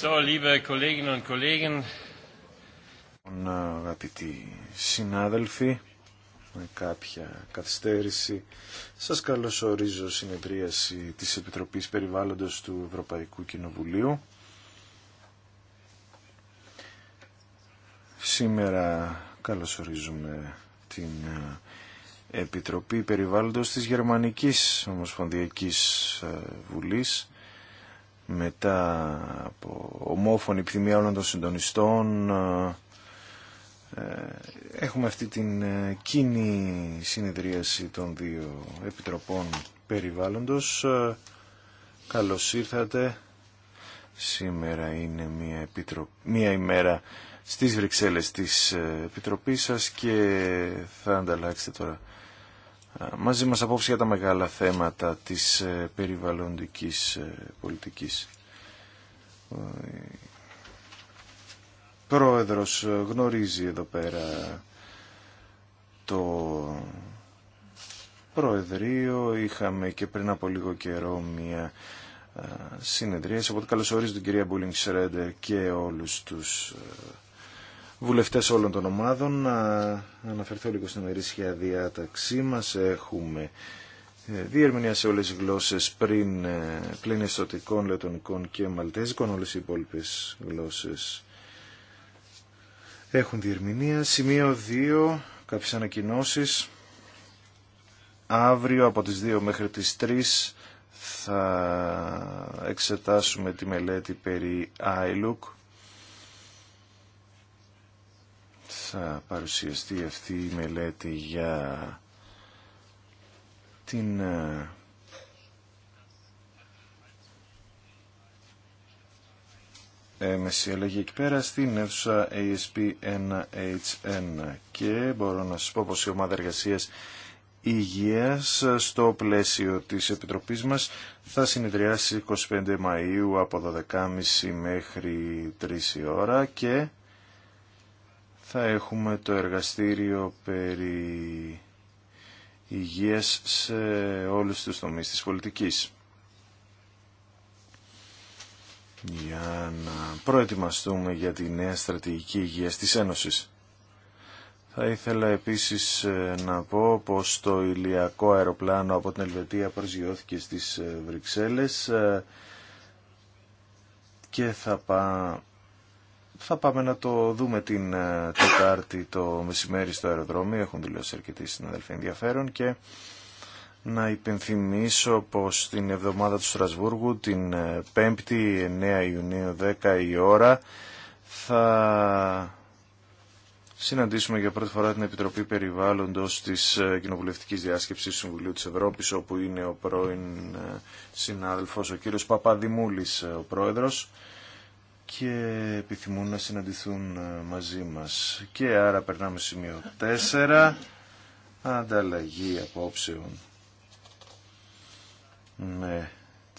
So, λοιπόν, Αγαπητοί συνάδελφοι, με κάποια καθυστέρηση, σας καλωσορίζω συνεδρίαση της Επιτροπής Περιβάλλοντος του Ευρωπαϊκού Κοινοβουλίου. Σήμερα καλωσορίζουμε την Επιτροπή Περιβάλλοντος της Γερμανικής Ομοσπονδιακής ε, Βουλής μετά από ομόφωνη επιθυμία όλων των συντονιστών ε, ε, έχουμε αυτή την ε, κοινή συνεδρίαση των δύο επιτροπών περιβάλλοντος καλώς ήρθατε σήμερα είναι μια, μια ημέρα στις Βρυξέλλες της Επιτροπής σας και θα ανταλλάξετε τώρα μαζί μας απόψε για τα μεγάλα θέματα της ε, περιβαλλοντικής ε, πολιτικής. Ε, πρόεδρος γνωρίζει εδώ πέρα το Προεδρείο. Είχαμε και πριν από λίγο καιρό μία συνεδρίαση. Οπότε καλωσορίζω την κυρία Μπούλινγκ Σρέντερ και όλους τους βουλευτές όλων των ομάδων. Να αναφερθώ λίγο στην ημερήσια διάταξή μας. Έχουμε ε, διερμηνία σε όλες τις γλώσσες πριν, ε, πλην ιστοτικών, λετωνικών και μαλτέζικων. Όλες οι υπόλοιπε γλώσσες έχουν διερμηνία. Σημείο 2, κάποιες ανακοινώσεις. Αύριο από τις 2 μέχρι τις 3 θα εξετάσουμε τη μελέτη περί ILUC θα παρουσιαστεί αυτή η μελέτη για την ε, ε, έμεση αλλαγή εκεί πέρα στην αίθουσα ASP1H1 και μπορώ να σας πω πως η ομάδα εργασίας υγείας στο πλαίσιο της Επιτροπής μας θα συνεδριάσει 25 Μαΐου από 12.30 μέχρι 3 η ώρα και θα έχουμε το εργαστήριο περί υγείας σε όλους τους τομείς της πολιτικής. Για να προετοιμαστούμε για τη νέα στρατηγική υγείας της Ένωσης. Θα ήθελα επίσης ε, να πω πως το ηλιακό αεροπλάνο από την Ελβετία προσγειώθηκε στις ε, Βρυξέλλες ε, και θα, πά, θα πάμε να το δούμε την ε, Τετάρτη το μεσημέρι στο αεροδρόμιο. Έχουν δηλώσει αρκετοί συναδελφοί ενδιαφέρον και να υπενθυμίσω πως την εβδομάδα του Στρασβούργου την 5η ε, 9 Ιουνίου 10 η ώρα θα συναντήσουμε για πρώτη φορά την Επιτροπή Περιβάλλοντος της ε, Κοινοβουλευτικής Διάσκεψης του Συμβουλίου της Ευρώπης όπου είναι ο πρώην συνάδελφος ο κύριος Παπαδημούλης ο πρόεδρος και επιθυμούν να συναντηθούν ε, μαζί μας. Και άρα περνάμε σημείο 4, ανταλλαγή απόψεων με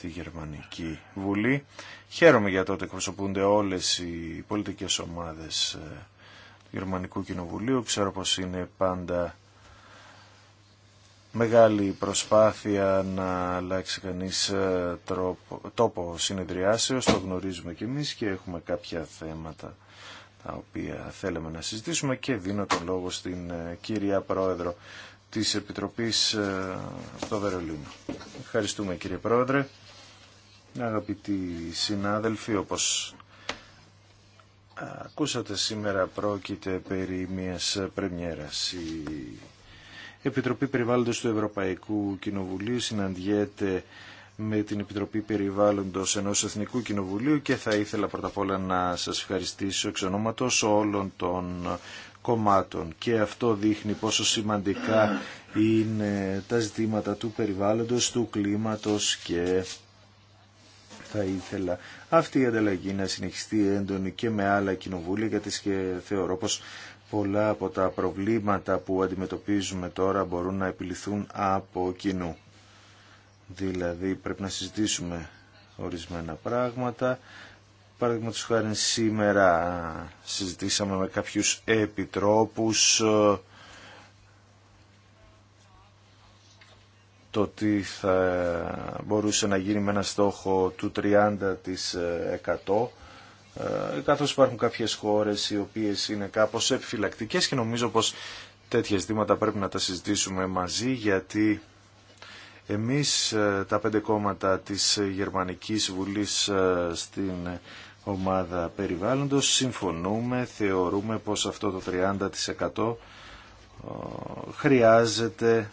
τη Γερμανική Βουλή. Χαίρομαι για τότε ότι εκπροσωπούνται όλες οι πολιτικές ομάδες ε, του Γερμανικού Κοινοβουλίου. Ξέρω πως είναι πάντα μεγάλη προσπάθεια να αλλάξει κανείς ε, τρόπο, τόπο συνεδριάσεως, το γνωρίζουμε κι εμείς και έχουμε κάποια θέματα τα οποία θέλαμε να συζητήσουμε και δίνω τον λόγο στην ε, κυρία Πρόεδρο της Επιτροπής ε, στο Βερολίνο. Ευχαριστούμε κύριε Πρόεδρε. Αγαπητοί συνάδελφοι, όπως ακούσατε σήμερα πρόκειται περί μιας πρεμιέρας. Επιτροπή Περιβάλλοντος του Ευρωπαϊκού Κοινοβουλίου συναντιέται με την Επιτροπή Περιβάλλοντος ενός Εθνικού Κοινοβουλίου και θα ήθελα πρώτα απ' όλα να σας ευχαριστήσω εξ ονόματος όλων των κομμάτων και αυτό δείχνει πόσο σημαντικά είναι τα ζητήματα του περιβάλλοντος, του κλίματος και θα ήθελα αυτή η ανταλλαγή να συνεχιστεί έντονη και με άλλα κοινοβούλια γιατί θεωρώ πως πολλά από τα προβλήματα που αντιμετωπίζουμε τώρα μπορούν να επιληθούν από κοινού. Δηλαδή πρέπει να συζητήσουμε ορισμένα πράγματα. Παραδείγματος χάρη σήμερα συζητήσαμε με κάποιους επιτρόπους ε, το τι θα μπορούσε να γίνει με ένα στόχο του 30% ε, καθώς υπάρχουν κάποιες χώρες οι οποίες είναι κάπως επιφυλακτικές και νομίζω πως τέτοια ζητήματα πρέπει να τα συζητήσουμε μαζί γιατί εμείς ε, τα πέντε κόμματα της Γερμανικής Βουλής ε, στην ομάδα περιβάλλοντος συμφωνούμε, θεωρούμε πως αυτό το 30% χρειάζεται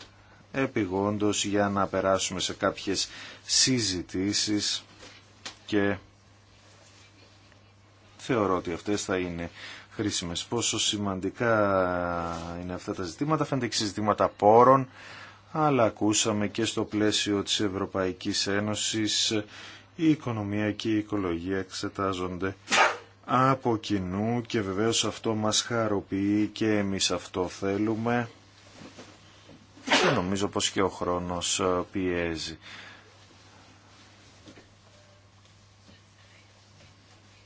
επιγόντως για να περάσουμε σε κάποιες συζητήσεις και θεωρώ ότι αυτές θα είναι χρήσιμες. Πόσο σημαντικά είναι αυτά τα ζητήματα, φαίνεται και ζητήματα πόρων, αλλά ακούσαμε και στο πλαίσιο της Ευρωπαϊκής Ένωσης η οικονομία και η οικολογία εξετάζονται από κοινού και βεβαίως αυτό μας χαροποιεί και εμείς αυτό θέλουμε και νομίζω πως και ο χρόνος πιέζει.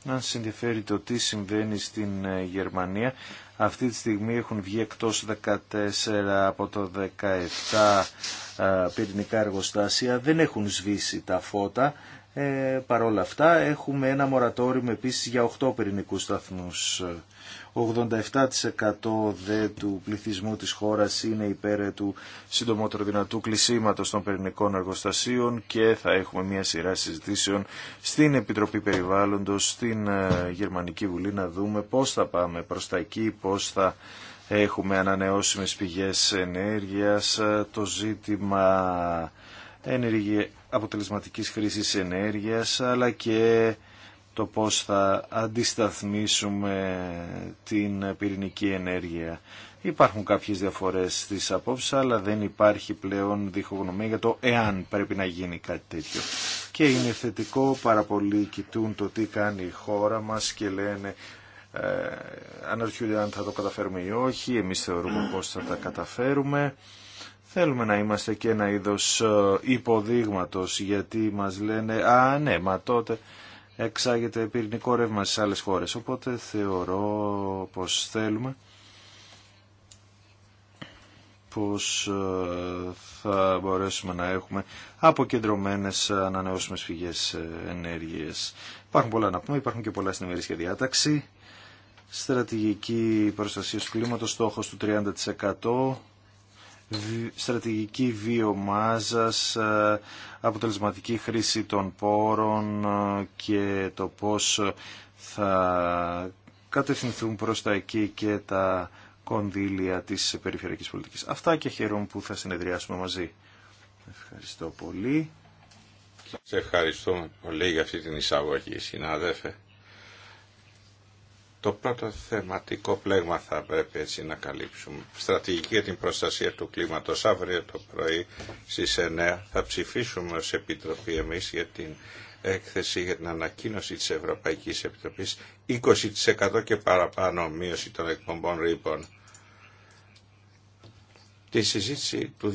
να σας το τι συμβαίνει στην ε, Γερμανία. Αυτή τη στιγμή έχουν βγει εκτός 14 από το 17 ε, πυρηνικά εργοστάσια. Δεν έχουν σβήσει τα φώτα. Ε, Παρ' όλα αυτά έχουμε ένα μορατόριο επίσης για 8 πυρηνικούς σταθμούς. 87% του πληθυσμού της χώρας είναι υπέρ του συντομότερου δυνατού κλεισίματος των πυρηνικών εργοστασίων και θα έχουμε μια σειρά συζητήσεων στην Επιτροπή Περιβάλλοντος, στην ε, Γερμανική Βουλή να δούμε πώς θα πάμε προς τα εκεί, πώς θα έχουμε ανανεώσιμες πηγές ενέργειας, ε, το ζήτημα ενεργεια αποτελεσματικής χρήσης ενέργειας αλλά και το πώς θα αντισταθμίσουμε την πυρηνική ενέργεια. Υπάρχουν κάποιες διαφορές στις απόψεις, αλλά δεν υπάρχει πλέον διχογνωμία για το εάν πρέπει να γίνει κάτι τέτοιο. Και είναι θετικό, πάρα πολλοί κοιτούν το τι κάνει η χώρα μας και λένε ε, αναρωτιούνται αν θα το καταφέρουμε ή όχι, εμείς θεωρούμε πώς θα τα καταφέρουμε. Θέλουμε να είμαστε και ένα είδος ε, υποδείγματος γιατί μας λένε «Α, ναι, μα τότε εξάγεται πυρηνικό ρεύμα στις άλλες χώρες». Οπότε θεωρώ πως θέλουμε πως ε, θα μπορέσουμε να έχουμε αποκεντρωμένες ανανεώσιμες φυγές ε, ενέργειες. Υπάρχουν πολλά να πούμε, υπάρχουν και πολλά στην ημερήσια διάταξη. Στρατηγική προστασία του κλίματος, στόχος του 30% στρατηγική βιομάζας, ε, αποτελεσματική χρήση των πόρων ε, και το πώς θα κατευθυνθούν προς τα εκεί και τα κονδύλια της περιφερειακής πολιτικής. Αυτά και χαίρομαι που θα συνεδριάσουμε μαζί. Ευχαριστώ πολύ. Σε ευχαριστώ πολύ για αυτή την εισαγωγή, συνάδελφε. Το πρώτο θεματικό πλέγμα θα πρέπει έτσι να καλύψουμε. Στρατηγική για την προστασία του κλίματος. Αύριο το πρωί στις 9 θα ψηφίσουμε ως Επιτροπή εμείς για την έκθεση για την ανακοίνωση της Ευρωπαϊκής Επιτροπής 20% και παραπάνω μείωση των εκπομπών ρήπων. Τη συζήτηση του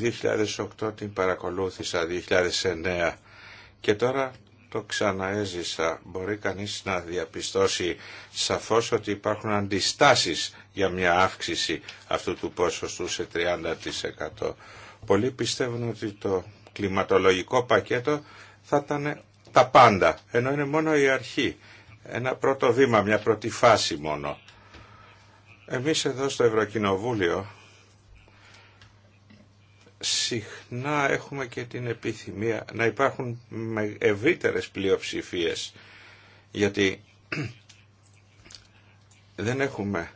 2008 την παρακολούθησα 2009 και τώρα το ξαναέζησα. Μπορεί κανείς να διαπιστώσει σαφώς ότι υπάρχουν αντιστάσεις για μια αύξηση αυτού του ποσοστού σε 30%. Πολλοί πιστεύουν ότι το κλιματολογικό πακέτο θα ήταν τα πάντα, ενώ είναι μόνο η αρχή. Ένα πρώτο βήμα, μια πρώτη φάση μόνο. Εμείς εδώ στο Ευρωκοινοβούλιο συχνά έχουμε και την επιθυμία να υπάρχουν ευρύτερες πλειοψηφίες γιατί δεν έχουμε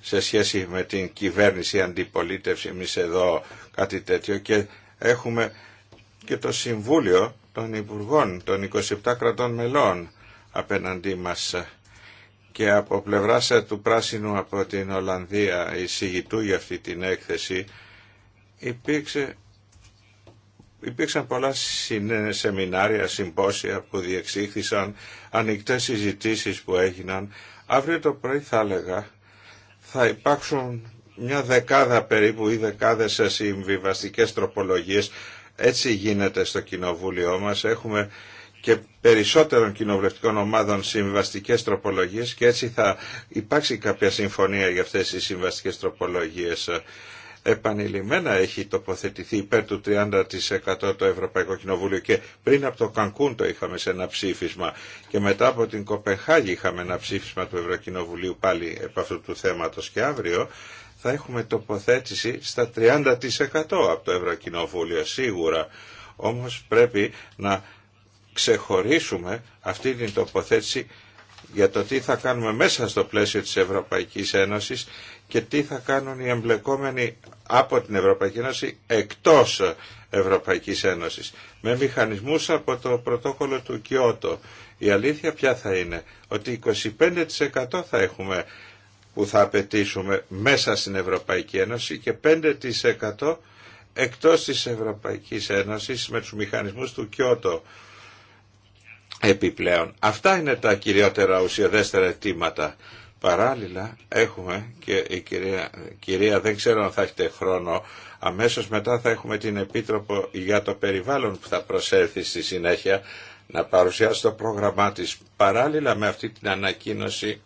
σε σχέση με την κυβέρνηση αντιπολίτευση εμείς εδώ κάτι τέτοιο και έχουμε και το Συμβούλιο των Υπουργών των 27 κρατών μελών απέναντί μας και από πλευράς του Πράσινου από την Ολλανδία εισηγητού για αυτή την έκθεση υπήρξε, υπήρξαν πολλά σεμινάρια, συμπόσια που διεξήχθησαν, ανοιχτές συζητήσεις που έγιναν. Αύριο το πρωί θα έλεγα θα υπάρξουν μια δεκάδα περίπου ή δεκάδες συμβιβαστικέ τροπολογίες. Έτσι γίνεται στο κοινοβούλιο μας. Έχουμε και περισσότερων κοινοβουλευτικών ομάδων συμβαστικές τροπολογίες και έτσι θα υπάρξει κάποια συμφωνία για αυτές τις συμβαστικέ τροπολογίες επανειλημμένα έχει τοποθετηθεί υπέρ του 30% το Ευρωπαϊκό Κοινοβούλιο και πριν από το Κανκούν το είχαμε σε ένα ψήφισμα και μετά από την Κοπεχάγη είχαμε ένα ψήφισμα του Ευρωκοινοβουλίου πάλι από αυτού του θέματος και αύριο θα έχουμε τοποθέτηση στα 30% από το Ευρωκοινοβούλιο σίγουρα. Όμως πρέπει να ξεχωρίσουμε αυτή την τοποθέτηση για το τι θα κάνουμε μέσα στο πλαίσιο της Ευρωπαϊκής Ένωσης και τι θα κάνουν οι εμπλεκόμενοι από την Ευρωπαϊκή Ένωση εκτός Ευρωπαϊκής Ένωσης με μηχανισμούς από το πρωτόκολλο του Κιώτο. Η αλήθεια ποια θα είναι ότι 25% θα έχουμε που θα απαιτήσουμε μέσα στην Ευρωπαϊκή Ένωση και 5% εκτός της Ευρωπαϊκής Ένωσης με τους μηχανισμούς του Κιώτο επιπλέον. Αυτά είναι τα κυριότερα ουσιαδέστερα αιτήματα Παράλληλα έχουμε και η κυρία, δεν ξέρω αν θα έχετε χρόνο, αμέσως μετά θα έχουμε την Επίτροπο για το Περιβάλλον που θα προσέλθει στη συνέχεια να παρουσιάσει το πρόγραμμά της. Παράλληλα με αυτή την ανακοίνωση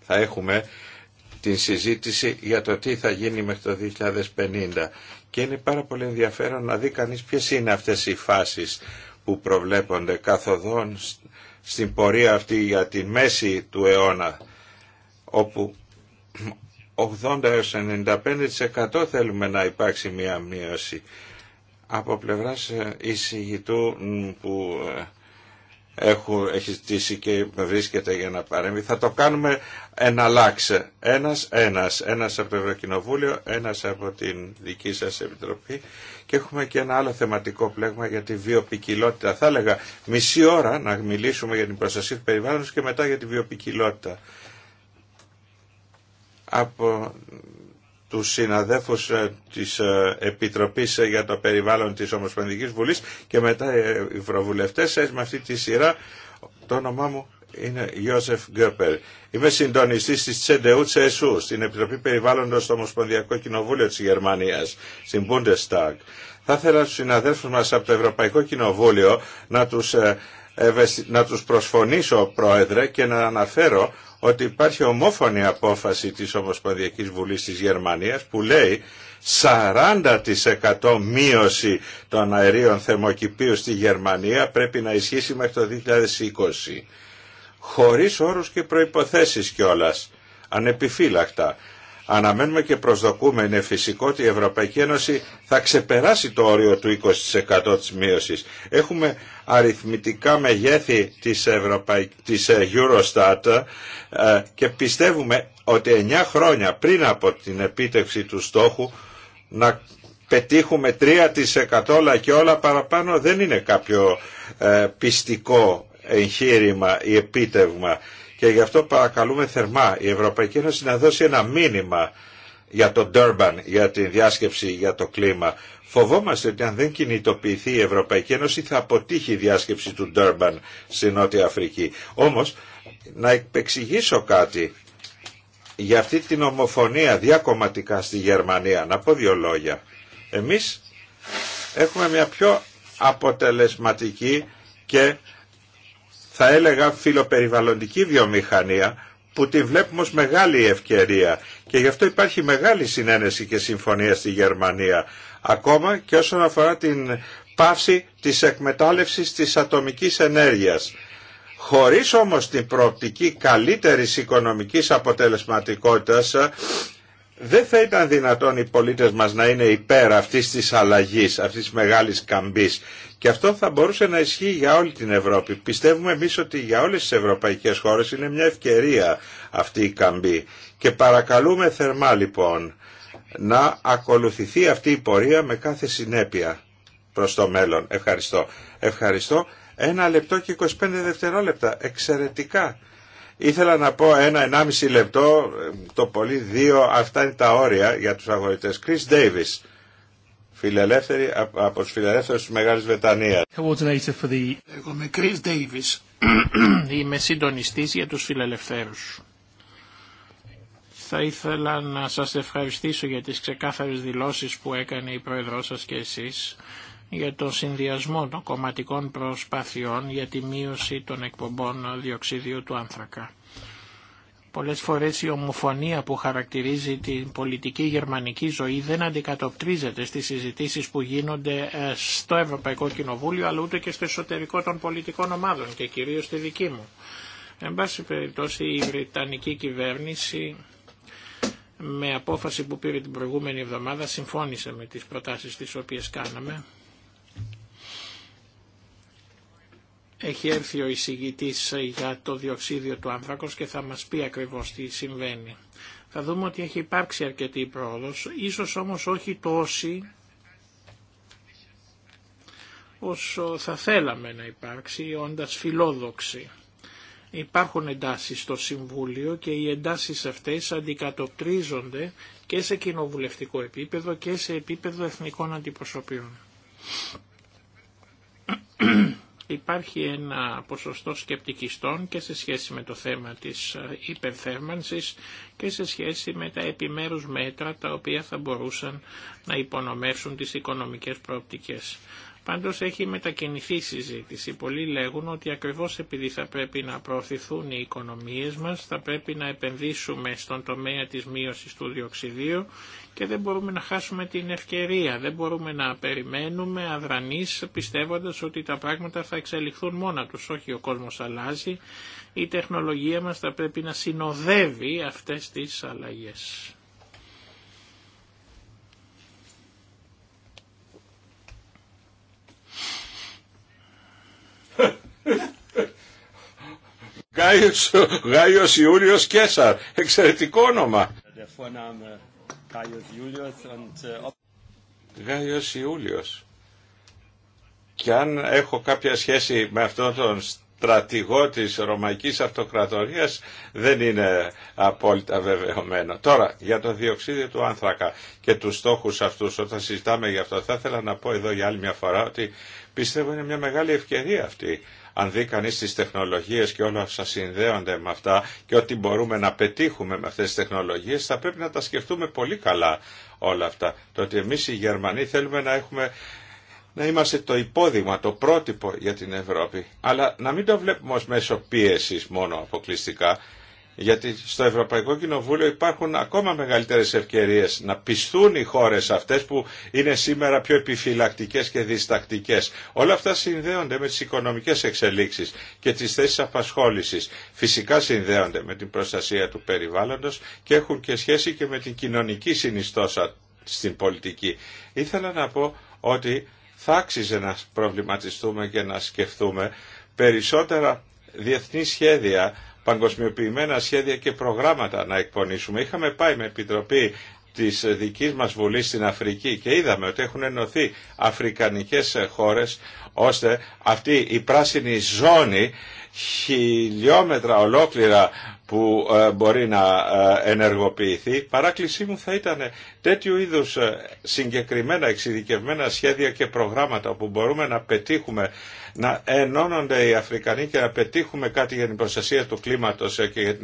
θα έχουμε την συζήτηση για το τι θα γίνει μέχρι το 2050. Και είναι πάρα πολύ ενδιαφέρον να δει κανείς ποιες είναι αυτές οι φάσεις που προβλέπονται καθοδόν στην πορεία αυτή για τη μέση του αιώνα όπου 80 έως 95% θέλουμε να υπάρξει μία μείωση. Από πλευράς ε, εισηγητού που ε, έχω, έχει στήσει και βρίσκεται για να παρέμβει, θα το κάνουμε εναλλάξε. Ένας, ένας, ένας από το Ευρωκοινοβούλιο, ένας από την δική σας Επιτροπή και έχουμε και ένα άλλο θεματικό πλέγμα για τη βιοπικιλότητα. Θα έλεγα μισή ώρα να μιλήσουμε για την προστασία του περιβάλλοντος και μετά για τη βιοπικιλότητα από τους συναδέφους ε, της ε, Επιτροπής ε, για το Περιβάλλον της Ομοσπονδικής Βουλής και μετά οι προβουλευτές με αυτή τη σειρά το όνομά μου είναι Γιώσεφ Γκέρπερ. Είμαι συντονιστή τη Τσεντεού Τσεσού, στην Επιτροπή Περιβάλλοντο στο Ομοσπονδιακό Κοινοβούλιο τη Γερμανία, στην Bundestag. Θα ήθελα του συναδέλφου μα από το Ευρωπαϊκό Κοινοβούλιο να του να τους προσφωνήσω, Πρόεδρε, και να αναφέρω ότι υπάρχει ομόφωνη απόφαση της Ομοσπονδιακής Βουλής της Γερμανίας που λέει 40% μείωση των αερίων θερμοκηπίου στη Γερμανία πρέπει να ισχύσει μέχρι το 2020 χωρίς όρους και προϋποθέσεις κιόλας ανεπιφύλακτα Αναμένουμε και προσδοκούμε, είναι φυσικό, ότι η Ευρωπαϊκή Ένωση θα ξεπεράσει το όριο του 20% της μείωσης. Έχουμε αριθμητικά μεγέθη της, της ε, Eurostat ε, και πιστεύουμε ότι 9 χρόνια πριν από την επίτευξη του στόχου να πετύχουμε 3% όλα και όλα παραπάνω δεν είναι κάποιο ε, πιστικό εγχείρημα ή επίτευγμα και γι' αυτό παρακαλούμε θερμά η Ευρωπαϊκή Ένωση να δώσει ένα μήνυμα για το Durban, για τη διάσκεψη για το κλίμα. Φοβόμαστε ότι αν δεν κινητοποιηθεί η Ευρωπαϊκή Ένωση θα αποτύχει η διάσκεψη του Durban στη Νότια Αφρική. Όμως, να επεξηγήσω κάτι για αυτή την ομοφωνία διακομματικά στη Γερμανία. Να πω δύο λόγια. Εμείς έχουμε μια πιο αποτελεσματική και θα έλεγα φιλοπεριβαλλοντική βιομηχανία που τη βλέπουμε ως μεγάλη ευκαιρία και γι' αυτό υπάρχει μεγάλη συνένεση και συμφωνία στη Γερμανία ακόμα και όσον αφορά την πάυση της εκμετάλλευσης της ατομικής ενέργειας. Χωρίς όμως την προοπτική καλύτερης οικονομικής αποτελεσματικότητας δεν θα ήταν δυνατόν οι πολίτες μας να είναι υπέρ αυτής της αλλαγής, αυτής της μεγάλης καμπής και αυτό θα μπορούσε να ισχύει για όλη την Ευρώπη. Πιστεύουμε εμεί ότι για όλε τι ευρωπαϊκέ χώρε είναι μια ευκαιρία αυτή η καμπή. Και παρακαλούμε θερμά λοιπόν να ακολουθηθεί αυτή η πορεία με κάθε συνέπεια προς το μέλλον. Ευχαριστώ. Ευχαριστώ. Ένα λεπτό και 25 δευτερόλεπτα. Εξαιρετικά. Ήθελα να πω ένα, ενάμιση λεπτό, ε, το πολύ δύο, αυτά είναι τα όρια για τους αγωγητές. Chris Davis φιλελεύθερη από τους φιλελεύθερους της Μεγάλης Βρετανίας. Εγώ είμαι Chris είμαι συντονιστής για τους φιλελευθέρους. Θα ήθελα να σας ευχαριστήσω για τις ξεκάθαρες δηλώσεις που έκανε η Πρόεδρό σας και εσείς για τον συνδυασμό των κομματικών προσπαθειών για τη μείωση των εκπομπών διοξιδίου του άνθρακα. Πολλές φορές η ομοφωνία που χαρακτηρίζει την πολιτική γερμανική ζωή δεν αντικατοπτρίζεται στις συζητήσεις που γίνονται ε, στο Ευρωπαϊκό Κοινοβούλιο αλλά ούτε και στο εσωτερικό των πολιτικών ομάδων και κυρίως στη δική μου. Εν πάση περιπτώσει η Βρετανική κυβέρνηση με απόφαση που πήρε την προηγούμενη εβδομάδα συμφώνησε με τις προτάσεις τις οποίες κάναμε Έχει έρθει ο εισηγητής για το διοξίδιο του άνθρακος και θα μας πει ακριβώς τι συμβαίνει. Θα δούμε ότι έχει υπάρξει αρκετή πρόοδος, ίσως όμως όχι τόση όσο θα θέλαμε να υπάρξει, όντας φιλόδοξη. Υπάρχουν εντάσεις στο Συμβούλιο και οι εντάσεις αυτές αντικατοπτρίζονται και σε κοινοβουλευτικό επίπεδο και σε επίπεδο εθνικών αντιπροσωπείων. Υπάρχει ένα ποσοστό σκεπτικιστών και σε σχέση με το θέμα της ε, υπερθέρμανσης και σε σχέση με τα επιμέρους μέτρα τα οποία θα μπορούσαν να υπονομεύσουν τις οικονομικές προοπτικές. Πάντως έχει μετακινηθεί η συζήτηση. Πολλοί λέγουν ότι ακριβώς επειδή θα πρέπει να προωθηθούν οι οικονομίες μας, θα πρέπει να επενδύσουμε στον τομέα της μείωσης του διοξιδίου και δεν μπορούμε να χάσουμε την ευκαιρία, δεν μπορούμε να περιμένουμε αδρανείς πιστεύοντας ότι τα πράγματα θα εξελιχθούν μόνα τους, όχι ο κόσμος αλλάζει, η τεχνολογία μας θα πρέπει να συνοδεύει αυτές τις αλλαγές. Γάιος, Γάιος Ιούλιος Κέσαρ. Εξαιρετικό όνομα. Äh, Γάιος Ιούλιος. Και αν έχω κάποια σχέση με αυτόν τον στρατηγό της Ρωμαϊκής Αυτοκρατορίας δεν είναι απόλυτα βεβαιωμένο. Τώρα, για το διοξίδιο του άνθρακα και τους στόχους αυτούς, όταν συζητάμε για αυτό, θα ήθελα να πω εδώ για άλλη μια φορά ότι πιστεύω είναι μια μεγάλη ευκαιρία αυτή αν δει κανείς τις τεχνολογίες και όλα αυτά συνδέονται με αυτά και ό,τι μπορούμε να πετύχουμε με αυτές τις τεχνολογίες, θα πρέπει να τα σκεφτούμε πολύ καλά όλα αυτά. Το ότι εμείς οι Γερμανοί θέλουμε να έχουμε να είμαστε το υπόδειγμα, το πρότυπο για την Ευρώπη, αλλά να μην το βλέπουμε ως μέσο πίεσης μόνο αποκλειστικά γιατί στο Ευρωπαϊκό Κοινοβούλιο υπάρχουν ακόμα μεγαλύτερες ευκαιρίες να πισθούν οι χώρες αυτές που είναι σήμερα πιο επιφυλακτικές και διστακτικές. Όλα αυτά συνδέονται με τις οικονομικές εξελίξεις και τις θέσεις απασχόλησης. Φυσικά συνδέονται με την προστασία του περιβάλλοντος και έχουν και σχέση και με την κοινωνική συνιστόσα στην πολιτική. Ήθελα να πω ότι θα άξιζε να προβληματιστούμε και να σκεφτούμε περισσότερα διεθνή σχέδια παγκοσμιοποιημένα σχέδια και προγράμματα να εκπονήσουμε. Είχαμε πάει με επιτροπή της δικής μας Βουλής στην Αφρική και είδαμε ότι έχουν ενωθεί αφρικανικές χώρες ώστε αυτή η πράσινη ζώνη χιλιόμετρα ολόκληρα που ε, μπορεί να ε, ενεργοποιηθεί. Παράκλησή μου θα ήταν τέτοιου είδους ε, συγκεκριμένα εξειδικευμένα σχέδια και προγράμματα που μπορούμε να πετύχουμε, να ενώνονται οι Αφρικανοί και να πετύχουμε κάτι για την προστασία του κλίματος και για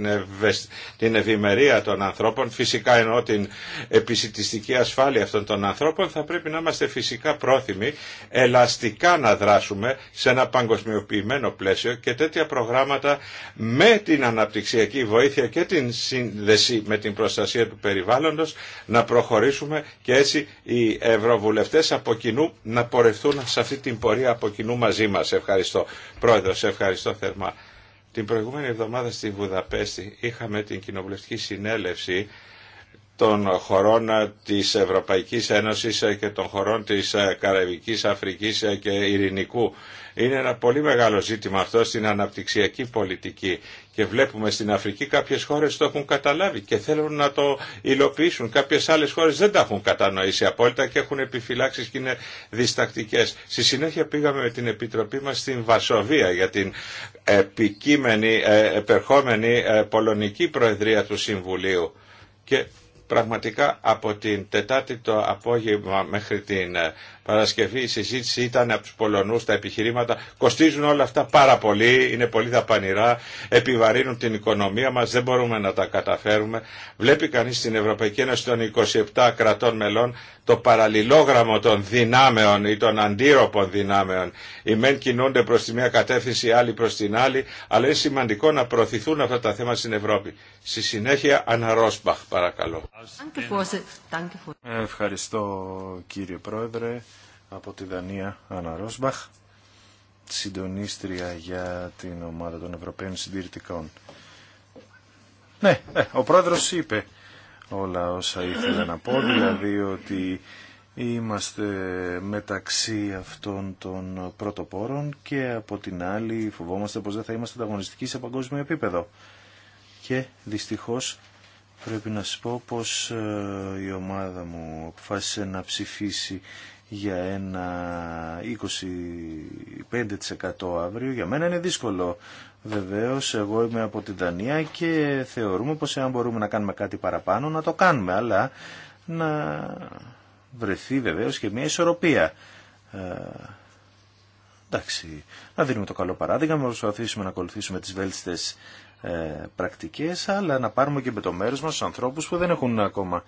την ευημερία των ανθρώπων. Φυσικά εννοώ την επισητιστική ασφάλεια αυτών των ανθρώπων. Θα πρέπει να είμαστε φυσικά πρόθυμοι ελαστικά να δράσουμε σε ένα παγκοσμιοποιημένο πλαίσιο και τέτοια προγράμματα με την αναπτυξιακή η βοήθεια και την σύνδεση με την προστασία του περιβάλλοντος να προχωρήσουμε και έτσι οι ευρωβουλευτές από κοινού να πορευτούν σε αυτή την πορεία από κοινού μαζί μας. Ευχαριστώ. Πρόεδρος, ευχαριστώ θερμά. Την προηγούμενη εβδομάδα στη Βουδαπέστη είχαμε την κοινοβουλευτική συνέλευση των χωρών της Ευρωπαϊκής Ένωσης και των χωρών της Καραϊβικής Αφρικής και Ειρηνικού. Είναι ένα πολύ μεγάλο ζήτημα αυτό στην αναπτυξιακή πολιτική και βλέπουμε στην Αφρική κάποιες χώρες το έχουν καταλάβει και θέλουν να το υλοποιήσουν. Κάποιες άλλες χώρες δεν τα έχουν κατανοήσει απόλυτα και έχουν επιφυλάξεις και είναι διστακτικές. Στη συνέχεια πήγαμε με την Επιτροπή μας στην Βασοβία για την επικείμενη, ε, επερχόμενη ε, Πολωνική Προεδρία του Συμβουλίου. Και πραγματικά από την Τετάρτη το απόγευμα μέχρι την ε, Παρασκευή η συζήτηση ήταν από του Πολωνού τα επιχειρήματα. Κοστίζουν όλα αυτά πάρα πολύ, είναι πολύ δαπανηρά, επιβαρύνουν την οικονομία μα, δεν μπορούμε να τα καταφέρουμε. Βλέπει κανεί στην Ευρωπαϊκή Ένωση των 27 κρατών μελών το παραλληλόγραμμο των δυνάμεων ή των αντίρροπων δυνάμεων. Οι μεν κινούνται προ τη μία κατεύθυνση, οι άλλοι προ την άλλη, αλλά είναι σημαντικό να προωθηθούν αυτά τα θέματα στην Ευρώπη. Στη συνέχεια, Αναρόσμπαχ, παρακαλώ. Ευχαριστώ κύριε Πρόεδρε από τη Δανία, Άννα Ρόσμπαχ, συντονίστρια για την ομάδα των Ευρωπαίων Συντηρητικών. Ναι, ναι ο πρόεδρος είπε όλα όσα ήθελα να πω, δηλαδή ότι είμαστε μεταξύ αυτών των πρωτοπόρων και από την άλλη φοβόμαστε πως δεν θα είμαστε ανταγωνιστικοί σε παγκόσμιο επίπεδο. Και δυστυχώς πρέπει να σας πω πως ε, η ομάδα μου αποφάσισε να ψηφίσει για ένα 25% αύριο. Για μένα είναι δύσκολο Βεβαίω Εγώ είμαι από την Δανία και θεωρούμε πως εάν μπορούμε να κάνουμε κάτι παραπάνω να το κάνουμε. Αλλά να βρεθεί βεβαίω και μια ισορροπία. Ε, εντάξει, να δίνουμε το καλό παράδειγμα, να προσπαθήσουμε να ακολουθήσουμε τις βέλτιστες ε, πρακτικές, αλλά να πάρουμε και με το μέρος μας τους ανθρώπους που δεν έχουν ακόμα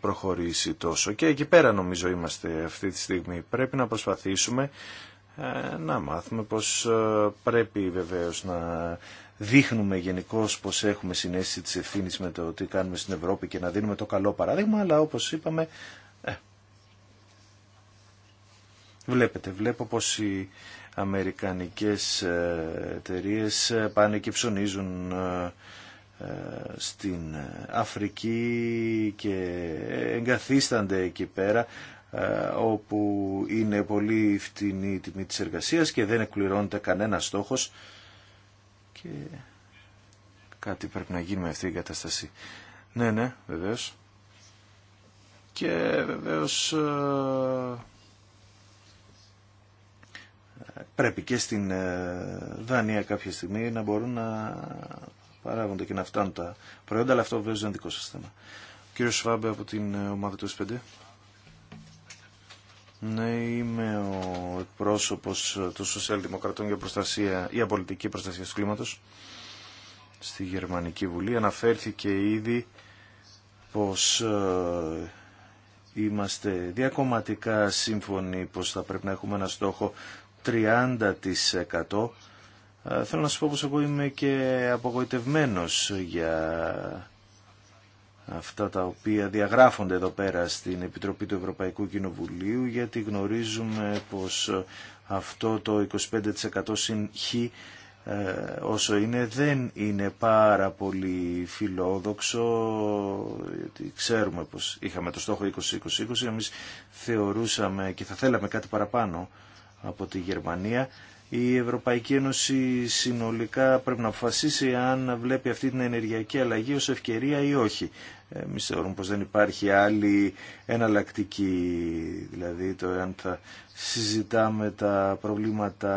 προχωρήσει τόσο. Και εκεί πέρα νομίζω είμαστε αυτή τη στιγμή. Πρέπει να προσπαθήσουμε να μάθουμε πως πρέπει βεβαίως να δείχνουμε γενικώ πως έχουμε συνέστηση της ευθύνης με το τι κάνουμε στην Ευρώπη και να δίνουμε το καλό παράδειγμα, αλλά όπως είπαμε, ε, βλέπετε, βλέπω πως οι αμερικανικές ε, εταιρείε ε, πάνε και ψωνίζουν στην Αφρική και εγκαθίστανται εκεί πέρα ε, όπου είναι πολύ φτηνή η τιμή της εργασίας και δεν εκπληρώνεται κανένα στόχος και κάτι πρέπει να γίνει με αυτή η κατάσταση. Ναι, ναι, βεβαίως. Και βεβαίως ε, πρέπει και στην ε, Δανία κάποια στιγμή να μπορούν να παράγονται και να φτάνουν τα προϊόντα, αλλά αυτό βέβαια δεν είναι δικό σας θέμα. Ο κύριος Σφάμπε από την ε, ομάδα του S5. Ναι, είμαι ο εκπρόσωπο των Σοσιαλδημοκρατών για, προστασία, ή πολιτική προστασία του κλίματος στη Γερμανική Βουλή. Αναφέρθηκε ήδη πως ε, είμαστε διακομματικά σύμφωνοι πω θα πρέπει να έχουμε ένα στόχο 30% ε, θέλω να σας πω πως εγώ είμαι και απογοητευμένος για αυτά τα οποία διαγράφονται εδώ πέρα στην Επιτροπή του Ευρωπαϊκού Κοινοβουλίου γιατί γνωρίζουμε πως αυτό το 25% συν ε, όσο είναι δεν είναι πάρα πολύ φιλόδοξο γιατί ξέρουμε πως είχαμε το στόχο 20-20-20 εμείς θεωρούσαμε και θα θέλαμε κάτι παραπάνω από τη Γερμανία η Ευρωπαϊκή Ένωση συνολικά πρέπει να αποφασίσει αν βλέπει αυτή την ενεργειακή αλλαγή ως ευκαιρία ή όχι. Εμείς θεωρούμε πως δεν υπάρχει άλλη εναλλακτική, δηλαδή το εάν θα συζητάμε τα προβλήματα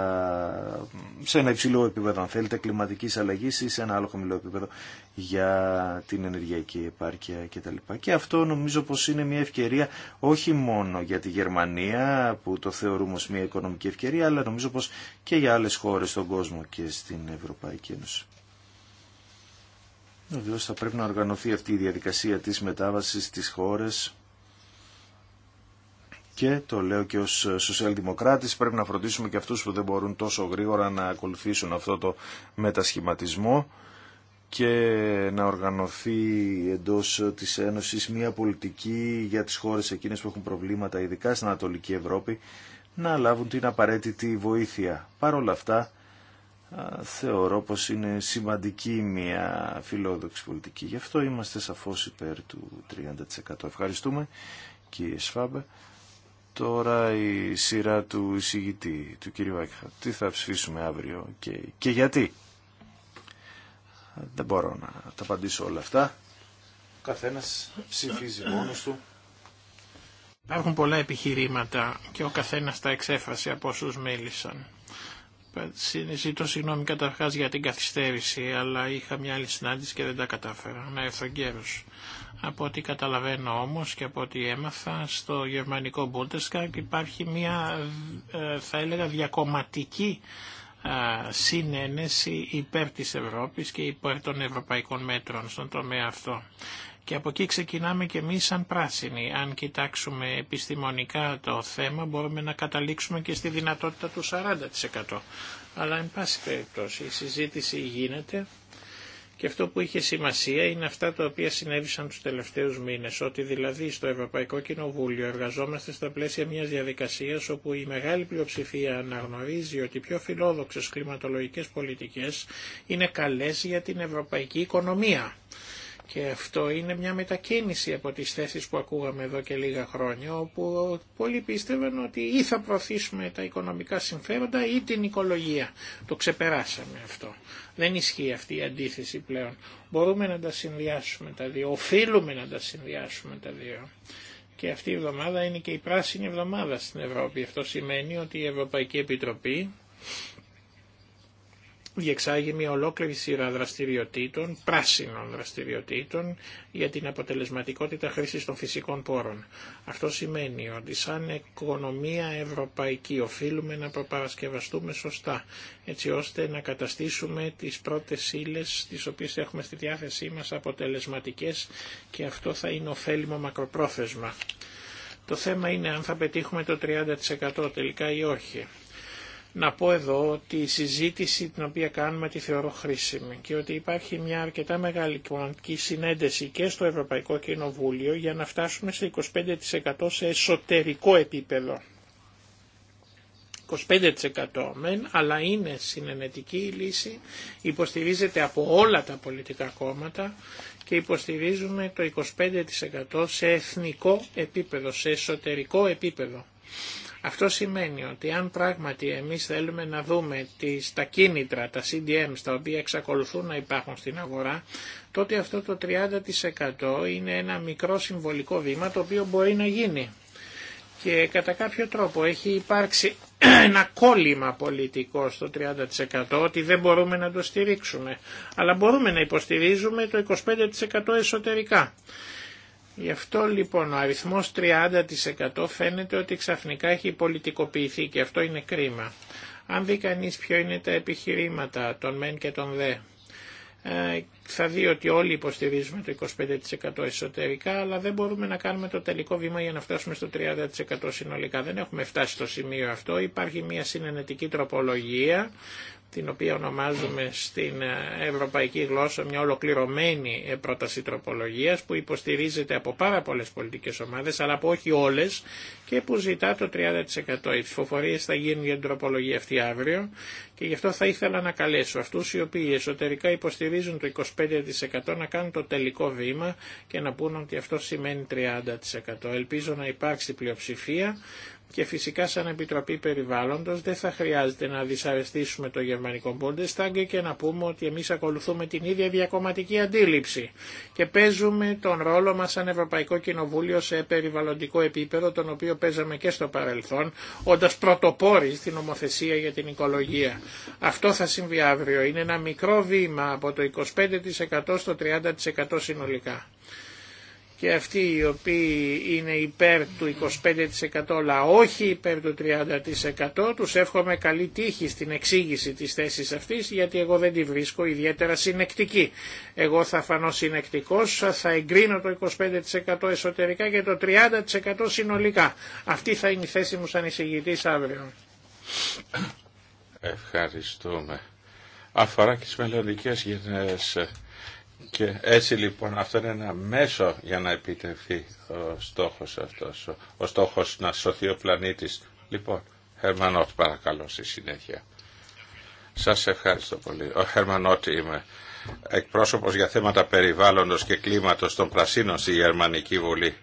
σε ένα υψηλό επίπεδο, αν θέλετε, κλιματική αλλαγής ή σε ένα άλλο χαμηλό επίπεδο για την ενεργειακή επάρκεια κτλ. Και αυτό νομίζω πως είναι μια ευκαιρία όχι μόνο για τη Γερμανία που το θεωρούμε ως μια οικονομική ευκαιρία, αλλά νομίζω πως και για άλλες χώρες στον κόσμο και στην Ευρωπαϊκή Ένωση. Βεβαίω θα πρέπει να οργανωθεί αυτή η διαδικασία της μετάβασης στις χώρες και το λέω και ως σοσιαλδημοκράτης πρέπει να φροντίσουμε και αυτούς που δεν μπορούν τόσο γρήγορα να ακολουθήσουν αυτό το μετασχηματισμό και να οργανωθεί εντός της Ένωσης μια πολιτική για τις χώρες εκείνες που έχουν προβλήματα ειδικά στην Ανατολική Ευρώπη να λάβουν την απαραίτητη βοήθεια. Παρ' όλα αυτά θεωρώ πως είναι σημαντική μια φιλόδοξη πολιτική. Γι' αυτό είμαστε σαφώς υπέρ του 30%. Ευχαριστούμε κύριε Σφάμπε. Τώρα η σειρά του εισηγητή, του κύριου Άκχα. Τι θα ψηφίσουμε αύριο και, και γιατί. Δεν μπορώ να τα απαντήσω όλα αυτά. Ο καθένας ψηφίζει μόνος του. Υπάρχουν πολλά επιχειρήματα και ο καθένας τα εξέφασε από όσους μίλησαν. Ζητώ συγγνώμη καταρχά για την καθυστέρηση, αλλά είχα μια άλλη συνάντηση και δεν τα κατάφερα να έρθω Από ό,τι καταλαβαίνω όμω και από ό,τι έμαθα, στο γερμανικό Bundestag υπάρχει μια, ε, θα έλεγα, διακομματική ε, συνένεση υπέρ της Ευρώπης και υπέρ των ευρωπαϊκών μέτρων στον τομέα αυτό. Και από εκεί ξεκινάμε και εμείς σαν πράσινοι. Αν κοιτάξουμε επιστημονικά το θέμα μπορούμε να καταλήξουμε και στη δυνατότητα του 40%. Αλλά εν πάση περιπτώσει η συζήτηση γίνεται και αυτό που είχε σημασία είναι αυτά τα οποία συνέβησαν τους τελευταίους μήνες, ότι δηλαδή στο Ευρωπαϊκό Κοινοβούλιο εργαζόμαστε στα πλαίσια μιας διαδικασίας όπου η μεγάλη πλειοψηφία αναγνωρίζει ότι οι πιο φιλόδοξες κλιματολογικές πολιτικές είναι καλές για την ευρωπαϊκή οικονομία. Και αυτό είναι μια μετακίνηση από τις θέσεις που ακούγαμε εδώ και λίγα χρόνια, όπου πολλοί πίστευαν ότι ή θα προωθήσουμε τα οικονομικά συμφέροντα ή την οικολογία. Το ξεπεράσαμε αυτό. Δεν ισχύει αυτή η αντίθεση πλέον. Μπορούμε να τα συνδυάσουμε τα δύο, οφείλουμε να τα συνδυάσουμε τα δύο. Και αυτή η εβδομάδα είναι και η πράσινη εβδομάδα στην Ευρώπη. Αυτό σημαίνει ότι η Ευρωπαϊκή Επιτροπή διεξάγει μια ολόκληρη σειρά δραστηριοτήτων, πράσινων δραστηριοτήτων, για την αποτελεσματικότητα χρήση των φυσικών πόρων. Αυτό σημαίνει ότι σαν οικονομία ευρωπαϊκή οφείλουμε να προπαρασκευαστούμε σωστά, έτσι ώστε να καταστήσουμε τις πρώτες ύλε τις οποίες έχουμε στη διάθεσή μας αποτελεσματικές και αυτό θα είναι ωφέλιμο μακροπρόθεσμα. Το θέμα είναι αν θα πετύχουμε το 30% τελικά ή όχι να πω εδώ ότι η συζήτηση την οποία κάνουμε τη θεωρώ χρήσιμη και ότι υπάρχει μια αρκετά μεγάλη κοινωνική συνέντευξη και στο Ευρωπαϊκό Κοινοβούλιο για να φτάσουμε σε 25% σε εσωτερικό επίπεδο. 25% μεν, αλλά είναι συνενετική η λύση, υποστηρίζεται από όλα τα πολιτικά κόμματα και υποστηρίζουμε το 25% σε εθνικό επίπεδο, σε εσωτερικό επίπεδο. Αυτό σημαίνει ότι αν πράγματι εμείς θέλουμε να δούμε τις, τα κίνητρα, τα CDM, τα οποία εξακολουθούν να υπάρχουν στην αγορά, τότε αυτό το 30% είναι ένα μικρό συμβολικό βήμα το οποίο μπορεί να γίνει. Και κατά κάποιο τρόπο έχει υπάρξει ένα κόλλημα πολιτικό στο 30% ότι δεν μπορούμε να το στηρίξουμε. Αλλά μπορούμε να υποστηρίζουμε το 25% εσωτερικά. Γι' αυτό λοιπόν ο αριθμός 30% φαίνεται ότι ξαφνικά έχει πολιτικοποιηθεί και αυτό είναι κρίμα. Αν δει κανεί ποιο είναι τα επιχειρήματα των μεν και των δε, ε, θα δει ότι όλοι υποστηρίζουμε το 25% εσωτερικά, αλλά δεν μπορούμε να κάνουμε το τελικό βήμα για να φτάσουμε στο 30% συνολικά. Δεν έχουμε φτάσει στο σημείο αυτό. Υπάρχει μια συνενετική τροπολογία την οποία ονομάζουμε στην ε, ευρωπαϊκή γλώσσα μια ολοκληρωμένη ε, πρόταση τροπολογίας που υποστηρίζεται από πάρα πολλές πολιτικές ομάδες αλλά από όχι όλες και που ζητά το 30%. Οι ψηφοφορίε θα γίνουν για την τροπολογία αυτή αύριο και γι' αυτό θα ήθελα να καλέσω αυτούς οι οποίοι εσωτερικά υποστηρίζουν το 25% να κάνουν το τελικό βήμα και να πούν ότι αυτό σημαίνει 30%. Ελπίζω να υπάρξει πλειοψηφία και φυσικά σαν Επιτροπή Περιβάλλοντος δεν θα χρειάζεται να δυσαρεστήσουμε το γερμανικό Bundestag και να πούμε ότι εμείς ακολουθούμε την ίδια διακομματική αντίληψη και παίζουμε τον ρόλο μας σαν Ευρωπαϊκό Κοινοβούλιο σε περιβαλλοντικό επίπεδο τον οποίο παίζαμε και στο παρελθόν όντας πρωτοπόροι στην ομοθεσία για την οικολογία. Αυτό θα συμβεί αύριο. Είναι ένα μικρό βήμα από το 25% στο 30% συνολικά και αυτοί οι οποίοι είναι υπέρ του 25% αλλά όχι υπέρ του 30% τους εύχομαι καλή τύχη στην εξήγηση της θέσης αυτής γιατί εγώ δεν τη βρίσκω ιδιαίτερα συνεκτική. Εγώ θα φανώ συνεκτικός, θα εγκρίνω το 25% εσωτερικά και το 30% συνολικά. Αυτή θα είναι η θέση μου σαν εισηγητής αύριο. Ευχαριστούμε. Αφορά και τις μελλοντικές γενναίες και έτσι λοιπόν αυτό είναι ένα μέσο για να επιτευχθεί ο στόχος αυτός, ο στόχος να σωθεί ο πλανήτης. Λοιπόν, Χερμανότ παρακαλώ στη συνέχεια. Σας ευχαριστώ πολύ. Ο Χερμανότ είμαι εκπρόσωπος για θέματα περιβάλλοντος και κλίματος των Πρασίνων στη Γερμανική Βουλή.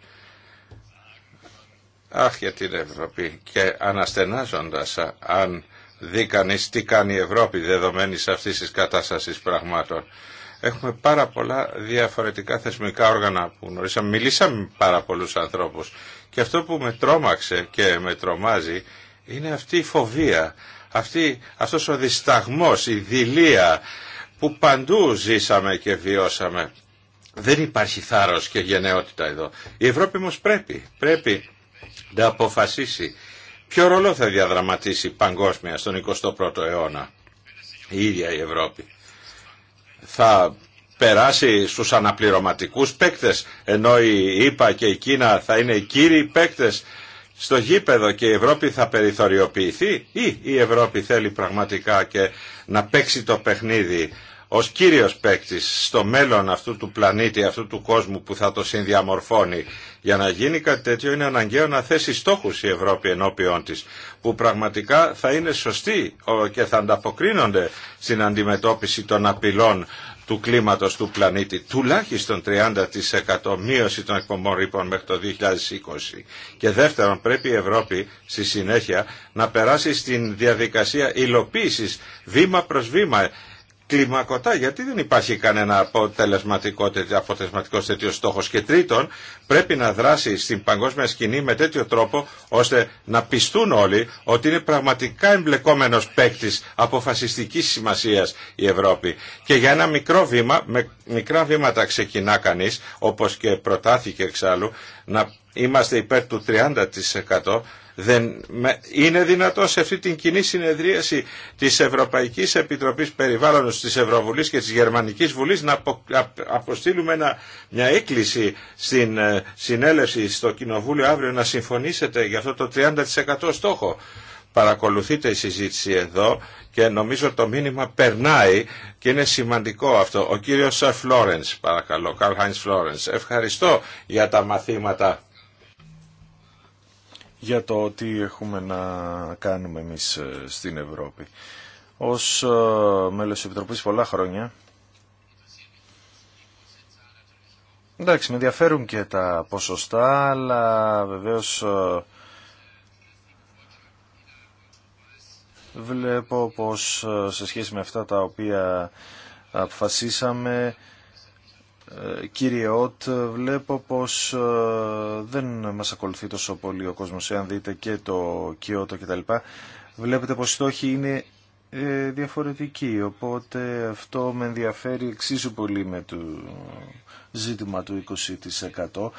Αχ για την Ευρώπη και αναστενάζοντας αν δει κανείς τι κάνει η Ευρώπη δεδομένης αυτής της κατάστασης πραγμάτων. Έχουμε πάρα πολλά διαφορετικά θεσμικά όργανα που γνωρίσαμε. Μιλήσαμε με πάρα πολλούς ανθρώπους. Και αυτό που με τρόμαξε και με τρομάζει είναι αυτή η φοβία, αυτή, αυτός ο δισταγμός, η δηλία που παντού ζήσαμε και βιώσαμε. Δεν υπάρχει θάρρος και γενναιότητα εδώ. Η Ευρώπη όμω πρέπει, πρέπει να αποφασίσει ποιο ρόλο θα διαδραματίσει παγκόσμια στον 21ο αιώνα η ίδια η Ευρώπη θα περάσει στους αναπληρωματικούς παίκτες ενώ η ΙΠΑ και η Κίνα θα είναι οι κύριοι παίκτες στο γήπεδο και η Ευρώπη θα περιθωριοποιηθεί ή η Ευρώπη θέλει πραγματικά και να παίξει το παιχνίδι ως κύριος παίκτη στο μέλλον αυτού του πλανήτη, αυτού του κόσμου που θα το συνδιαμορφώνει. Για να γίνει κάτι τέτοιο είναι αναγκαίο να θέσει στόχους η Ευρώπη ενώπιόν της, που πραγματικά θα είναι σωστοί και θα ανταποκρίνονται στην αντιμετώπιση των απειλών του κλίματος του πλανήτη, τουλάχιστον 30% μείωση των εκπομπών ρήπων μέχρι το 2020. Και δεύτερον, πρέπει η Ευρώπη στη συνέχεια να περάσει στην διαδικασία υλοποίησης βήμα προς βήμα κλιμακωτά γιατί δεν υπάρχει κανένα αποτελεσματικό, αποτελεσματικό τέτοιο στόχος και τρίτον πρέπει να δράσει στην παγκόσμια σκηνή με τέτοιο τρόπο ώστε να πιστούν όλοι ότι είναι πραγματικά εμπλεκόμενος παίκτη αποφασιστικής σημασίας η Ευρώπη και για ένα μικρό βήμα, με μικρά βήματα ξεκινά κανείς όπως και προτάθηκε εξάλλου να είμαστε υπέρ του 30% δεν... Είναι δυνατό σε αυτή την κοινή συνεδρίαση της Ευρωπαϊκής Επιτροπής Περιβάλλοντος της Ευρωβουλής και της Γερμανικής Βουλής να αποστείλουμε μια έκκληση στην ε, συνέλευση στο Κοινοβούλιο αύριο να συμφωνήσετε για αυτό το 30% στόχο. Παρακολουθείτε η συζήτηση εδώ και νομίζω το μήνυμα περνάει και είναι σημαντικό αυτό. Ο κύριος Φλόρενς, παρακαλώ, Καρλ Χάινς Φλόρενς. Ευχαριστώ για τα μαθήματα για το τι έχουμε να κάνουμε εμείς ε, στην Ευρώπη. Ως ε, μέλος της Επιτροπής πολλά χρόνια, εντάξει με ενδιαφέρουν και τα ποσοστά, αλλά βεβαίως ε, βλέπω πως σε σχέση με αυτά τα οποία αποφασίσαμε ε, κύριε Ότ, βλέπω πως ε, δεν μας ακολουθεί τόσο πολύ ο κόσμος, εάν δείτε και το Κιώτο κτλ. Βλέπετε πως οι στόχοι είναι ε, διαφορετικοί, οπότε αυτό με ενδιαφέρει εξίσου πολύ με το ζήτημα του 20%.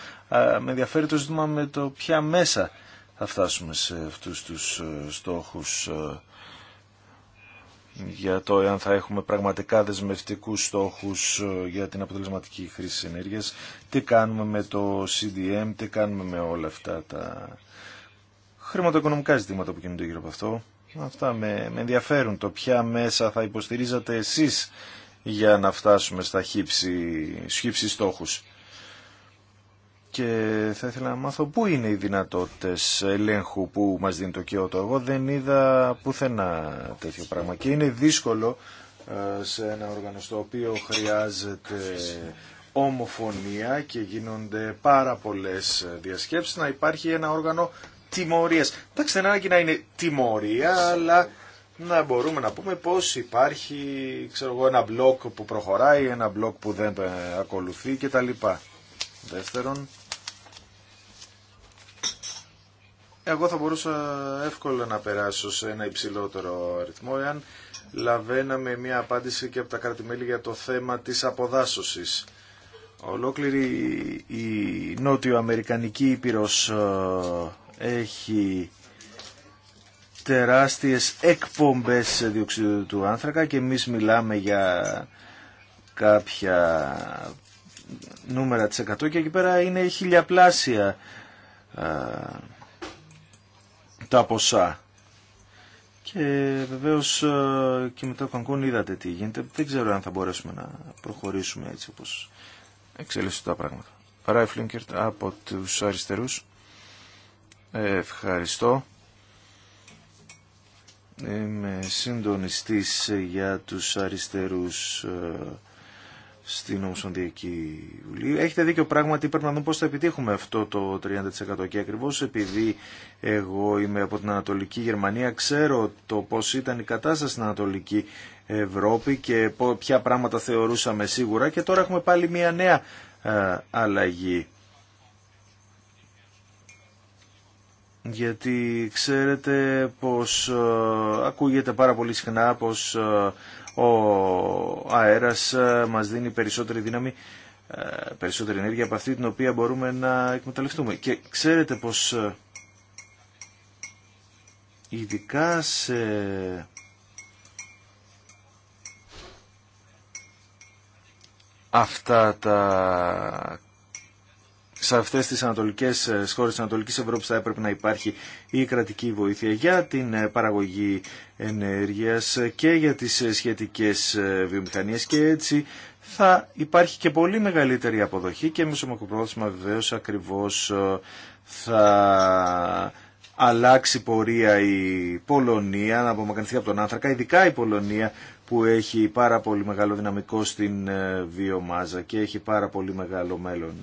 Με ενδιαφέρει το ζήτημα με το ποια μέσα θα φτάσουμε σε αυτούς τους στόχους για το εάν θα έχουμε πραγματικά δεσμευτικούς στόχους ε, για την αποτελεσματική χρήση ενέργειας, τι κάνουμε με το CDM, τι κάνουμε με όλα αυτά τα χρηματοοικονομικά ζητήματα που κινούνται γύρω από αυτό. Αυτά με, με ενδιαφέρουν, το ποια μέσα θα υποστηρίζατε εσείς για να φτάσουμε στα χύψη, στόχους και θα ήθελα να μάθω πού είναι οι δυνατότητες ελέγχου που μας δίνει το Κιώτο. Εγώ δεν είδα πουθενά τέτοιο πράγμα και είναι δύσκολο ε, σε ένα όργανο στο οποίο χρειάζεται ομοφωνία και γίνονται πάρα πολλές διασκέψεις να υπάρχει ένα όργανο τιμωρίας. Εντάξει δεν ανάγκη να είναι τιμωρία αλλά να μπορούμε να πούμε πως υπάρχει ξέρω εγώ, ένα μπλοκ που προχωράει, ένα μπλοκ που δεν ακολουθεί κτλ. Δεύτερον, εγώ θα μπορούσα εύκολα να περάσω σε ένα υψηλότερο αριθμό εάν λαβαίναμε μια απάντηση και από τα κρατη για το θέμα της αποδάσωσης. Ολόκληρη η νότιο-αμερικανική ήπειρος ε, έχει τεράστιες εκπομπές διοξιδίου του άνθρακα και εμείς μιλάμε για κάποια νούμερα της εκατό και εκεί πέρα είναι χιλιαπλάσια ε, τα ποσά. Και βεβαίως ε, και μετά το Κανκούν είδατε τι γίνεται. Δεν ξέρω αν θα μπορέσουμε να προχωρήσουμε έτσι όπως εξελίσσονται τα πράγματα. Φλίνκερτ από τους αριστερούς. Ε, ευχαριστώ. Είμαι συντονιστής για τους αριστερούς ε, στην Ομοσπονδιακή Βουλή. Έχετε δίκιο πράγματι, πρέπει να δούμε πώς θα επιτύχουμε αυτό το 30% και ακριβώς επειδή εγώ είμαι από την Ανατολική Γερμανία, ξέρω το πώς ήταν η κατάσταση στην Ανατολική Ευρώπη και ποια πράγματα θεωρούσαμε σίγουρα και τώρα έχουμε πάλι μια νέα ε, αλλαγή. Γιατί ξέρετε πως ε, ακούγεται πάρα πολύ συχνά πως ε, ο αέρας ε, μας δίνει περισσότερη δύναμη, ε, περισσότερη ενέργεια από αυτή την οποία μπορούμε να εκμεταλλευτούμε. Και ξέρετε πως ε, ειδικά σε αυτά τα σε αυτές τις ανατολικές χώρε χώρες της Ανατολικής Ευρώπης θα έπρεπε να υπάρχει η κρατική βοήθεια για την ε, παραγωγή ενέργειας και για τις ε, σχετικές ε, βιομηχανίες και έτσι θα υπάρχει και πολύ μεγαλύτερη αποδοχή και με μεσομακροπρόθεσμα βεβαίως ακριβώς θα αλλάξει πορεία η Πολωνία, να απομακρυνθεί από τον άνθρακα, ειδικά η Πολωνία που έχει πάρα πολύ μεγάλο δυναμικό στην βιομάζα και έχει πάρα πολύ μεγάλο μέλλον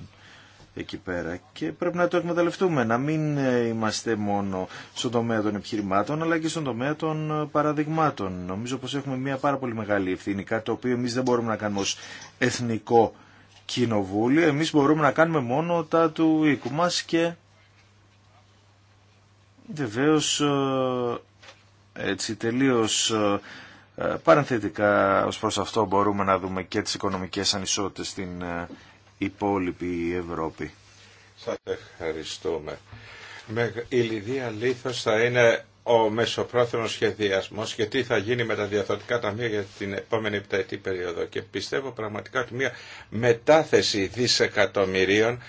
εκεί πέρα και πρέπει να το εκμεταλλευτούμε, να μην ε, είμαστε μόνο στον τομέα των επιχειρημάτων αλλά και στον τομέα των ε, παραδειγμάτων. Νομίζω πως έχουμε μια πάρα πολύ μεγάλη ευθύνη, κάτι το οποίο εμείς δεν μπορούμε να κάνουμε ως εθνικό κοινοβούλιο, εμείς μπορούμε να κάνουμε μόνο τα του οίκου μας και βεβαίω ε, έτσι τελείως παρενθετικά ως προς αυτό μπορούμε να δούμε και τις οικονομικές ανισότητες στην υπόλοιπη Ευρώπη. Σας ευχαριστούμε. Με ηλιδία λίθος θα είναι ο μεσοπρόθεσμος σχεδιασμός και τι θα γίνει με τα διαθωτικά ταμεία για την επόμενη επταετή περίοδο. Και πιστεύω πραγματικά ότι μια μετάθεση δισεκατομμυρίων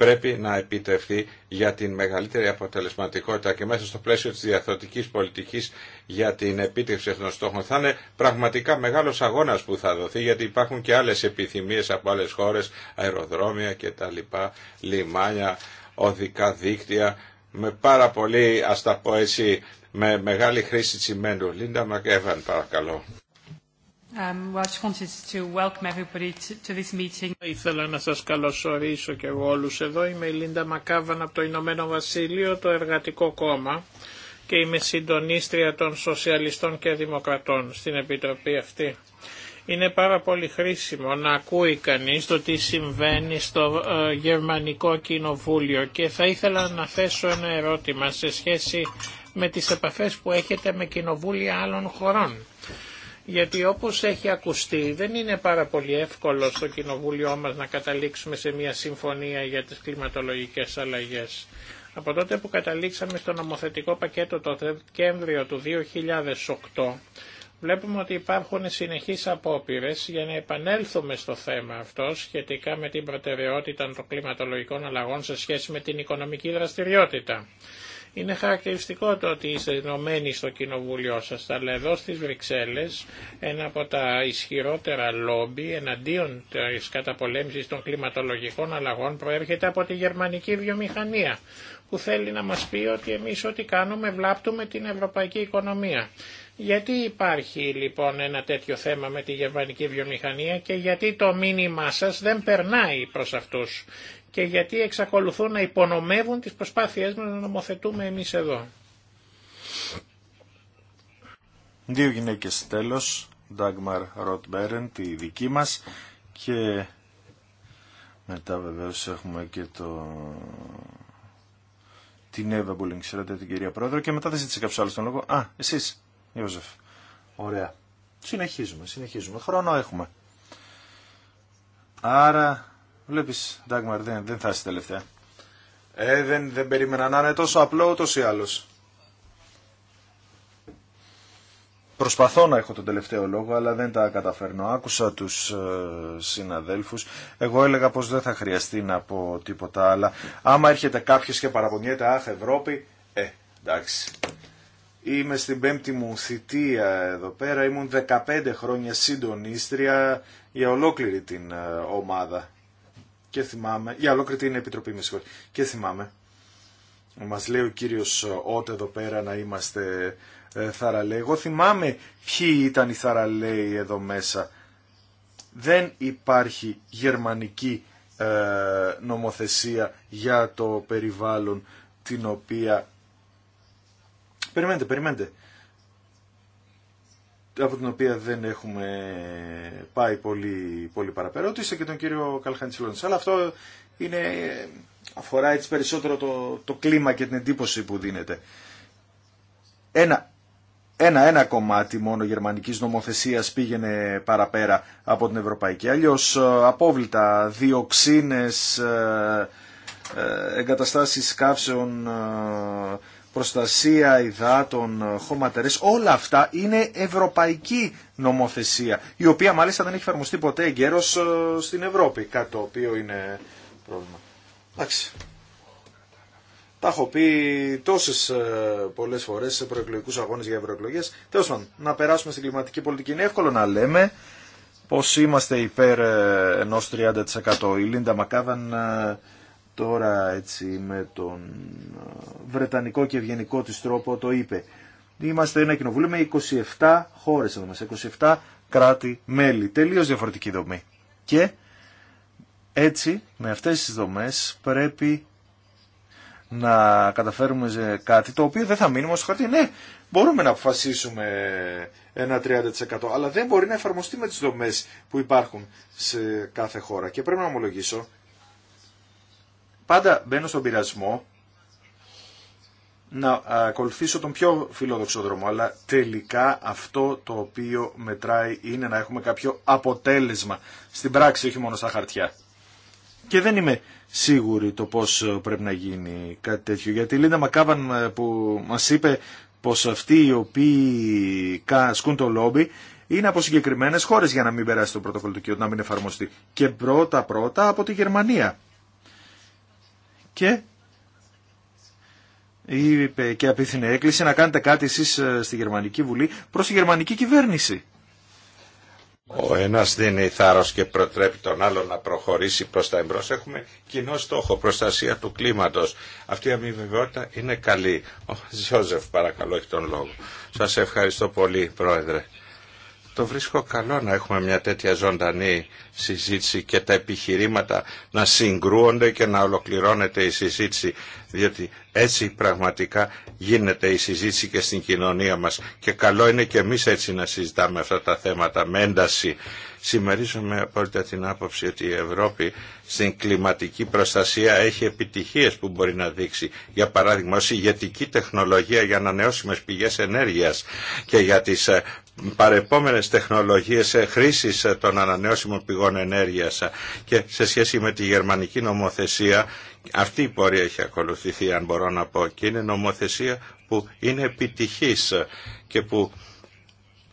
πρέπει να επιτευχθεί για την μεγαλύτερη αποτελεσματικότητα και μέσα στο πλαίσιο της διαθροτικής πολιτικής για την επίτευξη των στόχων. Θα είναι πραγματικά μεγάλος αγώνας που θα δοθεί γιατί υπάρχουν και άλλες επιθυμίες από άλλες χώρες, αεροδρόμια και τα λοιπά, λιμάνια, οδικά δίκτυα, με πάρα πολύ, ας τα πω έτσι, με μεγάλη χρήση τσιμένου. Λίντα Μακέβαν παρακαλώ. Ήθελα να σας καλωσορίσω και εγώ όλους εδώ. Είμαι η Λίντα Μακάβαν από το Ηνωμένο Βασίλειο, το Εργατικό Κόμμα και είμαι συντονίστρια των Σοσιαλιστών και Δημοκρατών στην Επιτροπή αυτή. Είναι πάρα πολύ χρήσιμο να ακούει κανείς το τι συμβαίνει στο ε, Γερμανικό Κοινοβούλιο και θα ήθελα να θέσω ένα ερώτημα σε σχέση με τις επαφές που έχετε με κοινοβούλια άλλων χωρών γιατί όπως έχει ακουστεί δεν είναι πάρα πολύ εύκολο στο κοινοβούλιο μας να καταλήξουμε σε μια συμφωνία για τις κλιματολογικές αλλαγές. Από τότε που καταλήξαμε στο νομοθετικό πακέτο το Δεκέμβριο του 2008, βλέπουμε ότι υπάρχουν συνεχείς απόπειρες για να επανέλθουμε στο θέμα αυτό σχετικά με την προτεραιότητα των κλιματολογικών αλλαγών σε σχέση με την οικονομική δραστηριότητα. Είναι χαρακτηριστικό το ότι είστε ενωμένοι στο κοινοβούλιο σας, αλλά εδώ στις Βρυξέλλες ένα από τα ισχυρότερα λόμπι εναντίον της καταπολέμησης των κλιματολογικών αλλαγών προέρχεται από τη γερμανική βιομηχανία που θέλει να μας πει ότι εμείς ό,τι κάνουμε βλάπτουμε την ευρωπαϊκή οικονομία. Γιατί υπάρχει λοιπόν ένα τέτοιο θέμα με τη γερμανική βιομηχανία και γιατί το μήνυμά σας δεν περνάει προς αυτούς και γιατί εξακολουθούν να υπονομεύουν τις προσπάθειές μας να νομοθετούμε εμείς εδώ. Δύο γυναίκες τέλος, Ντάγμαρ Ροτμπέρεν, τη δική μας και μετά βεβαίως έχουμε και το... την Εύα Μπουλίνγκ, ξέρετε την κυρία Πρόεδρο και μετά δεν ζήτησε κάποιος άλλο τον λόγο. Α, εσείς, Ιωζεφ. Ωραία. Συνεχίζουμε, συνεχίζουμε. Χρόνο έχουμε. Άρα Βλέπει, Ντάγμαρ, δεν, δεν θα είσαι τελευταία. Ε, δεν, δεν περίμενα να είναι τόσο απλό ούτω ή άλλω. Προσπαθώ να έχω τον τελευταίο λόγο, αλλά δεν τα καταφέρνω. Άκουσα του ε, συναδέλφους. Εγώ έλεγα πω δεν θα χρειαστεί να πω τίποτα, αλλά άμα έρχεται κάποιο και παραπονιέται, αχ, Ευρώπη, ε, εντάξει. Είμαι στην πέμπτη μου θητεία εδώ πέρα, ήμουν 15 χρόνια συντονίστρια για ολόκληρη την ε, ομάδα και θυμάμαι, η Αλόκριτη είναι επιτροπή, με συγχωρείτε, και θυμάμαι, μας λέει ο κύριος ε, Ότε εδώ πέρα να είμαστε ε, θαραλέοι. Εγώ θυμάμαι ποιοι ήταν οι θαραλέοι εδώ μέσα. Δεν υπάρχει γερμανική ε, νομοθεσία για το περιβάλλον την οποία... Περιμένετε, περιμένετε από την οποία δεν έχουμε πάει πολύ, πολύ παραπέρα. και τον κύριο Καλχαντσιλόνης. Αλλά αυτό είναι, αφορά έτσι περισσότερο το, το κλίμα και την εντύπωση που δίνεται. Ένα, ένα, ένα κομμάτι μόνο γερμανικής νομοθεσίας πήγαινε παραπέρα από την ευρωπαϊκή. Αλλιώς ε, απόβλητα, διοξίνες, ε, ε, εγκαταστάσεις καύσεων, προστασία υδάτων, ε, χωματερές, όλα αυτά είναι ευρωπαϊκή νομοθεσία, η οποία μάλιστα δεν έχει εφαρμοστεί ποτέ εγκαίρως ε, στην Ευρώπη, κάτι το οποίο είναι πρόβλημα. Εντάξει. Τα έχω πει τόσε πολλέ φορέ σε προεκλογικού αγώνε για ευρωεκλογέ. Τέλο πάντων, να περάσουμε στην κλιματική πολιτική. Είναι εύκολο να λέμε πω είμαστε υπέρ ε, ενό 30%. Η Λίντα Μακάβαν τώρα έτσι με τον ε, βρετανικό και ευγενικό της τρόπο το είπε. Είμαστε ένα κοινοβούλιο με 27 χώρες εδώ μέσα, 27 κράτη-μέλη, τελείως διαφορετική δομή. Και έτσι με αυτές τις δομές πρέπει να καταφέρουμε κάτι το οποίο δεν θα μείνουμε ως χαρτί. Ναι, μπορούμε να αποφασίσουμε ένα 30% αλλά δεν μπορεί να εφαρμοστεί με τις δομές που υπάρχουν σε κάθε χώρα. Και πρέπει να ομολογήσω πάντα μπαίνω στον πειρασμό να ακολουθήσω τον πιο φιλόδοξο δρόμο, αλλά τελικά αυτό το οποίο μετράει είναι να έχουμε κάποιο αποτέλεσμα στην πράξη, όχι μόνο στα χαρτιά. Και δεν είμαι σίγουρη το πώς πρέπει να γίνει κάτι τέτοιο, γιατί η Λίνα Μακάβαν ε, που μας είπε πως αυτοί οι οποίοι ασκούν το λόμπι είναι από συγκεκριμένε χώρε για να μην περάσει το πρωτοκολλητικό, να μην εφαρμοστεί. Και πρώτα-πρώτα από τη Γερμανία και είπε και απίθυνε έκκληση να κάνετε κάτι εσείς ε, στη Γερμανική Βουλή προς τη Γερμανική κυβέρνηση. Ο ένας δίνει θάρρος και προτρέπει τον άλλο να προχωρήσει προς τα εμπρός. Έχουμε κοινό στόχο, προστασία του κλίματος. Αυτή η αμοιβαιότητα είναι καλή. Ο Ζιόζεφ παρακαλώ έχει τον λόγο. Σας ευχαριστώ πολύ πρόεδρε. Το βρίσκω καλό να έχουμε μια τέτοια ζωντανή συζήτηση και τα επιχειρήματα να συγκρούονται και να ολοκληρώνεται η συζήτηση, διότι έτσι πραγματικά γίνεται η συζήτηση και στην κοινωνία μας και καλό είναι και εμείς έτσι να συζητάμε αυτά τα θέματα με ένταση. Συμμερίζομαι απόλυτα την άποψη ότι η Ευρώπη στην κλιματική προστασία έχει επιτυχίες που μπορεί να δείξει. Για παράδειγμα, ως ηγετική τεχνολογία για ανανεώσιμες πηγές ενέργειας και για τις ε, παρεπόμενες τεχνολογίες ε, χρήσης ε, των ανανεώσιμων πηγών ενέργειας ε, και σε σχέση με τη γερμανική νομοθεσία αυτή η πορεία έχει ακολουθηθεί αν μπορώ να πω και είναι νομοθεσία που είναι επιτυχής και που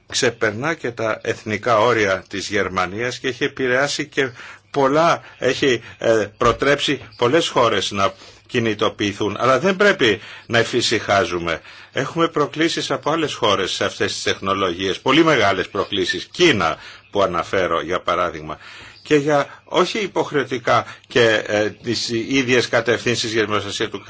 ξεπερνά και τα εθνικά όρια της Γερμανίας και έχει επηρεάσει και πολλά, έχει προτρέψει πολλές χώρες να κινητοποιηθούν. Αλλά δεν πρέπει να εφησυχάζουμε. Έχουμε προκλήσεις από άλλες χώρες σε αυτές τις τεχνολογίες, πολύ μεγάλες προκλήσεις. Κίνα που αναφέρω για παράδειγμα και για όχι υποχρεωτικά και ε, τις ίδιες κατευθύνσεις για την προστασία του,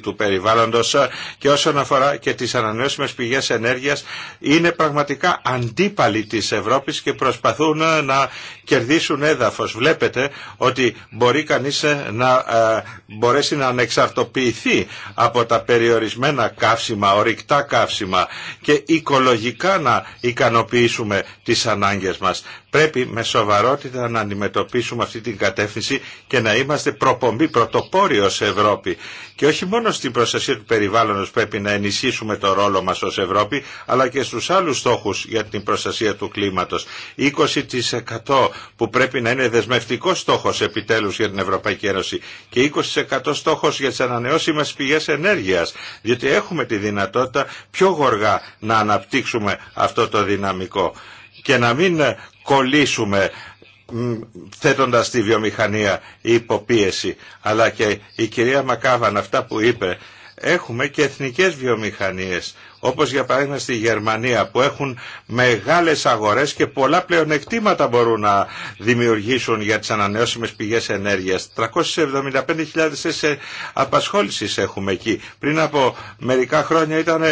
του περιβάλλοντος ε, και όσον αφορά και τις ανανεώσιμες πηγές ενέργειας είναι πραγματικά αντίπαλοι της Ευρώπης και προσπαθούν ε, να κερδίσουν έδαφος. Βλέπετε ότι μπορεί κανείς ε, να μπορέσει να ανεξαρτοποιηθεί από τα περιορισμένα καύσιμα, ορυκτά καύσιμα και οικολογικά να ικανοποιήσουμε τις ανάγκες μας. Πρέπει με σοβαρότητα να αντιμετωπίσουμε ακολουθήσουμε αυτή την κατεύθυνση και να είμαστε προπομπή, πρωτοπόροι ως Ευρώπη. Και όχι μόνο στην προστασία του περιβάλλοντος πρέπει να ενισχύσουμε το ρόλο μας ως Ευρώπη, αλλά και στους άλλους στόχους για την προστασία του κλίματος. 20% που πρέπει να είναι δεσμευτικός στόχος επιτέλους για την Ευρωπαϊκή Ένωση και 20% στόχος για τις ανανεώσιμες πηγές ενέργειας, διότι έχουμε τη δυνατότητα πιο γοργά να αναπτύξουμε αυτό το δυναμικό και να μην κολλήσουμε θέτοντας τη βιομηχανία υποπίεση. Αλλά και η κυρία Μακάβαν αυτά που είπε, έχουμε και εθνικές βιομηχανίες όπως για παράδειγμα στη Γερμανία που έχουν μεγάλες αγορές και πολλά πλεονεκτήματα μπορούν να δημιουργήσουν για τις ανανεώσιμες πηγές ενέργειας. 375.000 απασχόλησης έχουμε εκεί. Πριν από μερικά χρόνια ήταν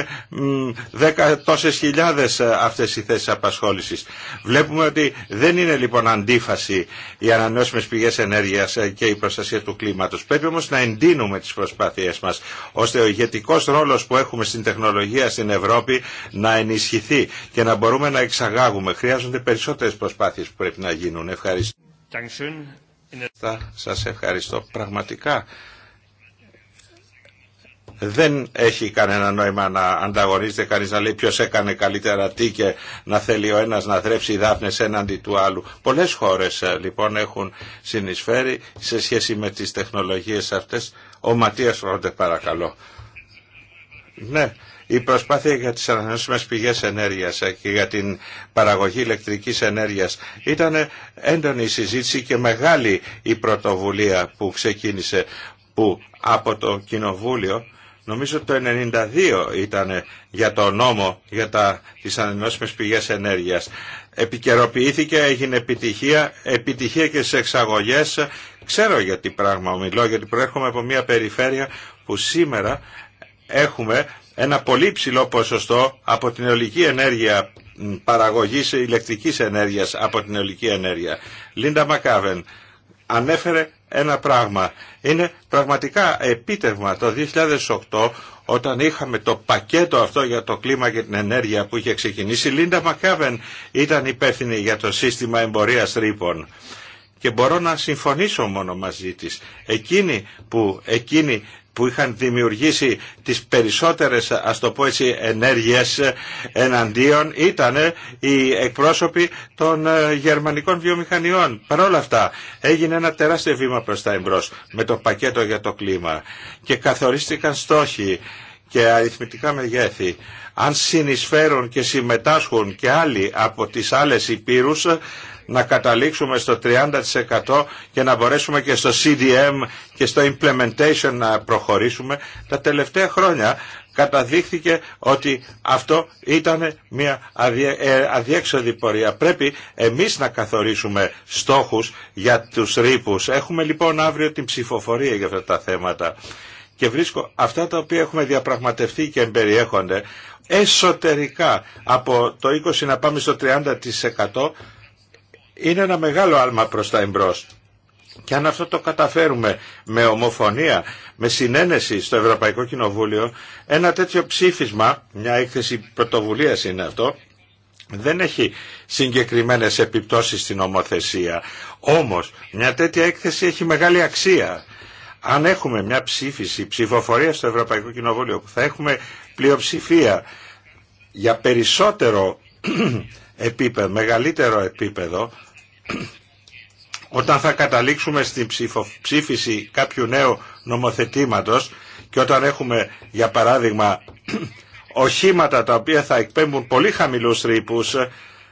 10 τόσες χιλιάδες αυτές οι θέσεις απασχόλησης. Βλέπουμε ότι δεν είναι λοιπόν αντίφαση οι ανανεώσιμες πηγές ενέργειας και η προστασία του κλίματος. Πρέπει όμως να εντείνουμε τις προσπάθειές μας ώστε ο ηγετικός ρόλος που έχουμε στην τεχνολογία στην Ευρώπη να ενισχυθεί και να μπορούμε να εξαγάγουμε. Χρειάζονται περισσότερες προσπάθειες που πρέπει να γίνουν. Ευχαριστώ. Θα σας ευχαριστώ πραγματικά. Δεν έχει κανένα νόημα να ανταγωνίζεται κανεί να λέει ποιο έκανε καλύτερα τι και να θέλει ο ένα να θρέψει δάφνε έναντι του άλλου. Πολλέ χώρε ε, λοιπόν έχουν συνεισφέρει σε σχέση με τι τεχνολογίε αυτέ. Ο Ματία Ρόντε παρακαλώ. Ναι, η προσπάθεια για τις ανανεώσιμες πηγές ενέργειας ε, και για την παραγωγή ηλεκτρικής ενέργειας ήταν έντονη η συζήτηση και μεγάλη η πρωτοβουλία που ξεκίνησε που από το Κοινοβούλιο Νομίζω το 1992 ήταν για το νόμο για τα, τις ανανεώσιμες πηγές ενέργειας. Επικαιροποιήθηκε, έγινε επιτυχία, επιτυχία και σε εξαγωγές. Ξέρω γιατί πράγμα μιλώ, γιατί προέρχομαι από μια περιφέρεια που σήμερα έχουμε ένα πολύ ψηλό ποσοστό από την αιωλική ενέργεια παραγωγής ηλεκτρικής ενέργειας από την ολική ενέργεια. Λίντα Μακάβεν ανέφερε ένα πράγμα. Είναι πραγματικά επίτευγμα το 2008 όταν είχαμε το πακέτο αυτό για το κλίμα και την ενέργεια που είχε ξεκινήσει. Λίντα Μακάβεν ήταν υπεύθυνη για το σύστημα εμπορίας τρύπων. Και μπορώ να συμφωνήσω μόνο μαζί της. Εκείνη που εκείνη που είχαν δημιουργήσει τις περισσότερες ας το πω έτσι ενέργειες εναντίον ήταν οι εκπρόσωποι των ε, γερμανικών βιομηχανιών. Παρ' όλα αυτά έγινε ένα τεράστιο βήμα προς τα εμπρός με το πακέτο για το κλίμα και καθορίστηκαν στόχοι και αριθμητικά μεγέθη. Αν συνεισφέρουν και συμμετάσχουν και άλλοι από τις άλλες υπήρους να καταλήξουμε στο 30% και να μπορέσουμε και στο CDM και στο implementation να προχωρήσουμε. Τα τελευταία χρόνια καταδείχθηκε ότι αυτό ήταν μια ε, αδιέξοδη πορεία. Πρέπει εμείς να καθορίσουμε στόχους για τους ρήπους. Έχουμε λοιπόν αύριο την ψηφοφορία για αυτά τα θέματα. Και βρίσκω αυτά τα οποία έχουμε διαπραγματευτεί και εμπεριέχονται εσωτερικά από το 20% να πάμε στο 30% είναι ένα μεγάλο άλμα προς τα εμπρός. Και αν αυτό το καταφέρουμε με ομοφωνία, με συνένεση στο Ευρωπαϊκό Κοινοβούλιο, ένα τέτοιο ψήφισμα, μια έκθεση πρωτοβουλία είναι αυτό, δεν έχει συγκεκριμένες επιπτώσεις στην ομοθεσία. Όμως, μια τέτοια έκθεση έχει μεγάλη αξία. Αν έχουμε μια ψήφιση, ψηφοφορία στο Ευρωπαϊκό Κοινοβούλιο, που θα έχουμε πλειοψηφία για περισσότερο επίπεδο, μεγαλύτερο επίπεδο, όταν θα καταλήξουμε στην ψήφιση κάποιου νέου νομοθετήματος και όταν έχουμε για παράδειγμα οχήματα τα οποία θα εκπέμπουν πολύ χαμηλούς ρήπους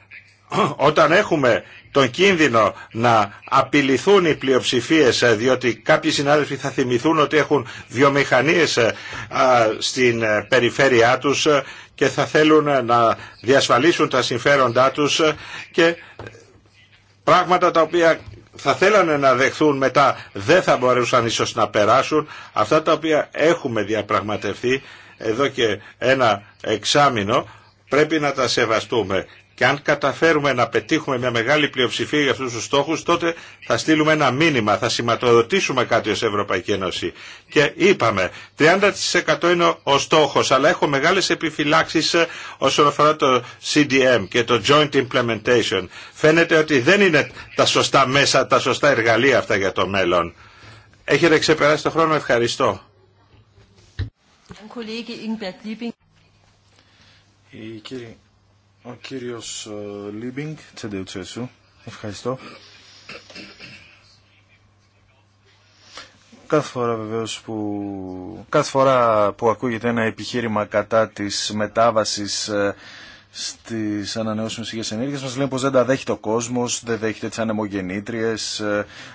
όταν έχουμε τον κίνδυνο να απειληθούν οι πλειοψηφίες ε, διότι κάποιοι συνάδελφοι θα θυμηθούν ότι έχουν βιομηχανίες ε, στην ε, περιφέρειά τους και θα θέλουν να διασφαλίσουν τα συμφέροντά τους και πράγματα τα οποία θα θέλανε να δεχθούν μετά δεν θα μπορούσαν ίσως να περάσουν αυτά τα οποία έχουμε διαπραγματευτεί εδώ και ένα εξάμεινο πρέπει να τα σεβαστούμε και αν καταφέρουμε να πετύχουμε μια μεγάλη πλειοψηφία για αυτούς τους στόχους, τότε θα στείλουμε ένα μήνυμα, θα σηματοδοτήσουμε κάτι ως Ευρωπαϊκή Ένωση. Και είπαμε, 30% είναι ο στόχος, αλλά έχω μεγάλες επιφυλάξεις ε, όσον αφορά το CDM και το Joint Implementation. Φαίνεται ότι δεν είναι τα σωστά μέσα, τα σωστά εργαλεία αυτά για το μέλλον. Έχετε ξεπεράσει το χρόνο, ευχαριστώ. Η κύριε ο κύριος ε, Λίμπινγκ, Τσεντεουτσέσου. Ευχαριστώ. Κάθε φορά βεβαίως που, κάθε φορά που ακούγεται ένα επιχείρημα κατά της μετάβασης ε, στις ανανεώσιμες υγείας ενέργειας μας λένε πως δεν τα δέχεται ο κόσμος, δεν δέχεται τις ανεμογεννήτριες.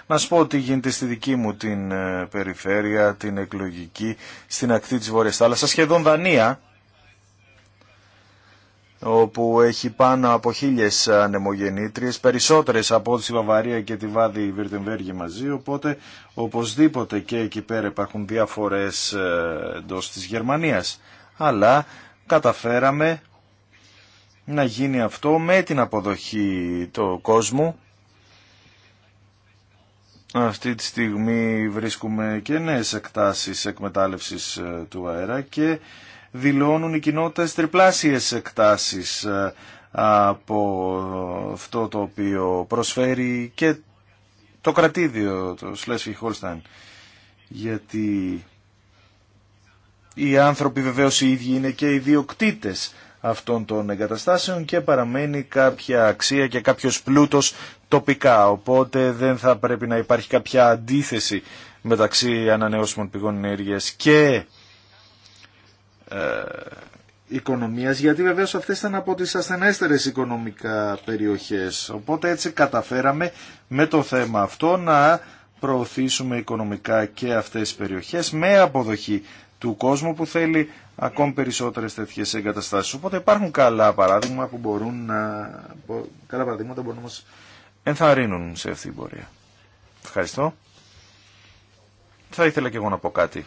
Να ε, σου πω ότι γίνεται στη δική μου την περιφέρεια, την εκλογική, στην ακτή της Βόρειας Θάλασσας, σχεδόν Δανία, όπου έχει πάνω από χίλιες ανεμογεννήτριες, περισσότερες από ό,τι στη Βαβαρία και τη Βάδη Βιρτεμβέργη μαζί, οπότε οπωσδήποτε και εκεί πέρα υπάρχουν διαφορές ε, εντό της Γερμανίας. Αλλά καταφέραμε να γίνει αυτό με την αποδοχή του κόσμου. Αυτή τη στιγμή βρίσκουμε και νέες εκτάσεις εκμετάλλευσης ε, του αέρα και δηλώνουν οι κοινότητες τριπλάσιες εκτάσεις ε, από αυτό το οποίο προσφέρει και το κρατήδιο, το Σλέσφι Χόλσταν. Γιατί οι άνθρωποι βεβαίως οι ίδιοι είναι και οι διοκτήτες αυτών των εγκαταστάσεων και παραμένει κάποια αξία και κάποιος πλούτος τοπικά. Οπότε δεν θα πρέπει να υπάρχει κάποια αντίθεση μεταξύ ανανεώσιμων πηγών ενέργειας και ε, οικονομίας, γιατί βεβαίως αυτές ήταν από τις ασθενέστερες οικονομικά περιοχές. Οπότε έτσι καταφέραμε με το θέμα αυτό να προωθήσουμε οικονομικά και αυτές τις περιοχές με αποδοχή του κόσμου που θέλει ακόμη περισσότερες τέτοιες εγκαταστάσεις. Οπότε υπάρχουν καλά παράδειγμα που μπορούν να... καλά παραδείγματα που μπορούν να μας ενθαρρύνουν σε αυτή την πορεία. Ευχαριστώ. Θα ήθελα και εγώ να πω κάτι.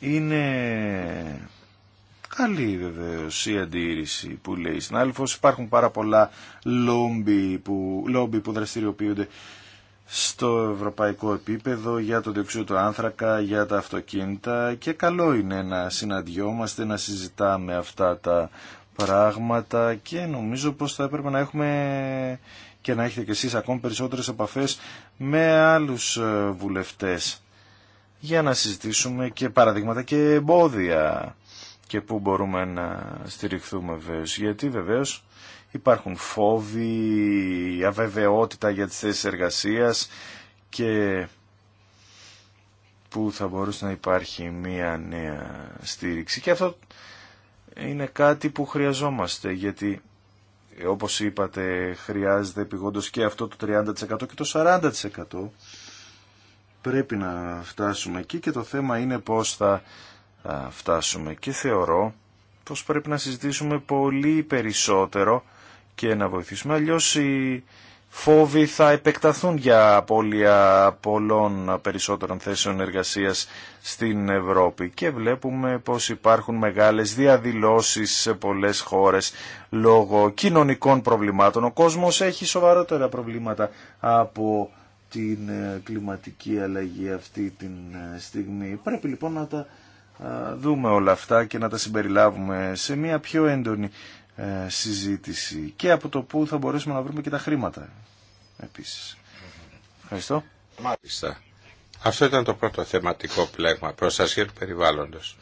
Είναι καλή βεβαίως η αντίρρηση που λέει συνάδελφος. Υπάρχουν πάρα πολλά λόμπι που, λόμπι που δραστηριοποιούνται στο ευρωπαϊκό επίπεδο για το διοξείδιο του άνθρακα, για τα αυτοκίνητα και καλό είναι να συναντιόμαστε, να συζητάμε αυτά τα πράγματα και νομίζω πως θα έπρεπε να έχουμε και να έχετε κι εσείς ακόμη περισσότερες επαφές με άλλους ε, βουλευτές για να συζητήσουμε και παραδείγματα και εμπόδια και πού μπορούμε να στηριχθούμε βεβαίω. Γιατί βεβαίω υπάρχουν φόβοι, αβεβαιότητα για τις θέσεις εργασίας και που θα μπορούσε να υπάρχει μία νέα στήριξη. Και αυτό είναι κάτι που χρειαζόμαστε, γιατί όπως είπατε χρειάζεται επιγόντως και αυτό το 30% και το 40% πρέπει να φτάσουμε εκεί και το θέμα είναι πώς θα φτάσουμε. Και θεωρώ πως πρέπει να συζητήσουμε πολύ περισσότερο και να βοηθήσουμε. Αλλιώς οι φόβοι θα επεκταθούν για απώλεια πολλών περισσότερων θέσεων εργασίας στην Ευρώπη. Και βλέπουμε πως υπάρχουν μεγάλες διαδηλώσεις σε πολλές χώρες λόγω κοινωνικών προβλημάτων. Ο κόσμος έχει σοβαρότερα προβλήματα από την ε, κλιματική αλλαγή αυτή την ε, στιγμή. Πρέπει λοιπόν να τα δούμε όλα αυτά και να τα συμπεριλάβουμε σε μια πιο έντονη ε, συζήτηση και από το που θα μπορέσουμε να βρούμε και τα χρήματα επίσης. Ευχαριστώ. Αυτό ήταν το πρώτο θεματικό πλέγμα, προστασία του περιβάλλοντος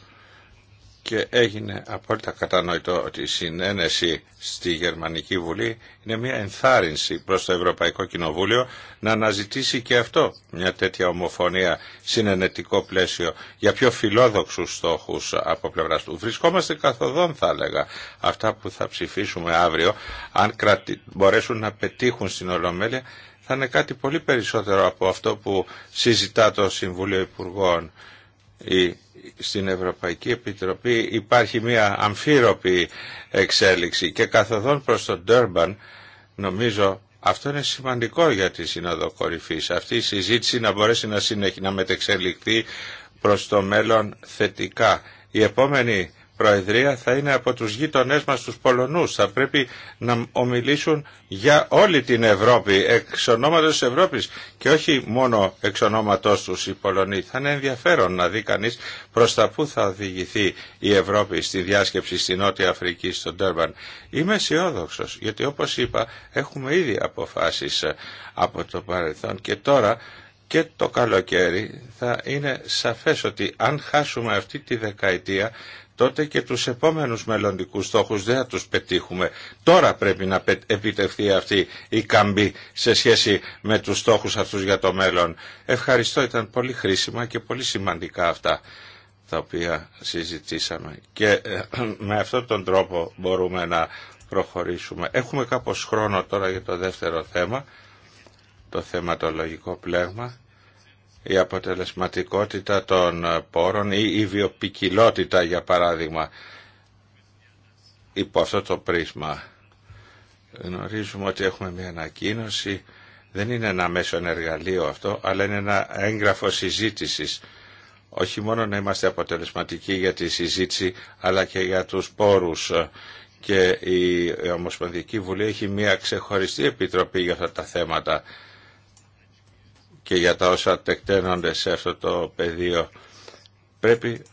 και έγινε απόλυτα κατανοητό ότι η συνένεση στη Γερμανική Βουλή είναι μια ενθάρρυνση προς το Ευρωπαϊκό Κοινοβούλιο να αναζητήσει και αυτό μια τέτοια ομοφωνία, συνενετικό πλαίσιο για πιο φιλόδοξους στόχους από πλευράς του. Βρισκόμαστε καθοδόν θα έλεγα αυτά που θα ψηφίσουμε αύριο αν μπορέσουν να πετύχουν στην Ολομέλεια θα είναι κάτι πολύ περισσότερο από αυτό που συζητά το Συμβούλιο Υπουργών ή στην Ευρωπαϊκή Επιτροπή υπάρχει μια αμφίροπη εξέλιξη και καθοδόν προς τον Ντέρμπαν νομίζω αυτό είναι σημαντικό για τη Σύνοδο Κορυφής. Αυτή η συζήτηση να μπορέσει να συνεχίσει να μετεξελιχθεί προς το μέλλον θετικά. Η επόμενη Προεδρία θα είναι από τους γείτονές μας τους Πολωνούς. Θα πρέπει να ομιλήσουν για όλη την Ευρώπη, εξ ονόματος της Ευρώπης και όχι μόνο εξ ονόματός τους οι Πολωνοί. Θα είναι ενδιαφέρον να δει κανείς προς τα πού θα οδηγηθεί η Ευρώπη στη διάσκεψη στη Νότια Αφρική, στον Τέρμπαν. Είμαι αισιόδοξο, γιατί όπως είπα έχουμε ήδη αποφάσεις ε, από το παρελθόν και τώρα και το καλοκαίρι θα είναι σαφές ότι αν χάσουμε αυτή τη δεκαετία τότε και τους επόμενους μελλοντικούς στόχους δεν θα τους πετύχουμε. Τώρα πρέπει να επιτευχθεί αυτή η καμπή σε σχέση με τους στόχους αυτούς για το μέλλον. Ευχαριστώ, ήταν πολύ χρήσιμα και πολύ σημαντικά αυτά τα οποία συζητήσαμε. Και ε, με αυτόν τον τρόπο μπορούμε να προχωρήσουμε. Έχουμε κάπως χρόνο τώρα για το δεύτερο θέμα, το θεματολογικό πλέγμα η αποτελεσματικότητα των πόρων ή η βιοπικιλότητα για παράδειγμα υπό αυτό το πρίσμα. Γνωρίζουμε ότι έχουμε μια ανακοίνωση, δεν είναι ένα μέσο εργαλείο αυτό, αλλά είναι ένα έγγραφο συζήτησης. Όχι μόνο να είμαστε αποτελεσματικοί για τη συζήτηση, αλλά και για τους πόρους και η Ομοσπονδική Βουλή έχει μια ξεχωριστή επιτροπή για αυτά τα θέματα και για τα όσα τεκταίνονται σε αυτό το πεδίο. Πρέπει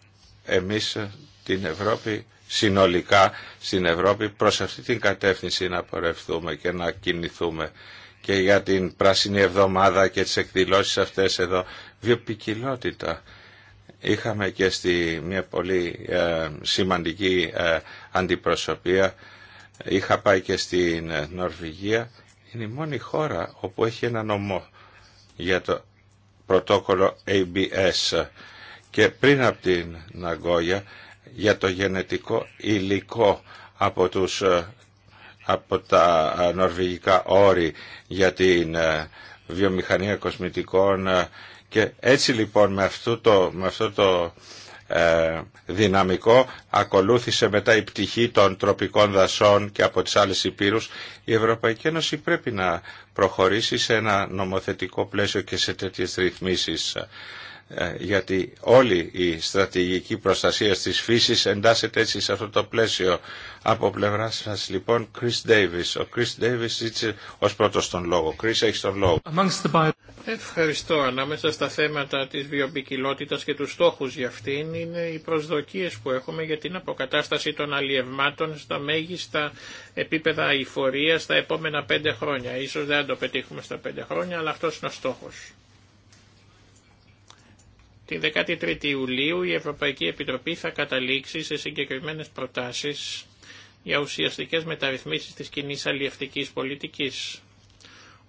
εμείς την Ευρώπη συνολικά στην Ευρώπη προς αυτή την κατεύθυνση να πορευτούμε και να κινηθούμε και για την Πράσινη Εβδομάδα και τις εκδηλώσεις αυτές εδώ βιοπικιλότητα είχαμε και στη μια πολύ ε, σημαντική ε, αντιπροσωπεία είχα πάει και στην ε, Νορβηγία είναι η μόνη χώρα όπου έχει ένα νομο, για το πρωτόκολλο ABS και πριν από την Ναγκόγια για το γενετικό υλικό από, τους, ε, από τα ε, νορβηγικά όρη για την ε, βιομηχανία κοσμητικών και έτσι λοιπόν με αυτό το, με αυτό το ε, δυναμικό ακολούθησε μετά η πτυχή των τροπικών δασών και από τις άλλες υπήρους η Ευρωπαϊκή Ένωση πρέπει να προχωρήσει σε ένα νομοθετικό πλαίσιο και σε τέτοιες ρυθμίσεις ε, γιατί όλη η στρατηγική προστασία της φύσης εντάσσεται έτσι σε αυτό το πλαίσιο. Από πλευρά σας λοιπόν, Chris Davis. Ο Chris Davis ζήτησε ως πρώτος τον λόγο. Chris, έχει τον λόγο. Ευχαριστώ. Ανάμεσα στα θέματα της βιοπικιλότητας και τους στόχους για αυτήν είναι οι προσδοκίες που έχουμε για την αποκατάσταση των αλλιευμάτων στα μέγιστα επίπεδα αηφορίας στα επόμενα πέντε χρόνια. Ίσως δεν το πετύχουμε στα πέντε χρόνια, αλλά αυτός είναι ο στόχος. Την 13η Ιουλίου η Ευρωπαϊκή Επιτροπή θα καταλήξει σε συγκεκριμένες προτάσεις για ουσιαστικές μεταρρυθμίσεις της κοινή αλλιευτικής πολιτικής.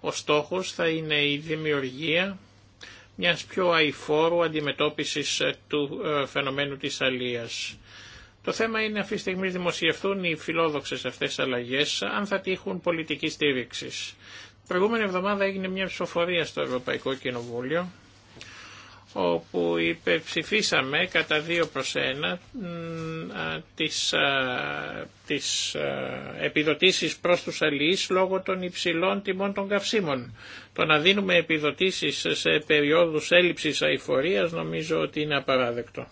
Ο στόχος θα είναι η δημιουργία μιας πιο αηφόρου αντιμετώπισης του ε, φαινομένου της αλλίας. Το θέμα είναι αυτή τη στιγμή δημοσιευτούν οι φιλόδοξες αυτές αλλαγές αν θα τύχουν πολιτική στήριξη. Προηγούμενη εβδομάδα έγινε μια ψηφοφορία στο Ευρωπαϊκό Κοινοβούλιο όπου υπερψηφίσαμε κατά 2 προς 1 τις, τις επιδοτήσεις προς τους αλληλείς λόγω των υψηλών τιμών των καυσίμων. Το να δίνουμε επιδοτήσεις σε περιόδους έλλειψης αηφορίας νομίζω ότι είναι απαράδεκτο.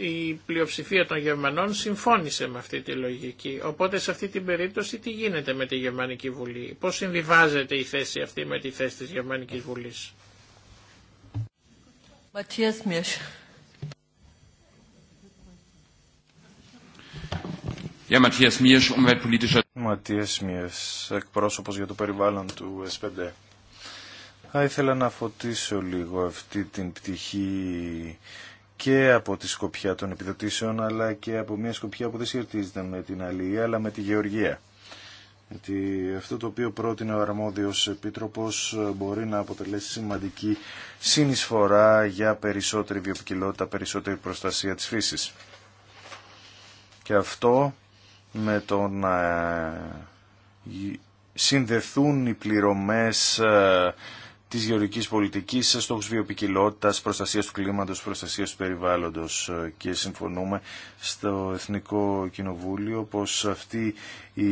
η πλειοψηφία των Γερμανών συμφώνησε με αυτή τη λογική. Οπότε σε αυτή την περίπτωση τι γίνεται με τη Γερμανική Βουλή, πώς συμβιβάζεται η θέση αυτή με τη θέση της Γερμανικής Βουλής. Matthias Ματίας Μίεσ, εκπρόσωπος για το περιβάλλον του S5. Θα ήθελα να φωτίσω λίγο αυτή την πτυχή και από τη σκοπιά των επιδοτήσεων αλλά και από μια σκοπιά που δεν σχετίζεται με την αλληλεία αλλά με τη γεωργία. Γιατί αυτό το οποίο πρότεινε ο αρμόδιος επίτροπος μπορεί να αποτελέσει σημαντική συνεισφορά για περισσότερη βιοποικιλότητα, περισσότερη προστασία της φύσης. Και αυτό με το να ε, συνδεθούν οι πληρωμές ε, της γεωργικής πολιτικής σε στόχους βιοπικιλότητας, προστασίας του κλίματος, προστασίας του περιβάλλοντος ε, και συμφωνούμε στο Εθνικό Κοινοβούλιο πως αυτή η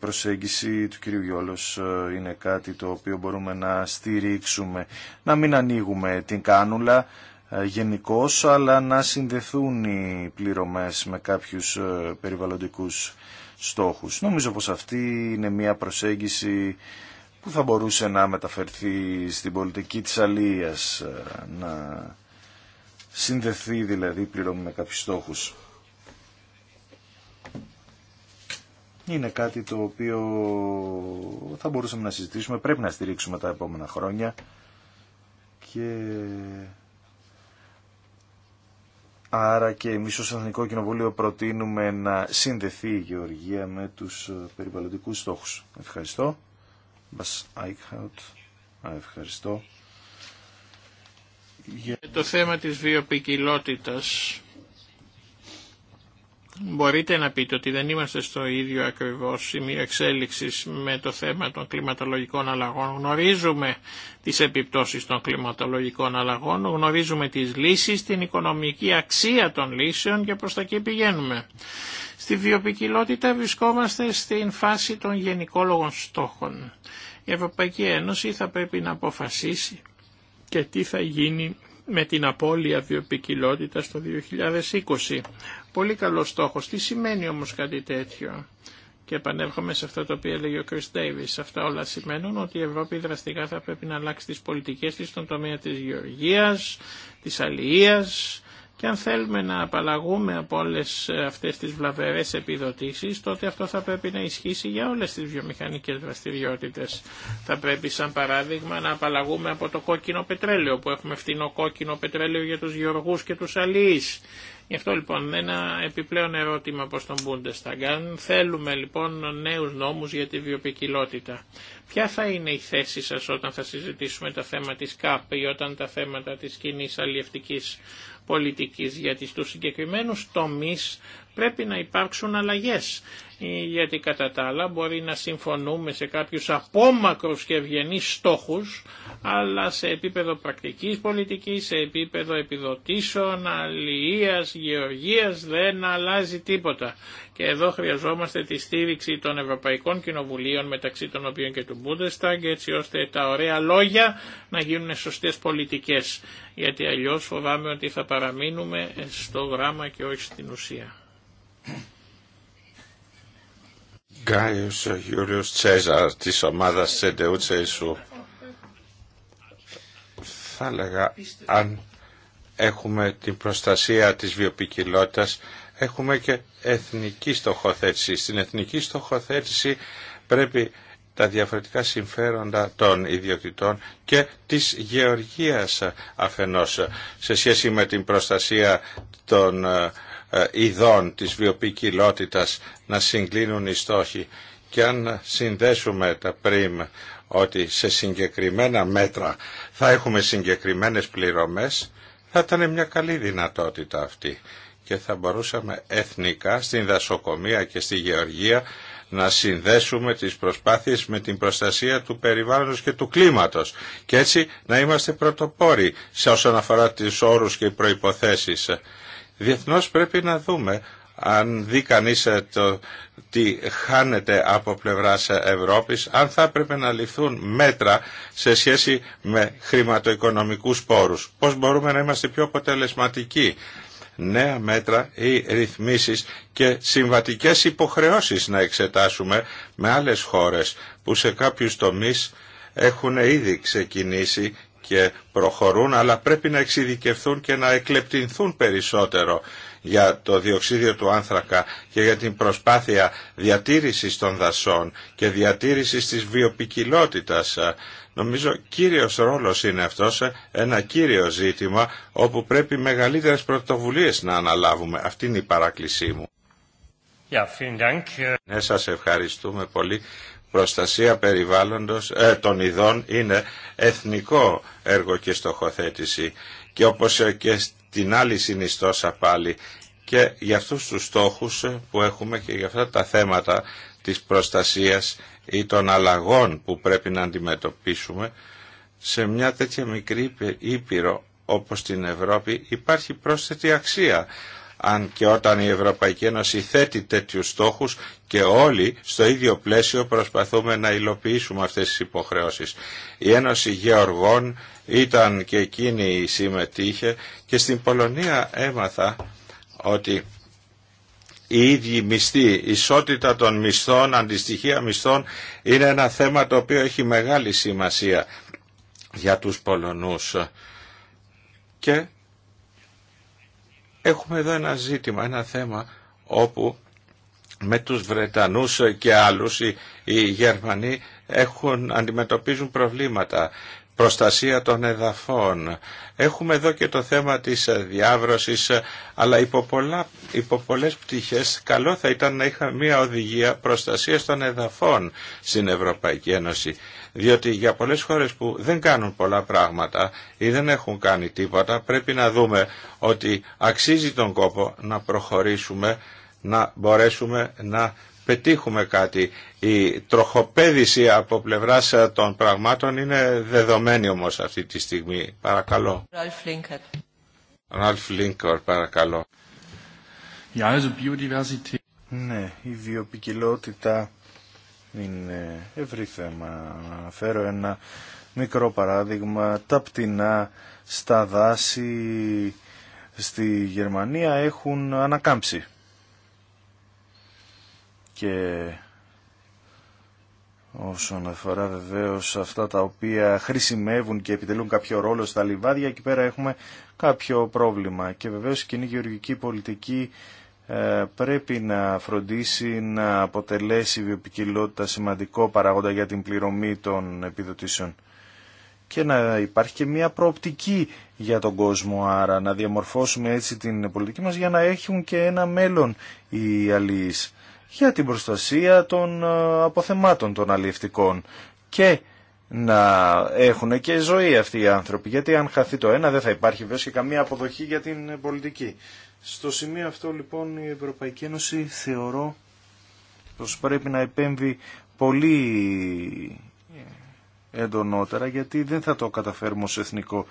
προσέγγιση του κ. Γιώλος ε, είναι κάτι το οποίο μπορούμε να στηρίξουμε, να μην ανοίγουμε την κάνουλα ε, γενικώ, αλλά να συνδεθούν οι πληρωμές με κάποιους περιβαλλοντικούς στόχους. Νομίζω πως αυτή είναι μια προσέγγιση που θα μπορούσε να μεταφερθεί στην πολιτική της αλίας, ε, να συνδεθεί δηλαδή πληρώμη με κάποιους στόχους. Είναι κάτι το οποίο θα μπορούσαμε να συζητήσουμε, πρέπει να στηρίξουμε τα επόμενα χρόνια και άρα και εμείς ως Εθνικό Κοινοβούλιο προτείνουμε να συνδεθεί η Γεωργία με τους περιβαλλοντικούς στόχους. Ευχαριστώ. Μπας Άικχαουτ. Ευχαριστώ. Για το θέμα της βιοπικιλότητας Μπορείτε να πείτε ότι δεν είμαστε στο ίδιο ακριβώς σημείο εξέλιξης με το θέμα των κλιματολογικών αλλαγών. Γνωρίζουμε τις επιπτώσεις των κλιματολογικών αλλαγών, γνωρίζουμε τις λύσεις, την οικονομική αξία των λύσεων και προς τα εκεί πηγαίνουμε. Στη βιοπικιλότητα βρισκόμαστε στην φάση των γενικόλογων στόχων. Η Ευρωπαϊκή Ένωση θα πρέπει να αποφασίσει και τι θα γίνει με την απώλεια βιοπικιλότητας το 2020. Πολύ καλός στόχος. Τι σημαίνει όμως κάτι τέτοιο. Και επανέρχομαι σε αυτό το οποίο έλεγε ο Chris Davis. Αυτά όλα σημαίνουν ότι η Ευρώπη δραστικά θα πρέπει να αλλάξει τις πολιτικές της στον τομέα της γεωργίας, της αλληλείας και αν θέλουμε να απαλλαγούμε από όλες αυτές τις βλαβερές επιδοτήσεις, τότε αυτό θα πρέπει να ισχύσει για όλες τις βιομηχανικές δραστηριότητες. Θα πρέπει σαν παράδειγμα να απαλλαγούμε από το κόκκινο πετρέλαιο, που έχουμε φθηνό κόκκινο πετρέλαιο για τους γεωργούς και τους αλληλείς Γι' αυτό λοιπόν ένα επιπλέον ερώτημα προς τον Bundestag. Αν θέλουμε λοιπόν νέους νόμους για τη βιοπικιλότητα, ποια θα είναι η θέση σας όταν θα συζητήσουμε τα θέματα της ΚΑΠ ή όταν τα θέματα της κοινή αλλιευτικής πολιτικής, γιατί στους συγκεκριμένους τομείς πρέπει να υπάρξουν αλλαγές γιατί κατά τα άλλα μπορεί να συμφωνούμε σε κάποιους απόμακρους και ευγενείς στόχους, αλλά σε επίπεδο πρακτικής πολιτικής, σε επίπεδο επιδοτήσεων, αλληλείας, γεωργίας δεν αλλάζει τίποτα. Και εδώ χρειαζόμαστε τη στήριξη των Ευρωπαϊκών Κοινοβουλίων μεταξύ των οποίων και του Bundestag έτσι ώστε τα ωραία λόγια να γίνουν σωστές πολιτικές. Γιατί αλλιώς φοβάμαι ότι θα παραμείνουμε στο γράμμα και όχι στην ουσία. Γκάιος Γιούλιος Τσέζαρ της ομάδας Σεντεού θα έλεγα αν έχουμε την προστασία της βιοπικιλότητας έχουμε και εθνική στοχοθέτηση. Στην εθνική στοχοθέτηση πρέπει τα διαφορετικά συμφέροντα των ιδιοκτητών και της γεωργίας αφενός σε σχέση με την προστασία των ε, ε, ειδών της βιοποικιλότητας να συγκλίνουν οι στόχοι. Και αν συνδέσουμε τα πριμ ότι σε συγκεκριμένα μέτρα θα έχουμε συγκεκριμένες πληρωμές, θα ήταν μια καλή δυνατότητα αυτή και θα μπορούσαμε εθνικά στην δασοκομεία και στη γεωργία να συνδέσουμε τις προσπάθειες με την προστασία του περιβάλλοντος και του κλίματος και έτσι να είμαστε πρωτοπόροι σε όσον αφορά τις όρους και οι προϋποθέσεις. Διεθνώς πρέπει να δούμε αν δει κανεί ε, το τι χάνεται από πλευράς ε, Ευρώπης, αν θα έπρεπε να ληφθούν μέτρα σε σχέση με χρηματοοικονομικούς πόρους. Πώς μπορούμε να είμαστε πιο αποτελεσματικοί. Νέα μέτρα ή ρυθμίσεις και συμβατικές υποχρεώσεις να εξετάσουμε με άλλες χώρες που σε κάποιους τομείς έχουν ήδη ξεκινήσει και προχωρούν, αλλά πρέπει να εξειδικευθούν και να εκλεπτυνθούν περισσότερο για το διοξίδιο του άνθρακα και για την προσπάθεια διατήρησης των δασών και διατήρησης της βιοπικιλότητας. Νομίζω κύριος ρόλος είναι αυτός, ένα κύριο ζήτημα όπου πρέπει μεγαλύτερες πρωτοβουλίες να αναλάβουμε. Αυτή είναι η παράκλησή μου. Ja, vielen ναι, σας ευχαριστούμε πολύ προστασία περιβάλλοντος ε, των ειδών είναι εθνικό έργο και στοχοθέτηση και όπως ε, και στην άλλη συνιστόσα πάλι και για αυτούς τους στόχους ε, που έχουμε και για αυτά τα θέματα της προστασίας ή των αλλαγών που πρέπει να αντιμετωπίσουμε σε μια τέτοια μικρή ήπειρο όπως την Ευρώπη υπάρχει πρόσθετη αξία αν και όταν η Ευρωπαϊκή Ένωση θέτει τέτοιους στόχους και όλοι στο ίδιο πλαίσιο προσπαθούμε να υλοποιήσουμε αυτές τις υποχρεώσεις. Η Ένωση Γεωργών ήταν και εκείνη η συμμετείχε και στην Πολωνία έμαθα ότι η μισθή, η ισότητα των μισθών, αντιστοιχεία μισθών είναι ένα θέμα το οποίο έχει μεγάλη σημασία για τους Πολωνούς. Και έχουμε εδώ ένα ζήτημα, ένα θέμα όπου με τους Βρετανούς και άλλους οι, Γερμανοί έχουν, αντιμετωπίζουν προβλήματα προστασία των εδαφών. Έχουμε εδώ και το θέμα της διάβρωσης, αλλά υπό, πολλά, υπό πολλές πτυχές καλό θα ήταν να είχαμε μια οδηγία προστασίας των εδαφών στην Ευρωπαϊκή Ένωση. Διότι για πολλές χώρες που δεν κάνουν πολλά πράγματα ή δεν έχουν κάνει τίποτα πρέπει να δούμε ότι αξίζει τον κόπο να προχωρήσουμε, να μπορέσουμε να πετύχουμε κάτι. Η τροχοπέδηση από πλευράς ε, των πραγμάτων είναι δεδομένη όμως αυτή τη στιγμή. Παρακαλώ. Ραλφ Λίνκορ, παρακαλώ. Ναι, η βιοπικιλότητα είναι ευρύ θέμα. Φέρω ένα μικρό παράδειγμα. Τα πτηνά στα δάση στη Γερμανία έχουν ανακάμψει. Και όσον αφορά βεβαίως αυτά τα οποία χρησιμεύουν και επιτελούν κάποιο ρόλο στα λιβάδια, εκεί πέρα έχουμε κάποιο πρόβλημα. Και βεβαίως η κοινή γεωργική πολιτική ε, πρέπει να φροντίσει να αποτελέσει η βιοπικιλότητα σημαντικό παράγοντα για την πληρωμή των επιδοτήσεων και να υπάρχει και μια προοπτική για τον κόσμο άρα να διαμορφώσουμε έτσι την πολιτική μας για να έχουν και ένα μέλλον οι αλληλείς για την προστασία των ε, αποθεμάτων των αλληλευτικών και να έχουν και ζωή αυτοί οι άνθρωποι γιατί αν χαθεί το ένα δεν θα υπάρχει βέβαια και καμία αποδοχή για την πολιτική. Στο σημείο αυτό λοιπόν η Ευρωπαϊκή Ένωση θεωρώ πως πρέπει να επέμβει πολύ ε, εντονότερα γιατί δεν θα το καταφέρουμε ως Εθνικό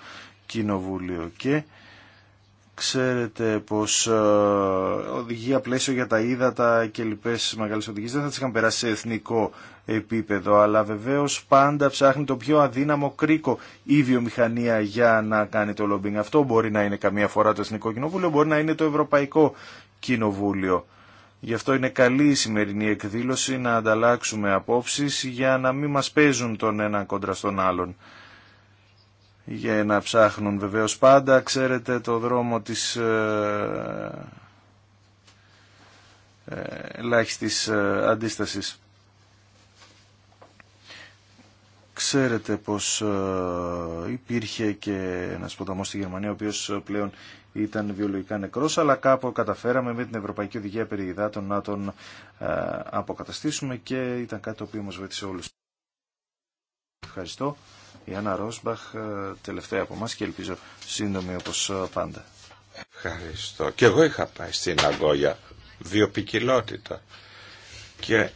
Κοινοβούλιο και ξέρετε πως ε, οδηγία πλαίσιο για τα ύδατα και λοιπές μεγάλες οδηγίες δεν θα τις είχαν περάσει σε εθνικό επίπεδο, αλλά βεβαίως πάντα ψάχνει το πιο αδύναμο κρίκο η βιομηχανία για να κάνει το λομπινγκ. Αυτό μπορεί να είναι καμία φορά το Εθνικό Κοινοβούλιο, μπορεί να είναι το Ευρωπαϊκό Κοινοβούλιο. Γι' αυτό είναι καλή η σημερινή εκδήλωση να ανταλλάξουμε απόψεις για να μην μας παίζουν τον ένα κόντρα στον άλλον. Για να ψάχνουν βεβαίως πάντα, ξέρετε, το δρόμο της ε, ε, ελάχιστης ε, αντίστασης. Ξέρετε πως ε, υπήρχε και ένας ποταμός στη Γερμανία ο οποίος ε, πλέον ήταν βιολογικά νεκρός αλλά κάπου καταφέραμε με την Ευρωπαϊκή Οδηγία τον να τον ε, αποκαταστήσουμε και ήταν κάτι το οποίο μας βοήθησε όλους. Ευχαριστώ. Η Άννα Ρόσμπαχ τελευταία από εμάς και ελπίζω σύντομη όπως πάντα. Ευχαριστώ. Και εγώ είχα πάει στην Αγγόγια βιοπικιλότητα και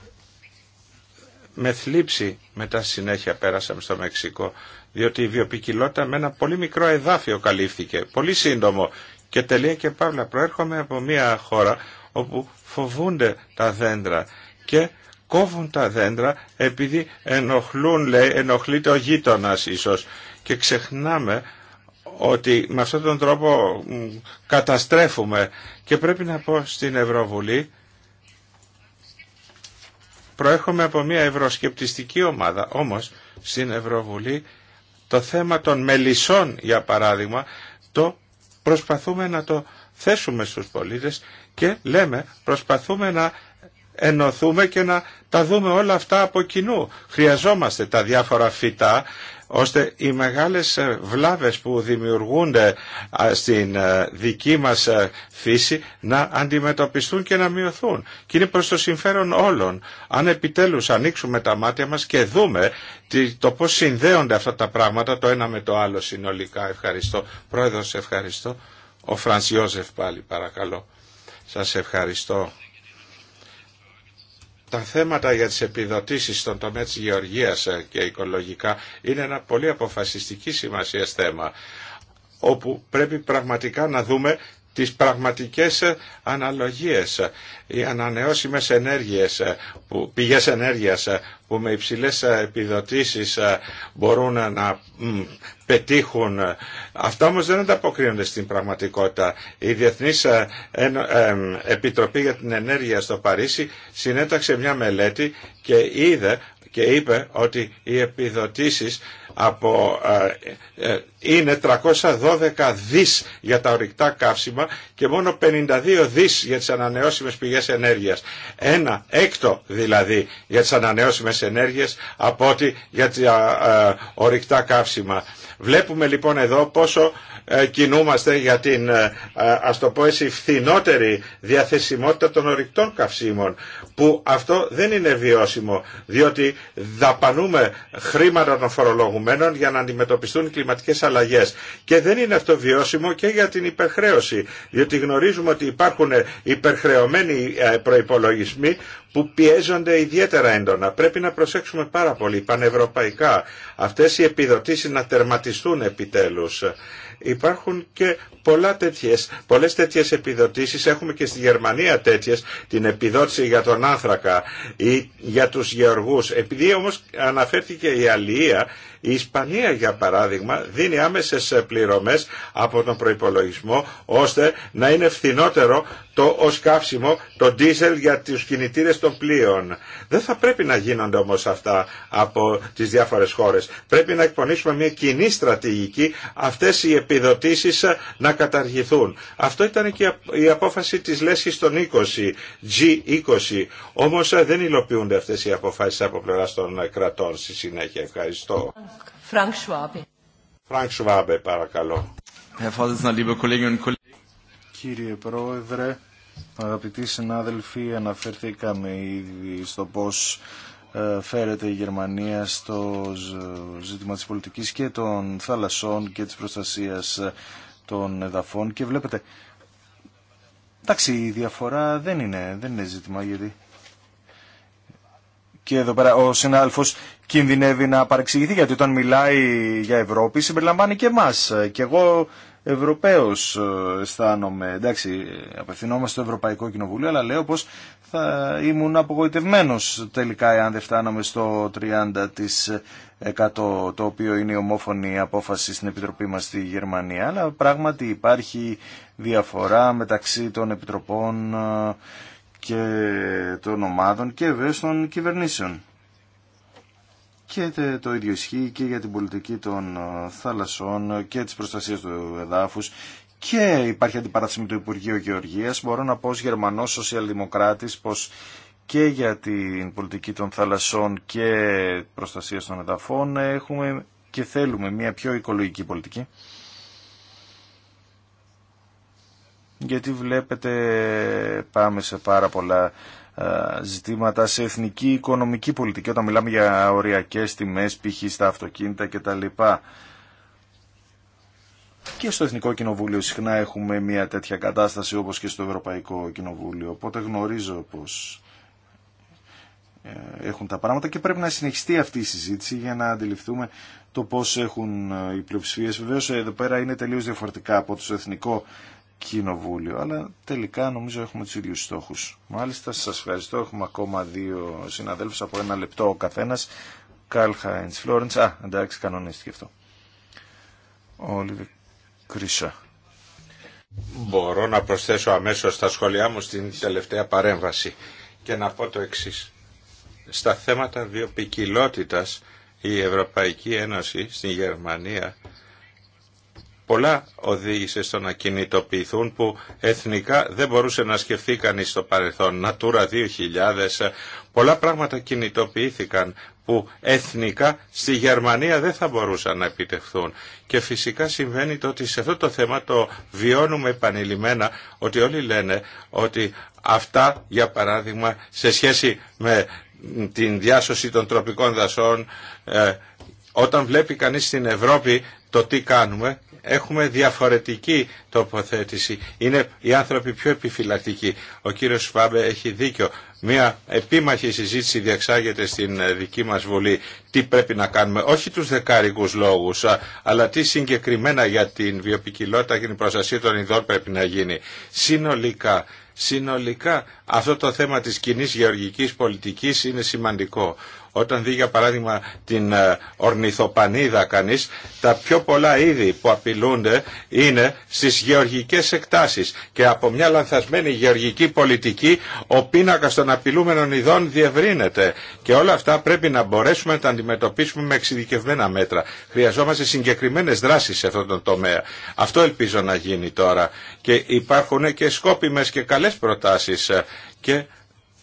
με θλίψη μετά συνέχεια πέρασαμε στο Μεξικό, διότι η βιοπικιλότητα με ένα πολύ μικρό εδάφιο καλύφθηκε, πολύ σύντομο. Και τελεία και παύλα, προέρχομαι από μια χώρα όπου φοβούνται τα δέντρα και κόβουν τα δέντρα επειδή ενοχλούν, λέει, ενοχλείται ο γείτονα ίσως και ξεχνάμε ότι με αυτόν τον τρόπο καταστρέφουμε και πρέπει να πω στην Ευρωβουλή Προέρχομαι από μια ευρωσκεπτιστική ομάδα, όμως στην Ευρωβουλή το θέμα των μελισσών, για παράδειγμα, το προσπαθούμε να το θέσουμε στους πολίτες και λέμε προσπαθούμε να ενωθούμε και να τα δούμε όλα αυτά από κοινού. Χρειαζόμαστε τα διάφορα φυτά ώστε οι μεγάλες ε, βλάβες που δημιουργούνται στην ε, δική μας ε, φύση να αντιμετωπιστούν και να μειωθούν. Και είναι προς το συμφέρον όλων. Αν επιτέλους ανοίξουμε τα μάτια μας και δούμε το πώς συνδέονται αυτά τα πράγματα το ένα με το άλλο συνολικά. Ευχαριστώ. Πρόεδρος, ευχαριστώ. Ο Φράνσιοζεφ πάλι παρακαλώ. Σας ευχαριστώ. Τα θέματα για τις επιδοτήσεις στον τομέα της γεωργίας και οικολογικά είναι ένα πολύ αποφασιστική σημασία θέμα όπου πρέπει πραγματικά να δούμε τις πραγματικές αναλογίες, οι ανανεώσιμες ενέργειες, που, πηγές ενέργειας που με υψηλές επιδοτήσεις μπορούν να πετύχουν. Αυτά όμως δεν ανταποκρίνονται στην πραγματικότητα. Η Διεθνής ε, ε, Επιτροπή για την Ενέργεια στο Παρίσι συνέταξε μια μελέτη και είδε και είπε ότι οι επιδοτήσεις από, ε, ε, είναι 312 δις για τα ορυκτά καύσιμα και μόνο 52 δις για τις ανανεώσιμες πηγές ενέργειας. Ένα έκτο δηλαδή για τις ανανεώσιμες ενέργειες από ό,τι για τα ε, ορυκτά καύσιμα. Βλέπουμε λοιπόν εδώ πόσο ε, κινούμαστε για την, ε, ε, ας το πω έτσι, φθηνότερη διαθεσιμότητα των ορυκτών καυσίμων, που αυτό δεν είναι βιώσιμο, διότι δαπανούμε χρήματα των φορολογουμένων για να αντιμετωπιστούν κλιματικές αλλαγές. Και δεν είναι αυτό βιώσιμο και για την υπερχρέωση, διότι γνωρίζουμε ότι υπάρχουν υπερχρεωμένοι προϋπολογισμοί που πιέζονται ιδιαίτερα έντονα. Πρέπει να προσέξουμε πάρα πολύ πανευρωπαϊκά αυτές οι επιδοτήσεις να τερματιστούν επιτέλους. Υπάρχουν και πολλά τέτοιες, πολλές τέτοιες επιδοτήσεις. Έχουμε και στη Γερμανία τέτοιες, την επιδότηση για τον άνθρακα ή για τους γεωργούς. Επειδή όμως αναφέρθηκε η αλληλεία, η Ισπανία για παράδειγμα δίνει άμεσες πληρωμές από τον προϋπολογισμό ώστε να είναι φθηνότερο το ως καύσιμο το ντίζελ για τους κινητήρες των πλοίων. Δεν θα πρέπει να γίνονται όμως αυτά από τις διάφορες χώρες. Πρέπει να εκπονήσουμε μια κοινή στρατηγική αυτές οι επιδοτήσεις να καταργηθούν. Αυτό ήταν και η απόφαση της λέσχης των 20, G20. Όμως ε, δεν υλοποιούνται αυτές οι αποφάσεις από πλευρά των κρατών στη συνέχεια. Ευχαριστώ. Frank Schwabe. Frank Schwabe, παρακαλώ. Κύριε Πρόεδρε, Αγαπητοί συνάδελφοι, αναφερθήκαμε ήδη στο πώς ε, φέρεται η Γερμανία στο ζήτημα της πολιτικής και των θαλασσών και της προστασίας ε, των εδαφών και βλέπετε εντάξει η διαφορά δεν είναι, δεν είναι ζήτημα γιατί και εδώ πέρα ο συνάδελφος κινδυνεύει να παρεξηγηθεί γιατί όταν μιλάει για Ευρώπη συμπεριλαμβάνει και εμάς ε, και εγώ Ευρωπαίος ε, αισθάνομαι, εντάξει απευθυνόμαστε στο Ευρωπαϊκό Κοινοβούλιο αλλά λέω πως θα ήμουν απογοητευμένος τελικά εάν δεν φτάναμε στο 30% το οποίο είναι η ομόφωνη απόφαση στην Επιτροπή μα στη Γερμανία αλλά πράγματι υπάρχει διαφορά μεταξύ των Επιτροπών ε, και των ομάδων και βέβαια των κυβερνήσεων. Και το ίδιο ισχύει και για την πολιτική των ε, θάλασσών και της προστασίας του εδάφους και υπάρχει αντιπαράθεση με το Υπουργείο Γεωργίας. Μπορώ να πω ως Γερμανός σοσιαλδημοκράτης πως και για την πολιτική των θαλασσών και προστασία των εδαφών έχουμε και θέλουμε μια πιο οικολογική πολιτική. Γιατί βλέπετε πάμε σε πάρα πολλά ε, ζητήματα σε εθνική οικονομική πολιτική όταν μιλάμε για οριακές τιμές π.χ. στα αυτοκίνητα κτλ. Και στο Εθνικό Κοινοβούλιο συχνά έχουμε μια τέτοια κατάσταση όπως και στο Ευρωπαϊκό Κοινοβούλιο. Οπότε γνωρίζω πως ε, έχουν τα πράγματα και πρέπει να συνεχιστεί αυτή η συζήτηση για να αντιληφθούμε το πώς έχουν ε, οι πλειοψηφίες. Βεβαίως εδώ πέρα είναι τελείως διαφορετικά από το Εθνικό κοινοβούλιο, αλλά τελικά νομίζω έχουμε του ίδιου στόχους. Μάλιστα, σας ευχαριστώ. Έχουμε ακόμα δύο συναδέλφου από ένα λεπτό ο καθένα, Καλ Χάιντ Φλόρεντς. Α, εντάξει, κανονίστηκε αυτό. Όλιβε Κρίσα. Μπορώ να προσθέσω αμέσως στα σχόλιά μου στην τελευταία παρέμβαση και να πω το εξής. Στα θέματα βιοπικιλότητας η Ευρωπαϊκή Ένωση στην Γερμανία πολλά οδήγησε στο να κινητοποιηθούν που εθνικά δεν μπορούσε να σκεφτεί κανείς στο παρελθόν. Natura 2000, πολλά πράγματα κινητοποιήθηκαν που εθνικά στη Γερμανία δεν θα μπορούσαν να επιτευχθούν. Και φυσικά συμβαίνει το ότι σε αυτό το θέμα το βιώνουμε επανειλημμένα ότι όλοι λένε ότι αυτά για παράδειγμα σε σχέση με την διάσωση των τροπικών δασών ε, όταν βλέπει κανείς στην Ευρώπη το τι κάνουμε έχουμε διαφορετική τοποθέτηση. Είναι οι άνθρωποι πιο επιφυλακτικοί. Ο κύριος Σφάμπε έχει δίκιο. Μια επίμαχη συζήτηση διεξάγεται στην ε, δική μας Βουλή. Τι πρέπει να κάνουμε, όχι τους δεκάρικους λόγους, αλλά τι συγκεκριμένα για την βιοπικιλότητα και την προστασία των ειδών πρέπει να γίνει. Συνολικά, συνολικά αυτό το θέμα της κοινή γεωργικής πολιτικής είναι σημαντικό. Όταν δει για παράδειγμα την ε, ορνηθοπανίδα κανείς, τα πιο πολλά είδη που απειλούνται είναι στις γεωργικές εκτάσεις και από μια λανθασμένη γεωργική πολιτική ο πίνακας των απειλούμενων ειδών διευρύνεται και όλα αυτά πρέπει να μπορέσουμε να τα αντιμετωπίσουμε με εξειδικευμένα μέτρα. Χρειαζόμαστε συγκεκριμένες δράσεις σε αυτόν τον τομέα. Αυτό ελπίζω να γίνει τώρα και υπάρχουν και σκόπιμες και καλές προτάσεις ε, και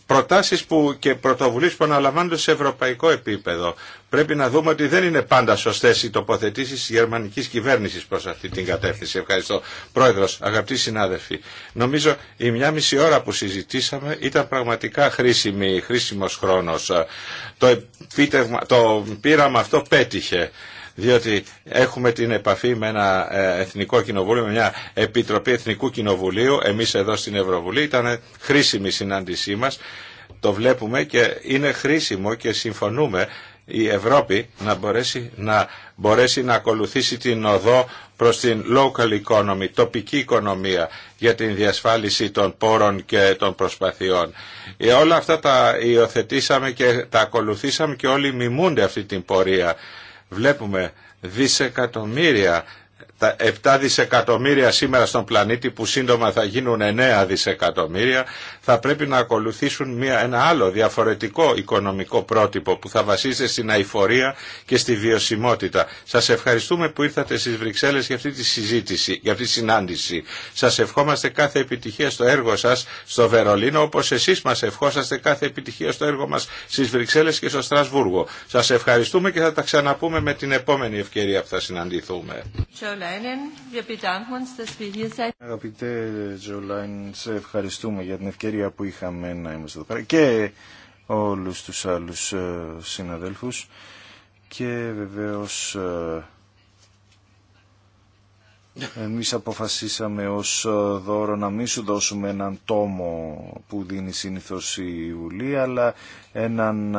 προτάσεις που και πρωτοβουλίε που αναλαμβάνονται σε ευρωπαϊκό επίπεδο. Πρέπει να δούμε ότι δεν είναι πάντα σωστέ οι τοποθετήσει τη γερμανικής κυβέρνησης προς αυτή την κατεύθυνση. Ευχαριστώ. Πρόεδρο, αγαπητοί συνάδελφοι, νομίζω η μια μισή ώρα που συζητήσαμε ήταν πραγματικά χρήσιμο χρήσιμος χρόνος. Το, το πείραμα αυτό πέτυχε διότι έχουμε την επαφή με ένα ε, Εθνικό Κοινοβούλιο, με μια Επιτροπή Εθνικού Κοινοβουλίου, εμείς εδώ στην Ευρωβουλή, ήταν χρήσιμη η συνάντησή μας, το βλέπουμε και είναι χρήσιμο και συμφωνούμε η Ευρώπη να μπορέσει να, να ακολουθήσει την οδό προς την local economy, τοπική οικονομία για την διασφάλιση των πόρων και των προσπαθειών. Ε, όλα αυτά τα υιοθετήσαμε και τα ακολουθήσαμε και όλοι μιμούνται αυτή την πορεία βλέπουμε δισεκατομμύρια τα 7 δισεκατομμύρια σήμερα στον πλανήτη που σύντομα θα γίνουν 9 δισεκατομμύρια θα πρέπει να ακολουθήσουν μια, ένα άλλο διαφορετικό οικονομικό πρότυπο που θα βασίζεται στην αηφορία και στη βιωσιμότητα. Σας ευχαριστούμε που ήρθατε στις Βρυξέλλες για αυτή τη συζήτηση, για αυτή τη συνάντηση. Σας ευχόμαστε κάθε επιτυχία στο έργο σας στο Βερολίνο όπως εσείς μας ευχόσαστε κάθε επιτυχία στο έργο μας στις Βρυξέλλες και στο Στρασβούργο. Σας ευχαριστούμε και θα τα ξαναπούμε με την επόμενη ευκαιρία που θα συναντηθούμε. Αγαπητέ Τζολάιν, σε ευχαριστούμε για την ευκαιρία που είχαμε να είμαστε εδώ πέρα και όλους τους άλλους ε, συναδέλφους και βεβαίως ε, εμείς αποφασίσαμε ως ε, δώρο να μην σου δώσουμε έναν τόμο που δίνει συνήθως η Βουλή αλλά έναν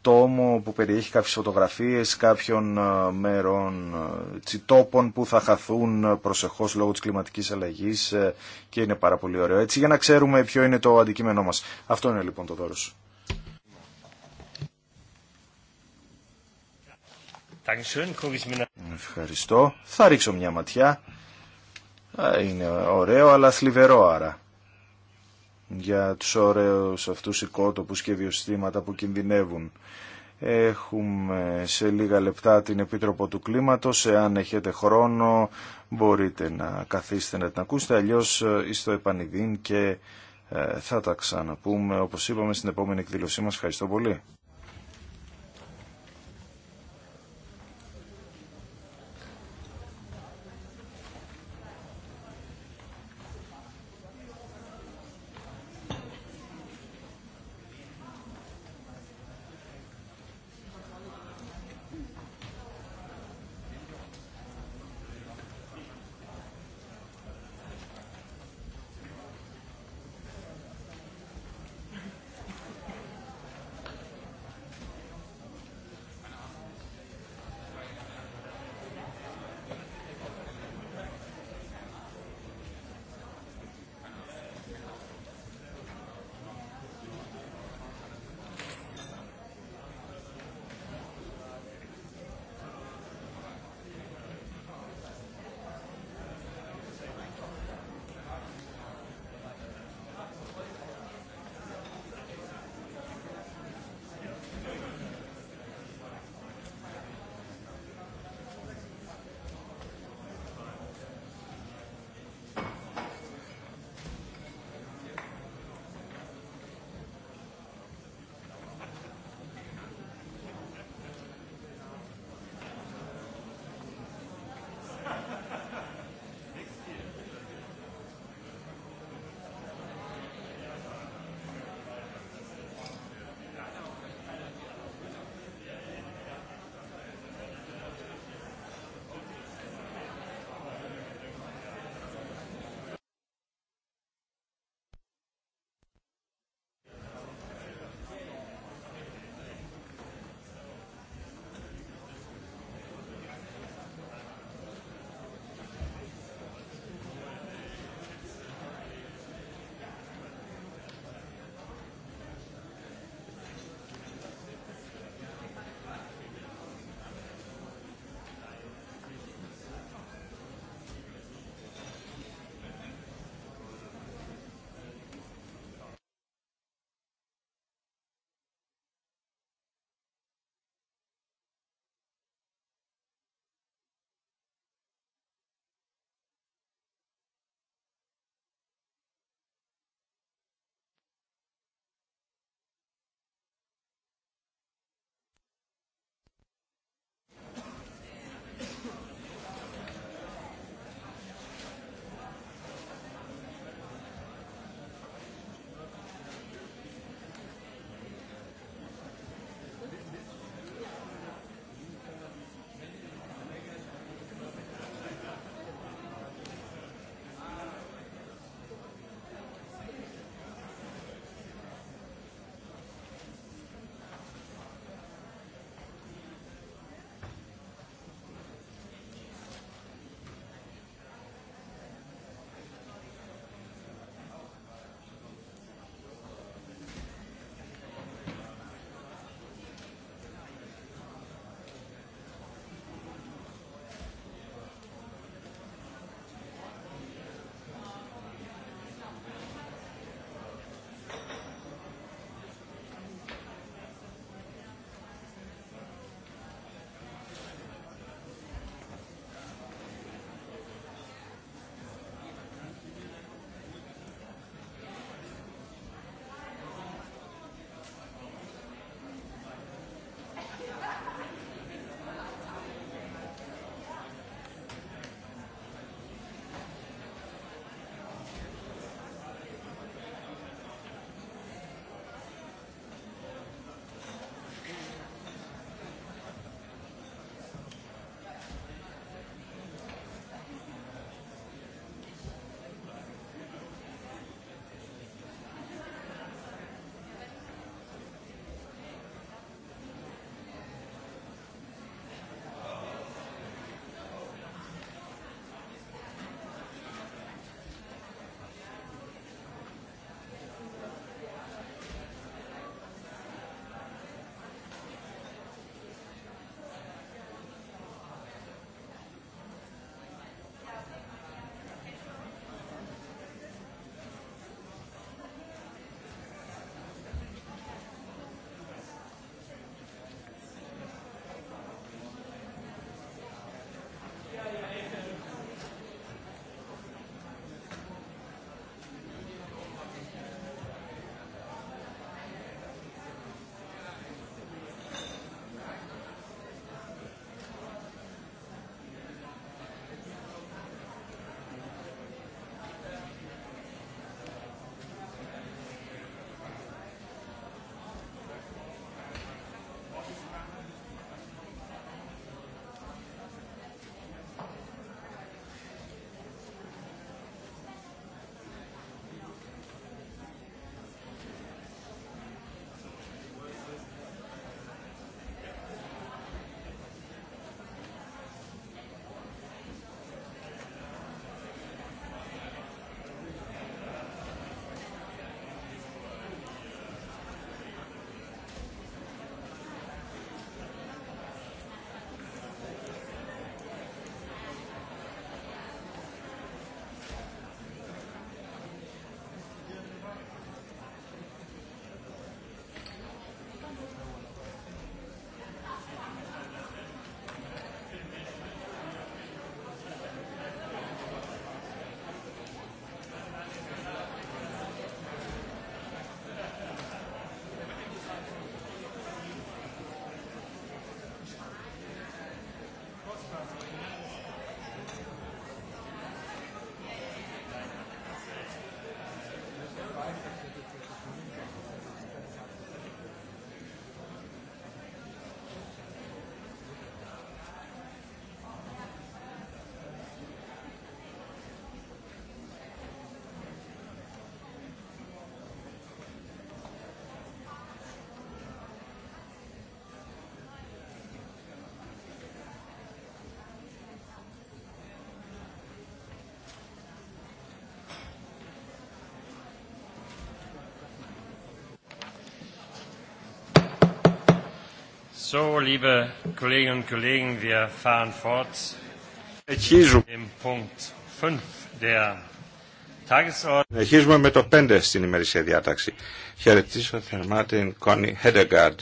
τόμο που περιέχει κάποιες φωτογραφίες κάποιων ε, μέρων ε, τσιτόπων που θα χαθούν ε, προσεχώς λόγω της κλιματικής αλλαγής και είναι πάρα πολύ ωραίο έτσι για να ξέρουμε ποιο είναι το αντικείμενό μας. Αυτό είναι λοιπόν το δώρο σου. Ευχαριστώ. Θα ρίξω μια ματιά. Είναι ωραίο αλλά θλιβερό άρα για τους ωραίους αυτούς οικότοπους και βιοστήματα που κινδυνεύουν. Έχουμε σε λίγα λεπτά την Επίτροπο του Κλίματος. Εάν έχετε χρόνο μπορείτε να καθίσετε να την ακούσετε. Αλλιώς ε, είστε επανειδήν και ε, θα τα ξαναπούμε όπως είπαμε στην επόμενη εκδήλωσή μας. Ευχαριστώ πολύ. So, liebe Kolleginnen und Kollegen, wir fahren fort. Punkt 5 der με το 5 στην ημερήσια διάταξη. Χαιρετήσω θερμά την Κόνι Χέντεγκαρντ,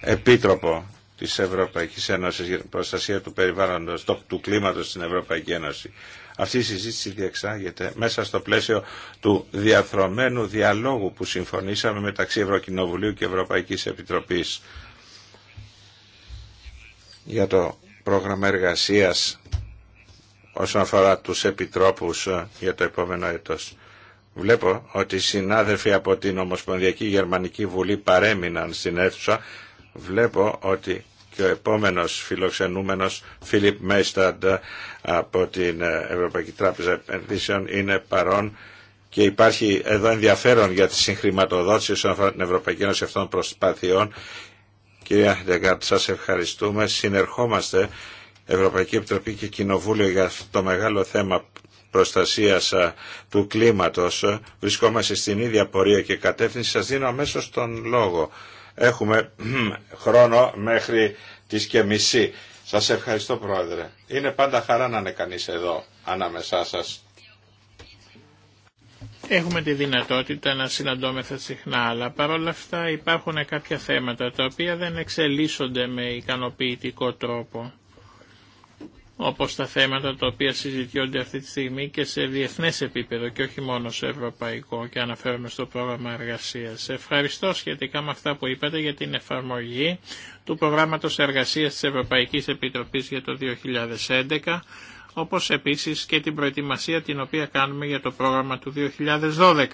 Επίτροπο της Ευρωπαϊκής Ένωσης για την προστασία του περιβάλλοντος, του κλίματος στην Ευρωπαϊκή Ένωση. Αυτή η συζήτηση διεξάγεται μέσα στο πλαίσιο του διαθρωμένου διαλόγου που συμφωνήσαμε μεταξύ Ευρωκοινοβουλίου και Ευρωπαϊκής Επιτροπής για το πρόγραμμα εργασίας όσον αφορά τους επιτρόπους ε, για το επόμενο έτος. Βλέπω ότι οι συνάδελφοι από την Ομοσπονδιακή Γερμανική Βουλή παρέμειναν στην αίθουσα. Βλέπω ότι και ο επόμενος φιλοξενούμενος Φίλιπ Μέσταντ ε, από την ε, Ευρωπαϊκή Τράπεζα Επενδύσεων είναι παρόν και υπάρχει εδώ ενδιαφέρον για τη συγχρηματοδότηση όσον αφορά την Ευρωπαϊκή Ένωση αυτών των προσπαθειών Κυρία Χιντεγκάρτ, σας ευχαριστούμε. Συνερχόμαστε Ευρωπαϊκή Επιτροπή και Κοινοβούλιο για το μεγάλο θέμα προστασίας του κλίματος. Βρισκόμαστε στην ίδια πορεία και κατεύθυνση. Σας δίνω αμέσω τον λόγο. Έχουμε χρόνο μέχρι τις και μισή. Σας ευχαριστώ Πρόεδρε. Είναι πάντα χαρά να είναι κανείς εδώ ανάμεσά σας Έχουμε τη δυνατότητα να συναντώμεθα συχνά, αλλά παρόλα αυτά υπάρχουν κάποια θέματα τα οποία δεν εξελίσσονται με ικανοποιητικό τρόπο, όπως τα θέματα τα οποία συζητιώνται αυτή τη στιγμή και σε διεθνές επίπεδο και όχι μόνο σε ευρωπαϊκό και αναφέρομαι στο πρόγραμμα εργασίας. Ευχαριστώ σχετικά με αυτά που είπατε για την εφαρμογή του προγράμματος εργασίας της Ευρωπαϊκής Επιτροπής για το 2011 όπως επίσης και την προετοιμασία την οποία κάνουμε για το πρόγραμμα του 2012.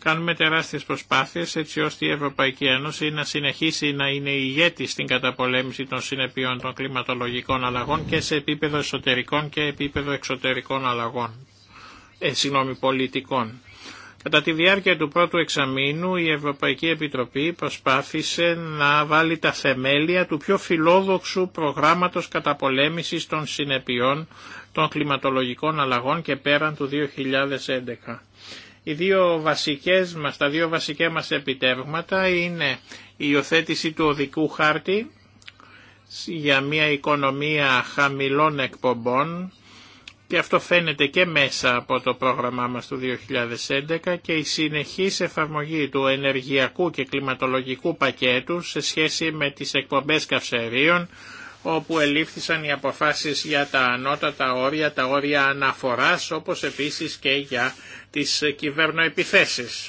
Κάνουμε τεράστιες προσπάθειες έτσι ώστε η Ευρωπαϊκή Ένωση να συνεχίσει να είναι ηγέτη στην καταπολέμηση των συνεπειών των κλιματολογικών αλλαγών και σε επίπεδο εσωτερικών και επίπεδο εξωτερικών αλλαγών, ε, πολιτικών. Κατά τη διάρκεια του πρώτου εξαμήνου η Ευρωπαϊκή Επιτροπή προσπάθησε να βάλει τα θεμέλια του πιο φιλόδοξου προγράμματος καταπολέμησης των συνεπειών των κλιματολογικών αλλαγών και πέραν του 2011. Οι δύο βασικές μας, τα δύο βασικά μας επιτεύγματα είναι η υιοθέτηση του οδικού χάρτη για μια οικονομία χαμηλών εκπομπών και αυτό φαίνεται και μέσα από το πρόγραμμά μας του 2011 και η συνεχής εφαρμογή του ενεργειακού και κλιματολογικού πακέτου σε σχέση με τις εκπομπές καυσερίων όπου ελήφθησαν οι αποφάσεις για τα ανώτατα όρια, τα όρια αναφοράς όπως επίσης και για τις κυβερνοεπιθέσεις.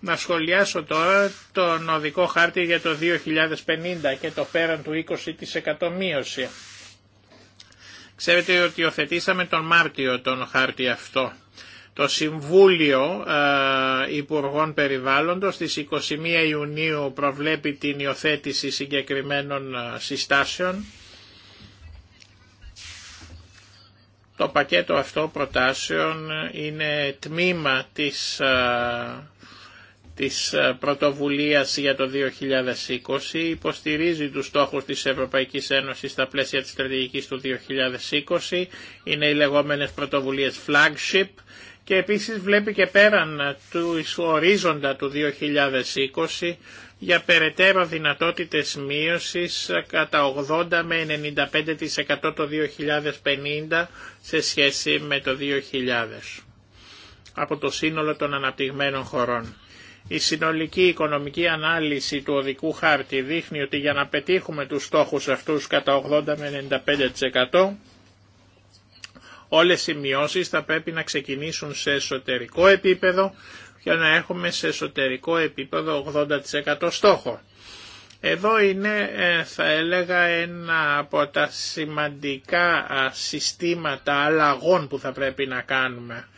Να σχολιάσω τώρα τον οδικό χάρτη για το 2050 και το πέραν του 20% μείωση. Ξέρετε ότι υιοθετήσαμε τον Μάρτιο τον χάρτη αυτό. Το Συμβούλιο ε, Υπουργών Περιβάλλοντος στις 21 Ιουνίου προβλέπει την υιοθέτηση συγκεκριμένων ε, συστάσεων. Το πακέτο αυτό προτάσεων είναι τμήμα της ε, της ε, πρωτοβουλίας για το 2020 υποστηρίζει τους στόχους της Ευρωπαϊκής Ένωσης στα πλαίσια της στρατηγικής του 2020 είναι οι λεγόμενες πρωτοβουλίες flagship και επίσης βλέπει και πέραν ε, του ορίζοντα του 2020 για περαιτέρω δυνατότητες μείωσης ε, κατά 80 με 95% το 2050 σε σχέση με το 2000 από το σύνολο των αναπτυγμένων χωρών. Η συνολική οικονομική ανάλυση του οδικού χάρτη δείχνει ότι για να πετύχουμε τους στόχους αυτούς κατά 80 με 95% όλες οι μειώσεις θα πρέπει να ξεκινήσουν σε εσωτερικό επίπεδο για να έχουμε σε εσωτερικό επίπεδο 80% στόχο. Εδώ είναι ε, θα έλεγα ένα από τα σημαντικά συστήματα αλλαγών που θα πρέπει να κάνουμε.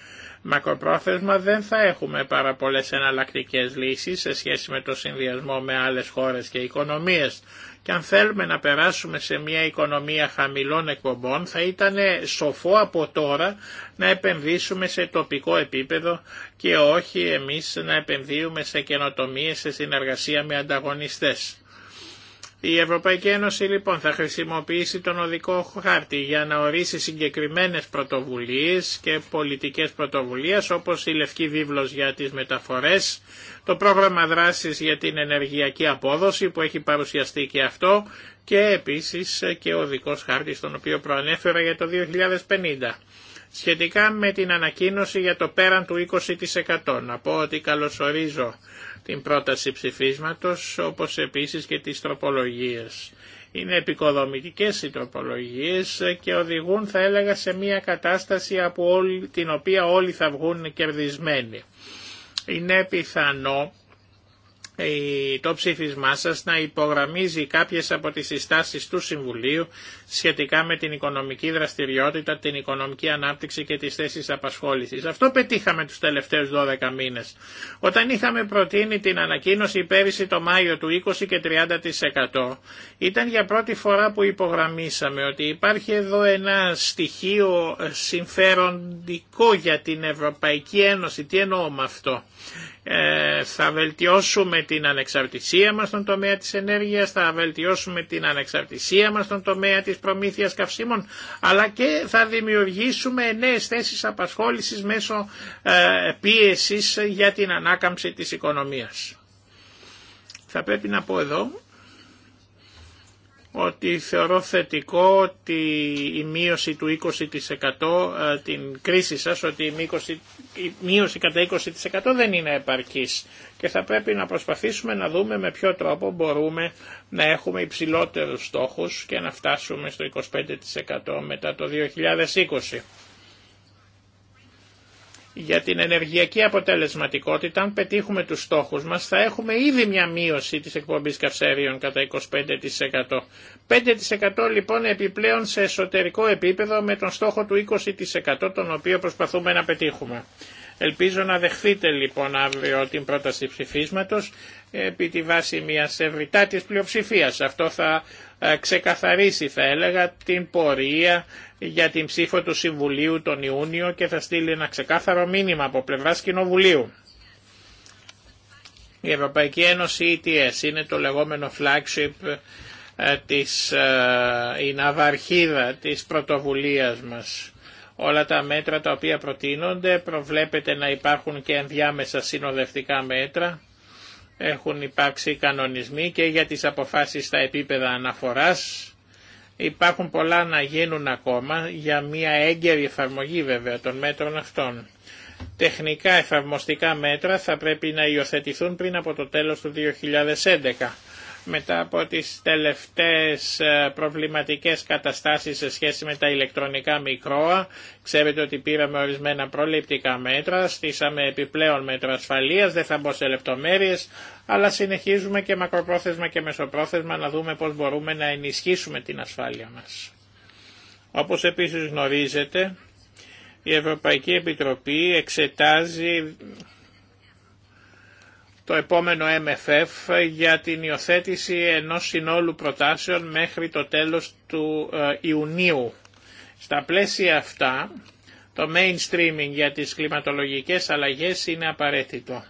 Μακροπρόθεσμα δεν θα έχουμε πάρα πολλέ εναλλακτικέ λύσει σε σχέση με το συνδυασμό με άλλες χώρες και οικονομίες. Και αν θέλουμε να περάσουμε σε μια οικονομία χαμηλών εκπομπών θα ήταν σοφό από τώρα να επενδύσουμε σε τοπικό επίπεδο και όχι εμείς να επενδύουμε σε καινοτομίες σε συνεργασία με ανταγωνιστές. Η Ευρωπαϊκή Ένωση λοιπόν θα χρησιμοποιήσει τον οδικό χάρτη για να ορίσει συγκεκριμένες πρωτοβουλίες και πολιτικές πρωτοβουλίες όπως η Λευκή Βίβλος για τις μεταφορές, το πρόγραμμα δράσης για την ενεργειακή απόδοση που έχει παρουσιαστεί και αυτό και επίσης και ο οδικός χάρτης τον οποίο προανέφερα για το 2050. Σχετικά με την ανακοίνωση για το πέραν του 20% να πω ότι καλωσορίζω την πρόταση ψηφίσματος όπως επίσης και τις τροπολογίες. Είναι επικοδομητικές οι τροπολογίες και οδηγούν θα έλεγα σε μια κατάσταση από όλη, την οποία όλοι θα βγουν κερδισμένοι. Είναι πιθανό ε, το ψήφισμά σας να υπογραμμίζει κάποιες από τις συστάσεις του Συμβουλίου σχετικά με την οικονομική δραστηριότητα, την οικονομική ανάπτυξη και τις θέσεις απασχόλησης. Αυτό πετύχαμε τους τελευταίους 12 μήνες. Όταν είχαμε προτείνει την ανακοίνωση πέρυσι το Μάιο του 20 και 30% ήταν για πρώτη φορά που υπογραμμίσαμε ότι υπάρχει εδώ ένα στοιχείο συμφέροντικό για την Ευρωπαϊκή Ένωση. Τι εννοώ με αυτό. Ε, θα βελτιώσουμε την ανεξαρτησία μας στον τομέα της ενέργειας, θα βελτιώσουμε την ανεξαρτησία μας στον τομέα της της προμήθειας καυσίμων, αλλά και θα δημιουργήσουμε νέες θέσεις απασχόλησης μέσω ε, πίεσης για την ανάκαμψη της οικονομίας. Θα πρέπει να πω εδώ ότι θεωρώ θετικό ότι η μείωση του 20% ε, την κρίση σας ότι η, μείωση κατά 20% δεν είναι επαρκής και θα πρέπει να προσπαθήσουμε να δούμε με ποιο τρόπο μπορούμε να έχουμε υψηλότερους στόχους και να φτάσουμε στο 25% μετά το 2020 για την ενεργειακή αποτελεσματικότητα, αν πετύχουμε τους στόχους μας, θα έχουμε ήδη μια μείωση της εκπομπής καυσέριων κατά 25%. 5% λοιπόν επιπλέον σε εσωτερικό επίπεδο με τον στόχο του 20% τον οποίο προσπαθούμε να πετύχουμε. Ελπίζω να δεχθείτε λοιπόν αύριο την πρόταση ψηφίσματος επί τη βάση μιας ευρυτάτης πλειοψηφίας. Αυτό θα ε, ξεκαθαρίσει θα έλεγα την πορεία για την ψήφο του Συμβουλίου τον Ιούνιο και θα στείλει ένα ξεκάθαρο μήνυμα από πλευράς Κοινοβουλίου. Η Ευρωπαϊκή Ένωση ETS είναι το λεγόμενο flagship ε, της, ε, η ναυαρχίδα της πρωτοβουλίας μας όλα τα μέτρα τα οποία προτείνονται. Προβλέπεται να υπάρχουν και ενδιάμεσα συνοδευτικά μέτρα. Έχουν υπάρξει κανονισμοί και για τις αποφάσεις στα επίπεδα αναφοράς. Υπάρχουν πολλά να γίνουν ακόμα για μια έγκαιρη εφαρμογή βέβαια των μέτρων αυτών. Τεχνικά εφαρμοστικά μέτρα θα πρέπει να υιοθετηθούν πριν από το τέλος του 2011 μετά από τις τελευταίες ε, προβληματικές καταστάσεις σε σχέση με τα ηλεκτρονικά μικρόα, ξέρετε ότι πήραμε ορισμένα προληπτικά μέτρα, στήσαμε επιπλέον μέτρα ασφαλείας, δεν θα μπω σε λεπτομέρειες, αλλά συνεχίζουμε και μακροπρόθεσμα και μεσοπρόθεσμα να δούμε πώς μπορούμε να ενισχύσουμε την ασφάλεια μας. Όπως επίσης γνωρίζετε, η Ευρωπαϊκή Επιτροπή εξετάζει το επόμενο MFF για την υιοθέτηση ενός συνόλου προτάσεων μέχρι το τέλος του ε, Ιουνίου. Στα πλαίσια αυτά, το mainstreaming για τις κλιματολογικές αλλαγές είναι απαραίτητο.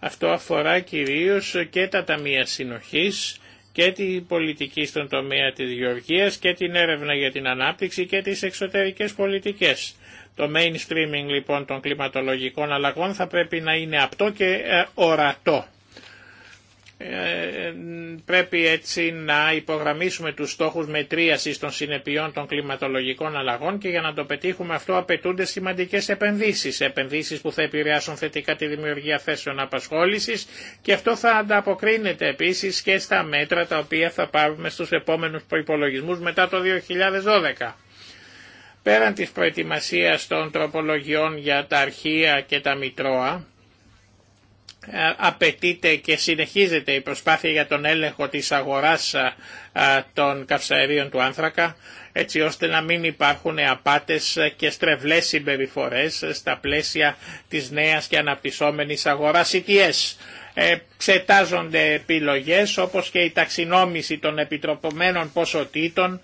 Αυτό αφορά κυρίως και τα ταμεία συνοχής και την πολιτική στον τομέα της γεωργίας και την έρευνα για την ανάπτυξη και τις εξωτερικές πολιτικές. Το mainstreaming λοιπόν των κλιματολογικών αλλαγών θα πρέπει να είναι απτό και ε, ορατό. Ε, πρέπει έτσι να υπογραμμίσουμε τους στόχους μετρίασης των συνεπειών των κλιματολογικών αλλαγών και για να το πετύχουμε αυτό απαιτούνται σημαντικές επενδύσεις. Επενδύσεις που θα επηρεάσουν θετικά τη δημιουργία θέσεων απασχόλησης και αυτό θα ανταποκρίνεται επίσης και στα μέτρα τα οποία θα πάρουμε στους επόμενους προϋπολογισμούς μετά το 2012. Πέραν της προετοιμασίας των τροπολογιών για τα αρχεία και τα μητρώα, ε, απαιτείται και συνεχίζεται η προσπάθεια για τον έλεγχο της αγοράς ε, των καυσαερίων του άνθρακα, έτσι ώστε να μην υπάρχουν απάτες και στρεβλές συμπεριφορές στα πλαίσια της νέας και αναπτυσσόμενης αγοράς ETS. Ξετάζονται επιλογές όπως και η ταξινόμηση των επιτροπωμένων ποσοτήτων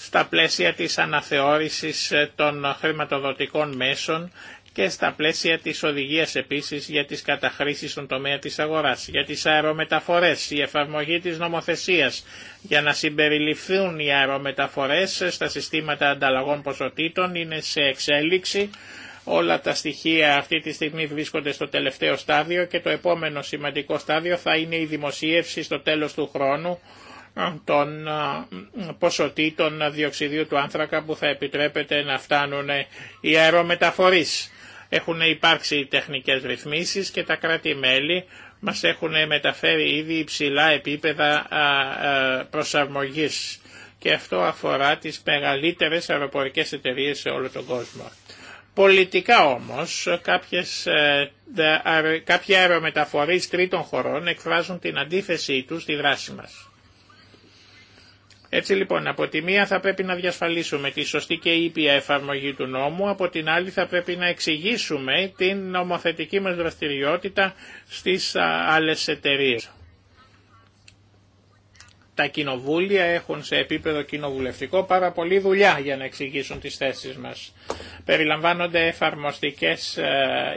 στα πλαίσια της αναθεώρησης ε, των χρηματοδοτικών μέσων και στα πλαίσια της οδηγίας επίσης για τις καταχρήσεις στον τομέα της αγοράς, για τις αερομεταφορές, η εφαρμογή της νομοθεσίας για να συμπεριληφθούν οι αερομεταφορές στα συστήματα ανταλλαγών ποσοτήτων είναι σε εξέλιξη. Όλα τα στοιχεία αυτή τη στιγμή βρίσκονται στο τελευταίο στάδιο και το επόμενο σημαντικό στάδιο θα είναι η δημοσίευση στο τέλος του χρόνου των ποσοτήτων διοξιδίου του άνθρακα που θα επιτρέπεται να φτάνουν οι αερομεταφορείς. Έχουν υπάρξει τεχνικές ρυθμίσεις και τα κράτη-μέλη μας έχουν μεταφέρει ήδη υψηλά επίπεδα προσαρμογής και αυτό αφορά τις μεγαλύτερες αεροπορικές εταιρείες σε όλο τον κόσμο. Πολιτικά όμως κάποιες, ε, κάποιοι αερομεταφορείς τρίτων χωρών εκφράζουν την αντίθεσή τους στη δράση μας. Έτσι λοιπόν, από τη μία θα πρέπει να διασφαλίσουμε τη σωστή και ήπια εφαρμογή του νόμου, από την άλλη θα πρέπει να εξηγήσουμε την νομοθετική μας δραστηριότητα στις άλλες εταιρείες. Τα κοινοβούλια έχουν σε επίπεδο κοινοβουλευτικό πάρα πολλή δουλειά για να εξηγήσουν τις θέσεις μας. Περιλαμβάνονται εφαρμοστικές ε,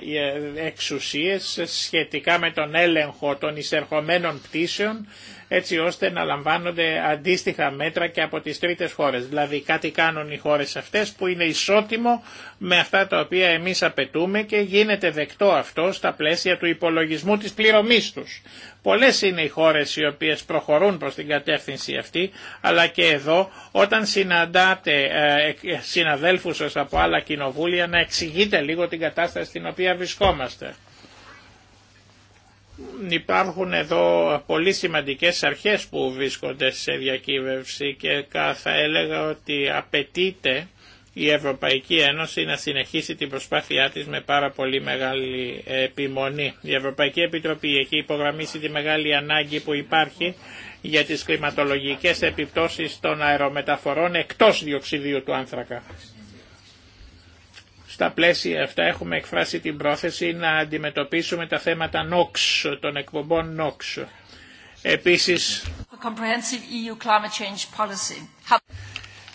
ε, εξουσίες σχετικά με τον έλεγχο των εισερχομένων πτήσεων έτσι ώστε να λαμβάνονται αντίστοιχα μέτρα και από τις τρίτες χώρες. Δηλαδή κάτι κάνουν οι χώρες αυτές που είναι ισότιμο με αυτά τα οποία εμείς απαιτούμε και γίνεται δεκτό αυτό στα πλαίσια του υπολογισμού της πληρωμής τους. Πολλές είναι οι χώρες οι οποίες προχωρούν προς την κατεύθυνση αυτή, αλλά και εδώ όταν συναντάτε ε, ε, συναδέλφους σας από άλλα κοινοβούλια να εξηγείτε λίγο την κατάσταση στην οποία βρισκόμαστε υπάρχουν εδώ πολύ σημαντικές αρχές που βρίσκονται σε διακύβευση και θα έλεγα ότι απαιτείται η Ευρωπαϊκή Ένωση να συνεχίσει την προσπάθειά της με πάρα πολύ μεγάλη επιμονή. Η Ευρωπαϊκή Επιτροπή έχει υπογραμμίσει τη μεγάλη ανάγκη που υπάρχει για τις κλιματολογικές επιπτώσεις των αερομεταφορών εκτός διοξιδίου του άνθρακα. Στα πλαίσια αυτά έχουμε εκφράσει την πρόθεση να αντιμετωπίσουμε τα θέματα NOx, των εκπομπών NOx. Επίσης,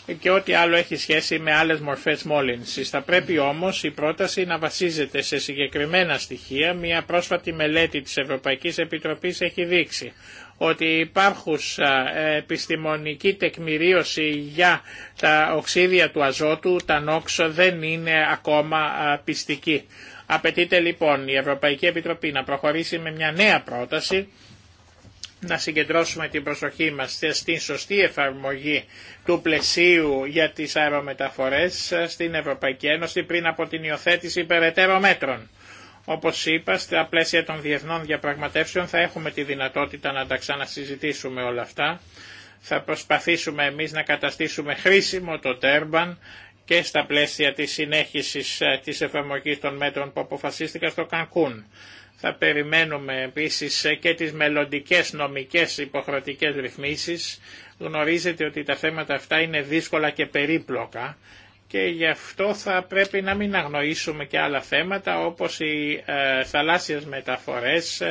e και ό,τι άλλο έχει σχέση με άλλες μορφές μόλυνσης. Θα πρέπει όμως η πρόταση να βασίζεται σε συγκεκριμένα στοιχεία. Μια πρόσφατη μελέτη της Ευρωπαϊκής Επιτροπής έχει δείξει ότι υπάρχουσα ε, επιστημονική τεκμηρίωση για τα οξύδια του αζότου, τα νόξο δεν είναι ακόμα ε, πιστική. Απαιτείται λοιπόν η Ευρωπαϊκή Επιτροπή να προχωρήσει με μια νέα πρόταση, να συγκεντρώσουμε την προσοχή μας στην σωστή εφαρμογή του πλαισίου για τις αερομεταφορές ε, στην Ευρωπαϊκή Ένωση πριν από την υιοθέτηση περαιτέρω μέτρων. Όπως είπα, στα πλαίσια των διεθνών διαπραγματεύσεων θα έχουμε τη δυνατότητα να τα ξανασυζητήσουμε όλα αυτά. Θα προσπαθήσουμε εμείς να καταστήσουμε χρήσιμο το τέρμπαν και στα πλαίσια της συνέχισης ε, της εφαρμογής των μέτρων που αποφασίστηκαν στο Κανκούν. Θα περιμένουμε επίσης ε, και τις μελλοντικέ νομικές υποχρεωτικές ρυθμίσεις. Γνωρίζετε ότι τα θέματα αυτά είναι δύσκολα και περίπλοκα και γι' αυτό θα πρέπει να μην αγνοήσουμε και άλλα θέματα όπως οι ε, θαλάσσιες μεταφορές,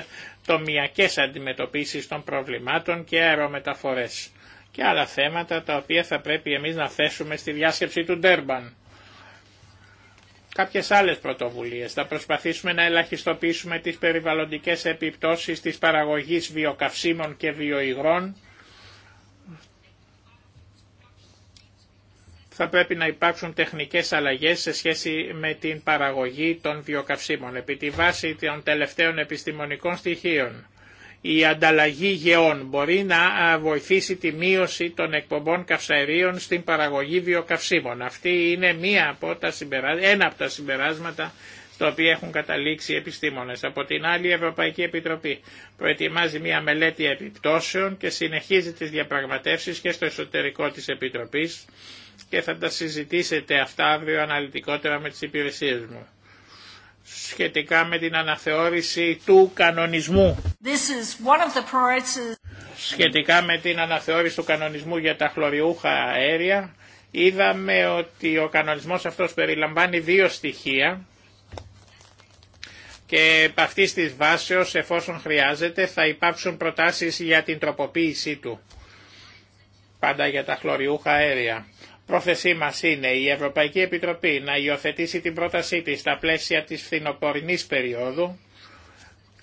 τομιακές αντιμετωπίσεις των προβλημάτων και αερομεταφορές και άλλα θέματα τα οποία θα πρέπει εμείς να θέσουμε στη διάσκεψη του Ντέρμπαν. Κάποιες άλλες πρωτοβουλίες. Θα προσπαθήσουμε να ελαχιστοποιήσουμε τις περιβαλλοντικές επιπτώσεις της παραγωγής βιοκαυσίμων και βιοϊγρών θα πρέπει να υπάρξουν τεχνικές αλλαγές σε σχέση με την παραγωγή των βιοκαυσίμων επί τη βάση των τελευταίων επιστημονικών στοιχείων. Η ανταλλαγή γεών μπορεί να βοηθήσει τη μείωση των εκπομπών καυσαερίων στην παραγωγή βιοκαυσίμων. Αυτή είναι μία από τα ένα από τα συμπεράσματα στο οποίο έχουν καταλήξει οι επιστήμονες. Από την άλλη η Ευρωπαϊκή Επιτροπή προετοιμάζει μια μελέτη επιπτώσεων και συνεχίζει τις διαπραγματεύσεις και στο εσωτερικό της Επιτροπής και θα τα συζητήσετε αυτά αύριο αναλυτικότερα με τις υπηρεσίες μου σχετικά με την αναθεώρηση του κανονισμού. This is one of the σχετικά με την αναθεώρηση του κανονισμού για τα χλωριούχα αέρια, είδαμε ότι ο κανονισμός αυτός περιλαμβάνει δύο στοιχεία και επ' αυτής της βάσεως εφόσον χρειάζεται θα υπάρξουν προτάσεις για την τροποποίησή του. Πάντα για τα χλωριούχα αέρια. Πρόθεσή μας είναι η Ευρωπαϊκή Επιτροπή να υιοθετήσει την πρότασή της στα πλαίσια της φθινοπορεινής περίοδου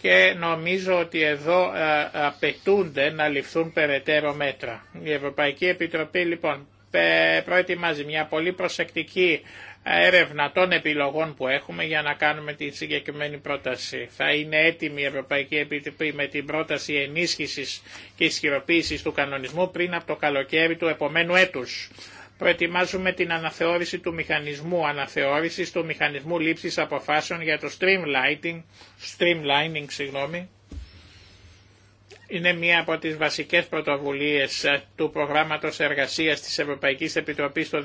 και νομίζω ότι εδώ ε, απαιτούνται να ληφθούν περαιτέρω μέτρα. Η Ευρωπαϊκή Επιτροπή λοιπόν προετοιμάζει μια πολύ προσεκτική έρευνα των επιλογών που έχουμε για να κάνουμε τη συγκεκριμένη πρόταση. Θα είναι έτοιμη η Ευρωπαϊκή Επιτροπή με την πρόταση ενίσχυσης και ισχυροποίησης του κανονισμού πριν από το καλοκαίρι του επομένου έτους. Προετοιμάζουμε την αναθεώρηση του μηχανισμού αναθεώρησης του μηχανισμού λήψης αποφάσεων για το streamlining, streamlining συγγνώμη, είναι μία από τις βασικές πρωτοβουλίες ε, του προγράμματος εργασίας της Ευρωπαϊκής Επιτροπής το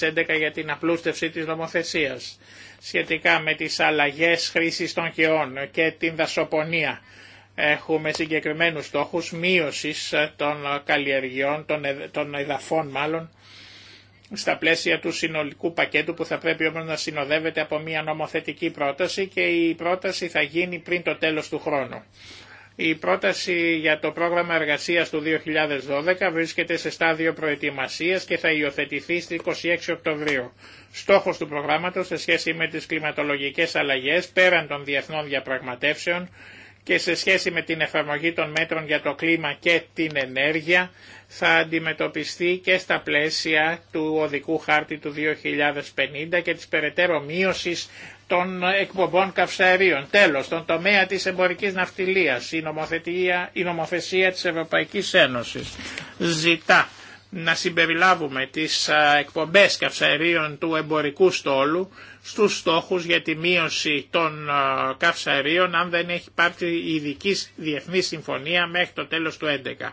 2011 για την απλούστευση της νομοθεσίας σχετικά με τις αλλαγές χρήσης των χειών και την δασοπονία. Έχουμε συγκεκριμένους στόχους μείωσης ε, των καλλιεργειών, των εδαφών μάλλον, στα πλαίσια του συνολικού πακέτου που θα πρέπει όμως να συνοδεύεται από μια νομοθετική πρόταση και η πρόταση θα γίνει πριν το τέλος του χρόνου. Η πρόταση για το πρόγραμμα εργασίας του 2012 βρίσκεται σε στάδιο προετοιμασίας και θα υιοθετηθεί στις 26 Οκτωβρίου. Στόχος του προγράμματος σε σχέση με τις κλιματολογικές αλλαγές πέραν των διεθνών διαπραγματεύσεων και σε σχέση με την εφαρμογή των μέτρων για το κλίμα και την ενέργεια θα αντιμετωπιστεί και στα πλαίσια του οδικού χάρτη του 2050 και της περαιτέρω μείωσης των εκπομπών καυσαερίων. Τέλος, τον τομέα της εμπορικής ναυτιλίας, η νομοθεσία, η νομοθεσία της Ευρωπαϊκής Ένωσης ζητά να συμπεριλάβουμε τις εκπομπές καυσαερίων του εμπορικού στόλου στους στόχους για τη μείωση των καυσαερίων αν δεν έχει πάρει ειδική διεθνή συμφωνία μέχρι το τέλος του 2011.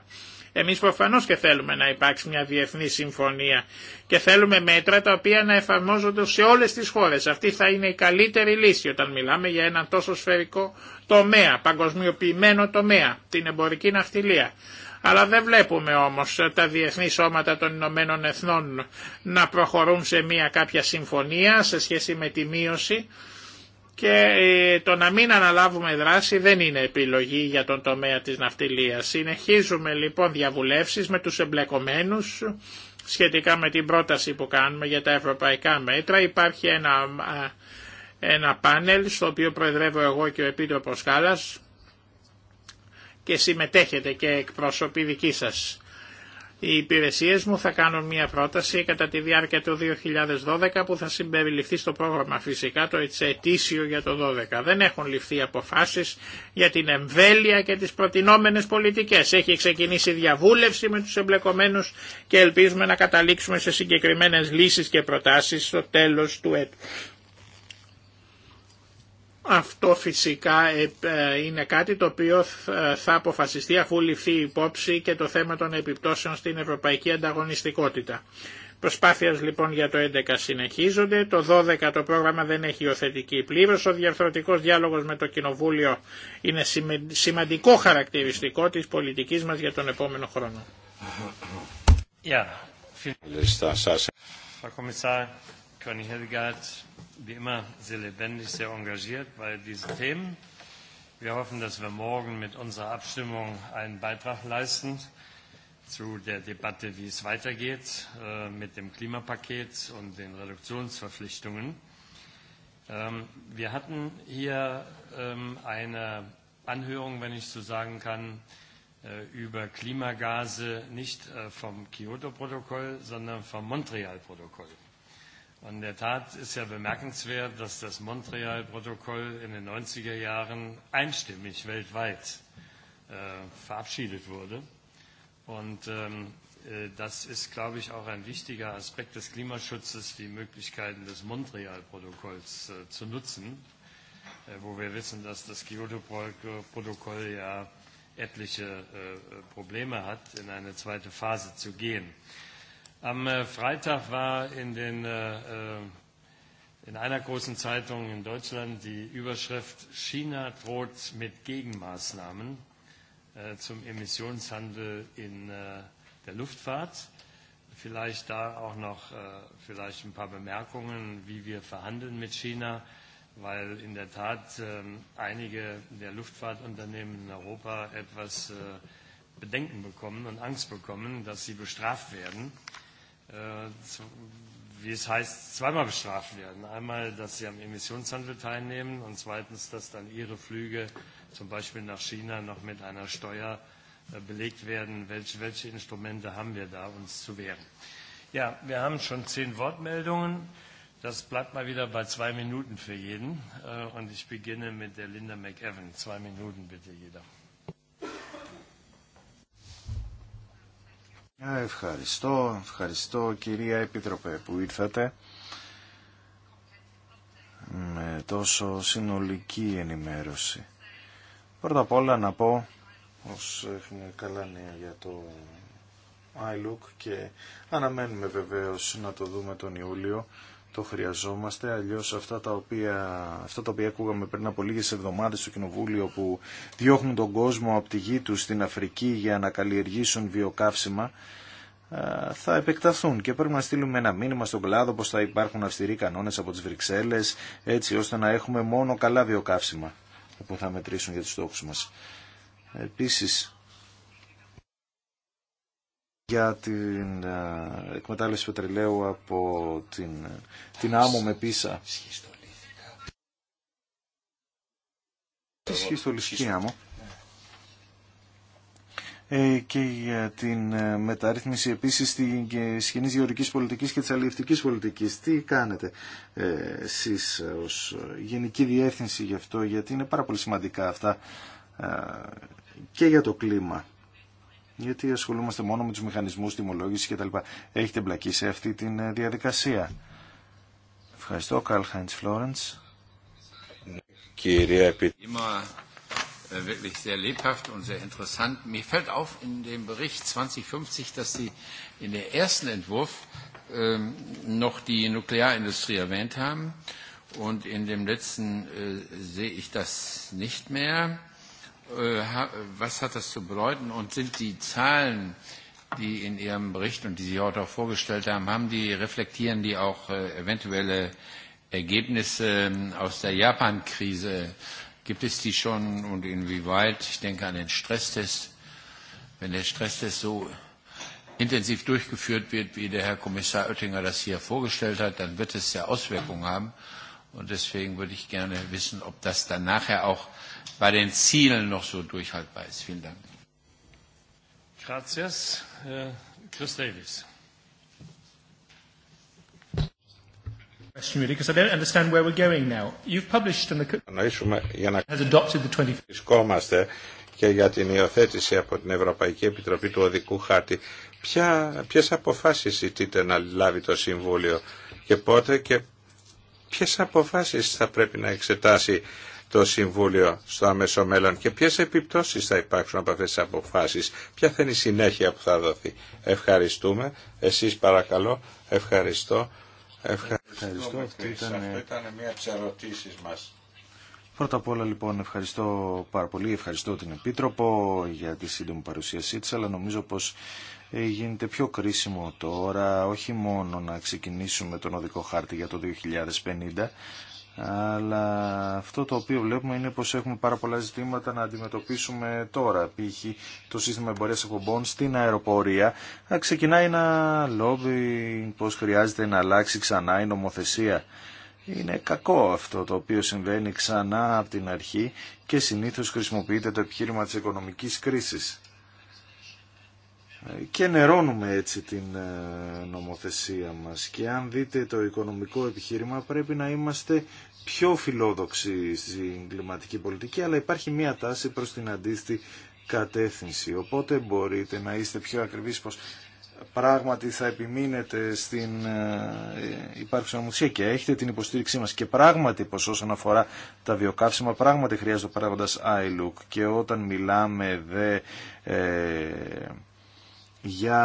Εμείς προφανώς και θέλουμε να υπάρξει μια διεθνή συμφωνία και θέλουμε μέτρα τα οποία να εφαρμόζονται σε όλες τις χώρες. Αυτή θα είναι η καλύτερη λύση όταν μιλάμε για ένα τόσο σφαιρικό τομέα, παγκοσμιοποιημένο τομέα, την εμπορική ναυτιλία. Αλλά δεν βλέπουμε όμως τα διεθνή σώματα των Ηνωμένων Εθνών να προχωρούν σε μια κάποια συμφωνία σε σχέση με τη μείωση και ε, το να μην αναλάβουμε δράση δεν είναι επιλογή για τον τομέα της ναυτιλίας. Συνεχίζουμε λοιπόν διαβουλεύσεις με τους εμπλεκομένους σχετικά με την πρόταση που κάνουμε για τα ευρωπαϊκά μέτρα. Υπάρχει ένα, ένα πάνελ στο οποίο προεδρεύω εγώ και ο Επίτροπος Κάλλας και συμμετέχετε και εκπροσωπή δική σας. Οι υπηρεσίε μου θα κάνουν μια πρόταση κατά τη διάρκεια του 2012 που θα συμπεριληφθεί στο πρόγραμμα φυσικά το ετήσιο για το 2012. Δεν έχουν ληφθεί αποφάσεις για την εμβέλεια και τις προτινόμενε πολιτικές. Έχει ξεκινήσει διαβούλευση με τους εμπλεκομένους και ελπίζουμε να καταλήξουμε σε συγκεκριμένε λύσει και προτάσει στο τέλο του έτου. Αυτό φυσικά ε, ε, είναι κάτι το οποίο θα αποφασιστεί αφού ληφθεί υπόψη και το θέμα των επιπτώσεων στην ευρωπαϊκή ανταγωνιστικότητα. Προσπάθειες λοιπόν για το 11 συνεχίζονται, το 12 το πρόγραμμα δεν έχει υιοθετική πλήρως, ο διαφορετικός διάλογος με το Κοινοβούλιο είναι σημαντικό χαρακτηριστικό της πολιτικής μας για τον επόμενο χρόνο. Yeah. Conny Hedegaard, wie immer sehr lebendig, sehr engagiert bei diesen Themen. Wir hoffen, dass wir morgen mit unserer Abstimmung einen Beitrag leisten zu der Debatte, wie es weitergeht mit dem Klimapaket und den Reduktionsverpflichtungen. Wir hatten hier eine Anhörung, wenn ich so sagen kann, über Klimagase nicht vom Kyoto-Protokoll, sondern vom Montreal-Protokoll. In der Tat ist ja bemerkenswert, dass das Montreal-Protokoll in den 90er Jahren einstimmig weltweit verabschiedet wurde. Und das ist, glaube ich, auch ein wichtiger Aspekt des Klimaschutzes, die Möglichkeiten des Montreal-Protokolls zu nutzen, wo wir wissen, dass das Kyoto-Protokoll ja etliche Probleme hat, in eine zweite Phase zu gehen. Am Freitag war in, den, in einer großen Zeitung in Deutschland die Überschrift China droht mit Gegenmaßnahmen zum Emissionshandel in der Luftfahrt. Vielleicht da auch noch vielleicht ein paar Bemerkungen, wie wir verhandeln mit China, weil in der Tat einige der Luftfahrtunternehmen in Europa etwas Bedenken bekommen und Angst bekommen, dass sie bestraft werden wie es heißt, zweimal bestraft werden. Einmal, dass sie am Emissionshandel teilnehmen und zweitens, dass dann ihre Flüge zum Beispiel nach China noch mit einer Steuer belegt werden. Welche Instrumente haben wir da, uns zu wehren? Ja, wir haben schon zehn Wortmeldungen. Das bleibt mal wieder bei zwei Minuten für jeden. Und ich beginne mit der Linda McEwan. Zwei Minuten bitte jeder. Ευχαριστώ, ευχαριστώ κυρία Επίτροπε που ήρθατε με τόσο συνολική ενημέρωση. Πρώτα απ' όλα να πω πως έχουμε καλά νέα για το iLook και αναμένουμε βεβαίως να το δούμε τον Ιούλιο το χρειαζόμαστε, αλλιώς αυτά τα οποία, αυτά τα οποία ακούγαμε πριν από λίγες εβδομάδες στο Κοινοβούλιο που διώχνουν τον κόσμο από τη γη του στην Αφρική για να καλλιεργήσουν βιοκαύσιμα, ε, θα επεκταθούν και πρέπει να στείλουμε ένα μήνυμα στον κλάδο πως θα υπάρχουν αυστηροί κανόνες από τις Βρυξέλλες έτσι ώστε να έχουμε μόνο καλά βιοκαύσιμα που θα μετρήσουν για τους στόχους μας. Επίσης, για την ε, εκμετάλλευση πετρελαίου από την, την άμμο με πίσα. Σχιστολιστική άμμο. Ε, και για την ε, μεταρρύθμιση επίσης της σχηνή γεωρικής πολιτικής και της αλληλευτικής πολιτικής. Τι κάνετε ε, εσείς ως Γενική Διεύθυνση γι' αυτό, γιατί είναι πάρα πολύ σημαντικά αυτά ε, και για το κλίμα γιατί ασχολούμαστε μόνο με τους μηχανισμούς τιμολόγησης κτλ. Έχετε μπλακεί σε αυτή τη διαδικασία. Ευχαριστώ, Καρλ Χάιντς Φλόρεντς. Κυρία Επί... wirklich sehr lebhaft und sehr interessant. Mir fällt auf in dem Bericht 2050, dass Sie in der ersten Entwurf noch die Nuklearindustrie erwähnt haben und in dem letzten sehe ich das nicht mehr was hat das zu bedeuten und sind die Zahlen, die in Ihrem Bericht und die Sie heute auch vorgestellt haben, haben die, reflektieren die auch eventuelle Ergebnisse aus der Japan-Krise? Gibt es die schon und inwieweit? Ich denke an den Stresstest. Wenn der Stresstest so intensiv durchgeführt wird, wie der Herr Kommissar Oettinger das hier vorgestellt hat, dann wird es ja Auswirkungen haben. Und deswegen würde ich gerne wissen, ob das dann nachher auch bei den Βρισκόμαστε και για την υιοθέτηση από την Ευρωπαϊκή Επιτροπή του Οδικού Χάρτη. ποιε αποφάσει αποφάσεις ζητείτε να λάβει το Συμβούλιο και πότε και ποιε αποφάσει θα πρέπει να εξετάσει το Συμβούλιο στο αμέσο μέλλον και ποιες επιπτώσεις θα υπάρξουν από αυτές τις αποφάσεις. Ποια θα είναι η συνέχεια που θα δοθεί. Ευχαριστούμε. Εσείς παρακαλώ. Ευχαριστώ. Ευχαριστώ. ήταν, Αυτό ε, ήταν μία από τις ερωτήσεις μας. Πρώτα απ' όλα λοιπόν ευχαριστώ πάρα πολύ, ευχαριστώ την Επίτροπο για τη σύντομη παρουσίασή της, αλλά νομίζω πως ε, γίνεται πιο κρίσιμο τώρα όχι μόνο να ξεκινήσουμε τον οδικό χάρτη για το 2050, αλλά αυτό το οποίο βλέπουμε είναι πως έχουμε πάρα πολλά ζητήματα να αντιμετωπίσουμε τώρα. Π.χ. το σύστημα εμπορίας εκπομπών στην αεροπορία ξεκινάει ένα λόμπι πως χρειάζεται να αλλάξει ξανά η νομοθεσία. Είναι κακό αυτό το οποίο συμβαίνει ξανά από την αρχή και συνήθως χρησιμοποιείται το επιχείρημα της οικονομικής κρίσης και νερώνουμε έτσι την ε, νομοθεσία μας και αν δείτε το οικονομικό επιχείρημα πρέπει να είμαστε πιο φιλόδοξοι στην κλιματική πολιτική αλλά υπάρχει μια τάση προς την αντίστοιχη κατεύθυνση οπότε μπορείτε να είστε πιο ακριβείς πως πράγματι θα επιμείνετε στην ε, υπάρξη νομοθεσία και έχετε την υποστήριξή μας και πράγματι πως όσον αφορά τα βιοκαύσιμα πράγματι χρειάζεται ο παράγοντας iLook και όταν μιλάμε δε ε, για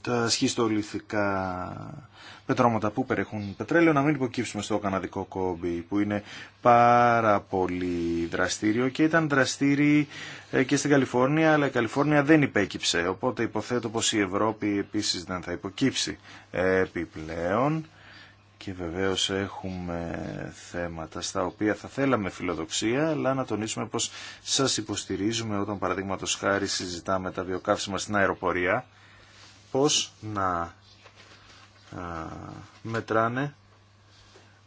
τα σχιστολιθικά πετρώματα που περιέχουν πετρέλαιο να μην υποκύψουμε στο καναδικό κόμπι που είναι πάρα πολύ δραστήριο και ήταν δραστήρι ε, και στην Καλιφόρνια αλλά η Καλιφόρνια δεν υπέκυψε οπότε υποθέτω πως η Ευρώπη επίσης δεν θα υποκύψει επιπλέον και βεβαίως έχουμε θέματα στα οποία θα θέλαμε φιλοδοξία, αλλά να τονίσουμε πως σας υποστηρίζουμε όταν παραδείγματο χάρη συζητάμε τα βιοκαύσιμα στην αεροπορία, πως να μετράνε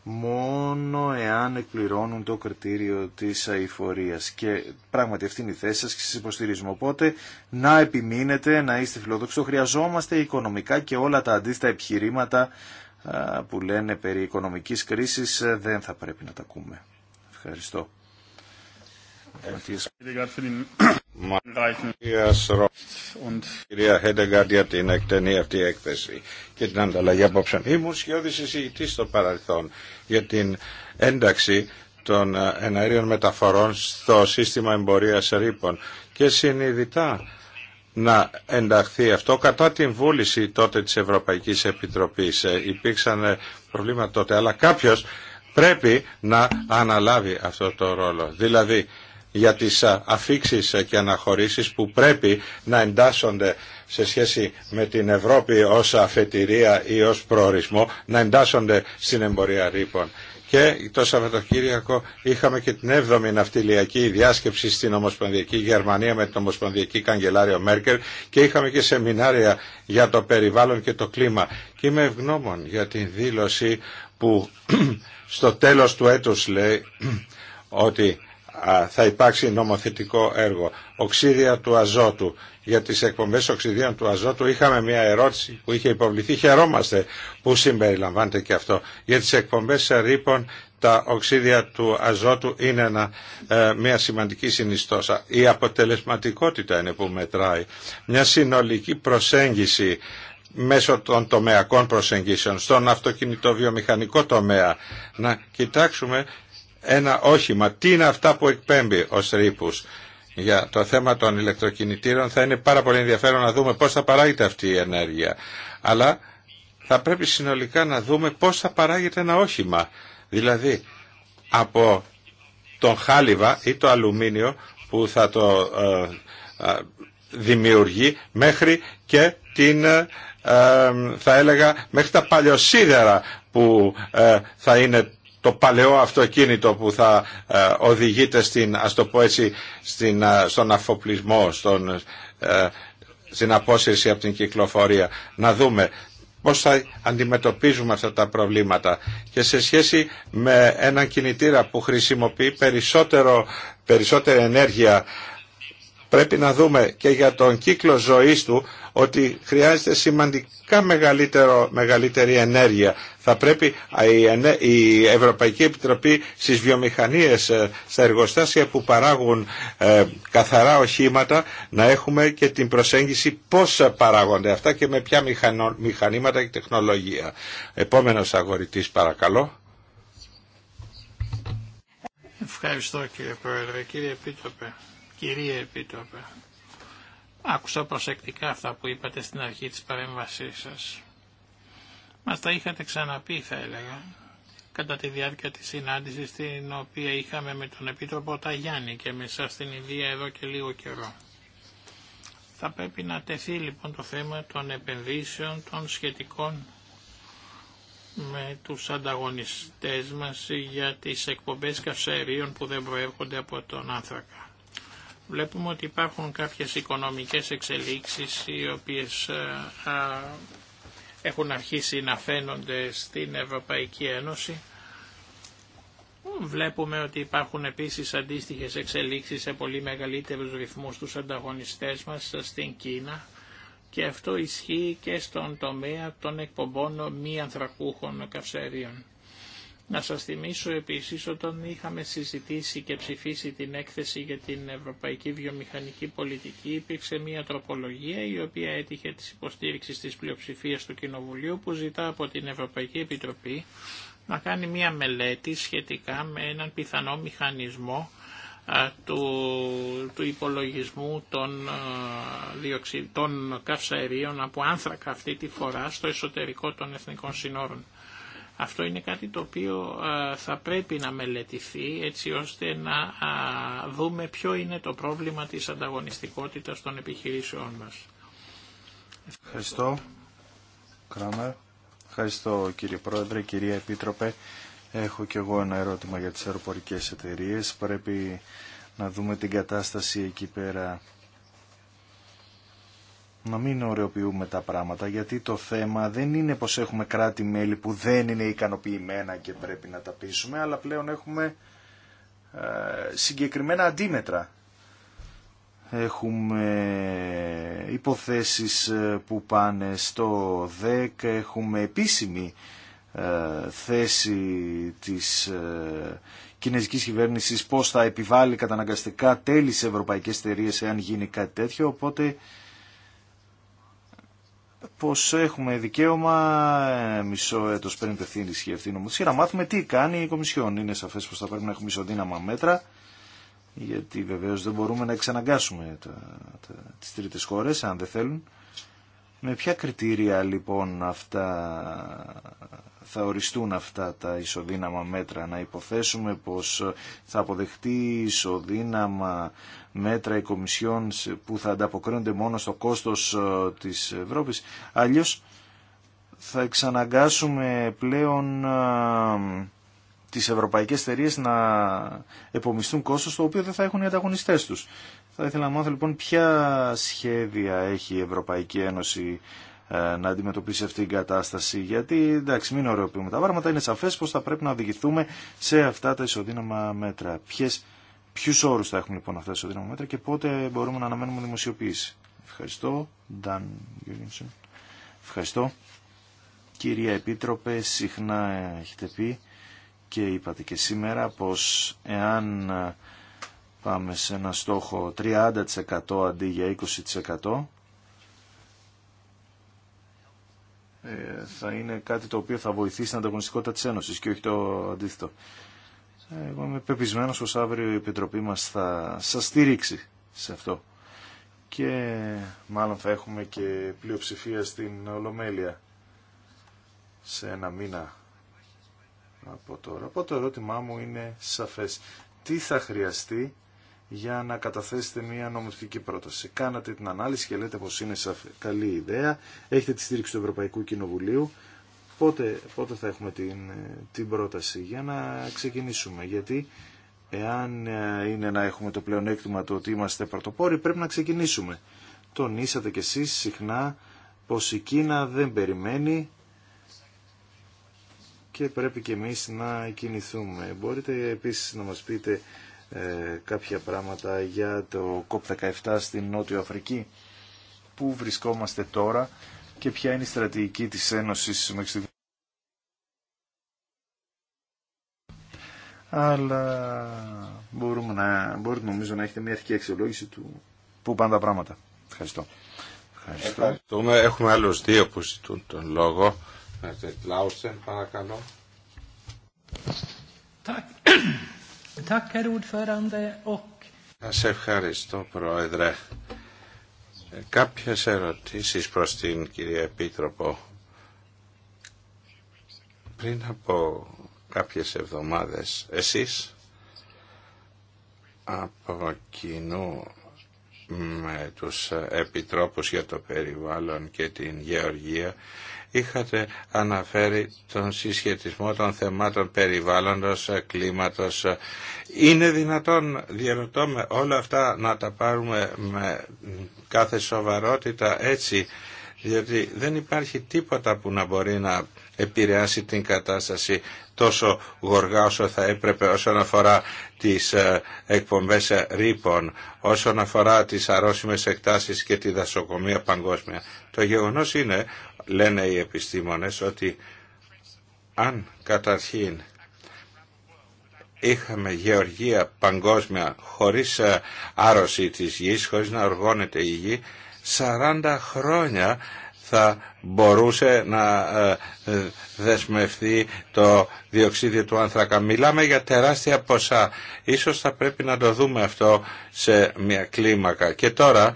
μόνο εάν εκπληρώνουν το κριτήριο της αηφορίας. Και πράγματι αυτή είναι η θέση σας και σας υποστηρίζουμε. Οπότε να επιμείνετε, να είστε φιλόδοξοι. χρειαζόμαστε οικονομικά και όλα τα αντίστα επιχειρήματα που λένε περί οικονομικής κρίσης ε, δεν θα πρέπει να τα ακούμε. Ευχαριστώ. Κυρία Χέντεγκαρτ για την εκτενή αυτή έκθεση και την ανταλλαγή απόψεων. Ήμουν σχεδόν συζητητή στο παρελθόν για την ένταξη των ε, εναερίων μεταφορών στο σύστημα εμπορία ρήπων και συνειδητά να ενταχθεί αυτό κατά την βούληση τότε της Ευρωπαϊκής Επιτροπής. Ε, υπήρξαν ε, προβλήματα τότε, αλλά κάποιος πρέπει να αναλάβει αυτό το ρόλο. Δηλαδή, για τις ε, αφήξεις και αναχωρήσεις που πρέπει να εντάσσονται σε σχέση με την Ευρώπη ως αφετηρία ή ως προορισμό, να εντάσσονται στην εμπορία ρήπων. Και το Σαββατοκύριακο είχαμε και την 7η ναυτιλιακή διάσκεψη στην Ομοσπονδιακή Γερμανία με την Ομοσπονδιακή Καγκελάριο Μέρκελ και είχαμε και σεμινάρια για το περιβάλλον και το κλίμα. Και είμαι ευγνώμων για την δήλωση που στο τέλος του έτους λέει ότι θα υπάρξει νομοθετικό έργο. Οξύδια του αζότου. Για τις εκπομπές οξυδίων του αζότου είχαμε μια ερώτηση που είχε υποβληθεί. Χαιρόμαστε που συμπεριλαμβάνεται και αυτό. Για τις εκπομπές ρήπων τα οξύδια του αζότου είναι ε, μια σημαντική συνιστόσα. Η αποτελεσματικότητα είναι που μετράει. Μια συνολική προσέγγιση μέσω των τομεακών προσεγγίσεων στον αυτοκινητοβιομηχανικό τομέα να κοιτάξουμε ένα όχημα. Τι είναι αυτά που εκπέμπει ο ρήπους για το θέμα των ηλεκτροκινητήρων. Θα είναι πάρα πολύ ενδιαφέρον να δούμε πώς θα παράγεται αυτή η ενέργεια. Αλλά θα πρέπει συνολικά να δούμε πώς θα παράγεται ένα όχημα. Δηλαδή από τον χάλιβα ή το αλουμίνιο που θα το ε, ε, δημιουργεί μέχρι και την ε, θα έλεγα μέχρι τα παλιοσίδερα που θα είναι το παλαιό αυτοκίνητο που θα ε, οδηγείται στην, το πω έτσι, στην, ε, στον αφοπλισμό, ε, στην απόσυρση από την κυκλοφορία. Να δούμε πώς θα αντιμετωπίζουμε αυτά τα προβλήματα και σε σχέση με έναν κινητήρα που χρησιμοποιεί περισσότερο, περισσότερη ενέργεια Πρέπει να δούμε και για τον κύκλο ζωής του ότι χρειάζεται σημαντικά μεγαλύτερο, μεγαλύτερη ενέργεια. Θα πρέπει η Ευρωπαϊκή Επιτροπή στις βιομηχανίες, ε, στα εργοστάσια που παράγουν ε, καθαρά οχήματα να έχουμε και την προσέγγιση πώς παράγονται αυτά και με ποια μηχανήματα και τεχνολογία. Επόμενος αγορητής παρακαλώ. Ευχαριστώ κύριε Πρόεδρε. Κύριε Επίτροπε, Κυρία Επίτροπε, άκουσα προσεκτικά αυτά που είπατε στην αρχή της παρέμβασής σας. Μας τα είχατε ξαναπεί θα έλεγα, κατά τη διάρκεια της συνάντησης την οποία είχαμε με τον Επίτροπο Ταγιάννη και με σας στην Ιδία εδώ και λίγο καιρό. Θα πρέπει να τεθεί λοιπόν το θέμα των επενδύσεων, των σχετικών με τους ανταγωνιστές μας για τις εκπομπές καυσαερίων που δεν προέρχονται από τον άνθρακα βλέπουμε ότι υπάρχουν κάποιες οικονομικές εξελίξεις οι οποίες ε, ε, έχουν αρχίσει να φαίνονται στην Ευρωπαϊκή Ένωση. Βλέπουμε ότι υπάρχουν επίσης αντίστοιχες εξελίξεις σε πολύ μεγαλύτερους ρυθμούς τους ανταγωνιστές μας στην Κίνα και αυτό ισχύει και στον τομέα των εκπομπών μη ανθρακούχων καυσαερίων. Να σας θυμίσω επίσης όταν είχαμε συζητήσει και ψηφίσει την έκθεση για την Ευρωπαϊκή Βιομηχανική Πολιτική υπήρξε μια τροπολογία η οποία έτυχε της υποστήριξης της πλειοψηφίας του Κοινοβουλίου που ζητά από την Ευρωπαϊκή Επιτροπή να κάνει μια μελέτη σχετικά με έναν πιθανό μηχανισμό του, του υπολογισμού των, των καυσαερίων από άνθρακα αυτή τη φορά στο εσωτερικό των εθνικών συνόρων. Αυτό είναι κάτι το οποίο ε, θα πρέπει να μελετηθεί έτσι ώστε να δούμε ποιο είναι το πρόβλημα της ανταγωνιστικότητας των επιχειρήσεών μας. Ευχαριστώ. Κράμερ. Ευχαριστώ κύριε Πρόεδρε, κυρία Επίτροπε. Έχω κι εγώ ένα ερώτημα για τις αεροπορικές εταιρείες. Πρέπει να δούμε την κατάσταση εκεί πέρα να μην ωρεοποιούμε τα πράγματα, γιατί το θέμα δεν είναι πως έχουμε κράτη-μέλη που δεν είναι ικανοποιημένα και πρέπει να τα πείσουμε, αλλά πλέον έχουμε ε, συγκεκριμένα αντίμετρα. Έχουμε υποθέσεις ε, που πάνε στο ΔΕΚ, έχουμε επίσημη ε, θέση της κινέζικης κυβέρνησης πώς θα επιβάλλει καταναγκαστικά τέλη σε ευρωπαϊκές εταιρείε εάν γίνει κάτι τέτοιο, οπότε πως έχουμε δικαίωμα ε, μισό έτος πριν τεθεί η αυτή νομοθεσία να μάθουμε τι κάνει η Κομισιόν. Είναι σαφές πως θα πρέπει να έχουμε ισοδύναμα μέτρα γιατί βεβαίω δεν μπορούμε να εξαναγκάσουμε τα, τα, τις τρίτες χώρες αν δεν θέλουν. Με ποια κριτήρια λοιπόν αυτά θα οριστούν αυτά τα ισοδύναμα μέτρα να υποθέσουμε πως θα αποδεχτεί ισοδύναμα μέτρα η Κομισιόν που θα ανταποκρίνονται μόνο στο κόστος ε, της Ευρώπης. Αλλιώς θα εξαναγκάσουμε πλέον ε, τις ευρωπαϊκές εταιρείε να επομιστούν κόστος το οποίο δεν θα έχουν οι ανταγωνιστές τους. Θα ήθελα να μάθω λοιπόν ποια σχέδια έχει η Ευρωπαϊκή Ένωση ε, να αντιμετωπίσει αυτή την κατάσταση. Γιατί εντάξει, μην ωραιοποιούμε τα βάρματα, Είναι σαφέ πω θα πρέπει να οδηγηθούμε σε αυτά τα ισοδύναμα μέτρα. Ποιε Ποιου όρου θα έχουν λοιπόν αυτά τα ισοδύναμα και πότε μπορούμε να αναμένουμε δημοσιοποίηση. Ευχαριστώ. Dan Ευχαριστώ. Κυρία Επίτροπε, συχνά έχετε πει και είπατε και σήμερα πως εάν πάμε σε ένα στόχο 30% αντί για 20% ε, θα είναι κάτι το οποίο θα βοηθήσει την ανταγωνιστικότητα της Ένωσης και όχι το αντίθετο. Εγώ είμαι πεπισμένος πως αύριο η Επιτροπή μας θα σας στηρίξει σε αυτό. Και μάλλον θα έχουμε και πλειοψηφία στην Ολομέλεια σε ένα μήνα από τώρα. Από το ερώτημά μου είναι σαφές. Τι θα χρειαστεί για να καταθέσετε μια νομοθετική πρόταση. Κάνατε την ανάλυση και λέτε πως είναι σαφ... καλή ιδέα. Έχετε τη στήριξη του Ευρωπαϊκού Κοινοβουλίου πότε, πότε θα έχουμε την, την πρόταση για να ξεκινήσουμε. Γιατί εάν ε, είναι να έχουμε το πλεονέκτημα το ότι είμαστε πρωτοπόροι πρέπει να ξεκινήσουμε. Τονίσατε κι εσείς συχνά πως η Κίνα δεν περιμένει και πρέπει κι εμείς να κινηθούμε. Μπορείτε επίσης να μας πείτε ε, κάποια πράγματα για το COP17 στην Νότιο Αφρική. Πού βρισκόμαστε τώρα και ποια είναι η στρατηγική της Ένωσης μέχρι αλλά μπορούμε να, μπορείτε νομίζω να έχετε μια αρχική αξιολόγηση του πού πάνε τα πράγματα. Ευχαριστώ. Ευχαριστώ. Ευχαριστούμε. Έχουμε άλλους δύο που πανε τα πραγματα ευχαριστω ευχαριστω εχουμε αλλους δυο που ζητουν τον λόγο. Λάουσεν, παρακαλώ. Σας ευχαριστώ, Πρόεδρε. Ε, κάποιες ερωτήσεις προς την κυρία Επίτροπο. Πριν από κάποιες εβδομάδες εσείς από κοινού με τους επιτρόπους για το περιβάλλον και την γεωργία είχατε αναφέρει τον συσχετισμό των θεμάτων περιβάλλοντος, κλίματος. Είναι δυνατόν, διαρωτώ με, όλα αυτά να τα πάρουμε με κάθε σοβαρότητα έτσι, διότι δεν υπάρχει τίποτα που να μπορεί να επηρεάσει την κατάσταση τόσο γοργά όσο θα έπρεπε όσον αφορά τις ε, εκπομπές ρήπων, όσον αφορά τις αρρώσιμες εκτάσεις και τη δασοκομεία παγκόσμια. Το γεγονός είναι, λένε οι επιστήμονες, ότι αν καταρχήν είχαμε γεωργία παγκόσμια χωρίς ε, άρρωση της γης, χωρίς να οργώνεται η γη, 40 χρόνια θα μπορούσε να ε, ε, δεσμευτεί το διοξίδιο του άνθρακα. Μιλάμε για τεράστια ποσά. Ίσως θα πρέπει να το δούμε αυτό σε μια κλίμακα. Και τώρα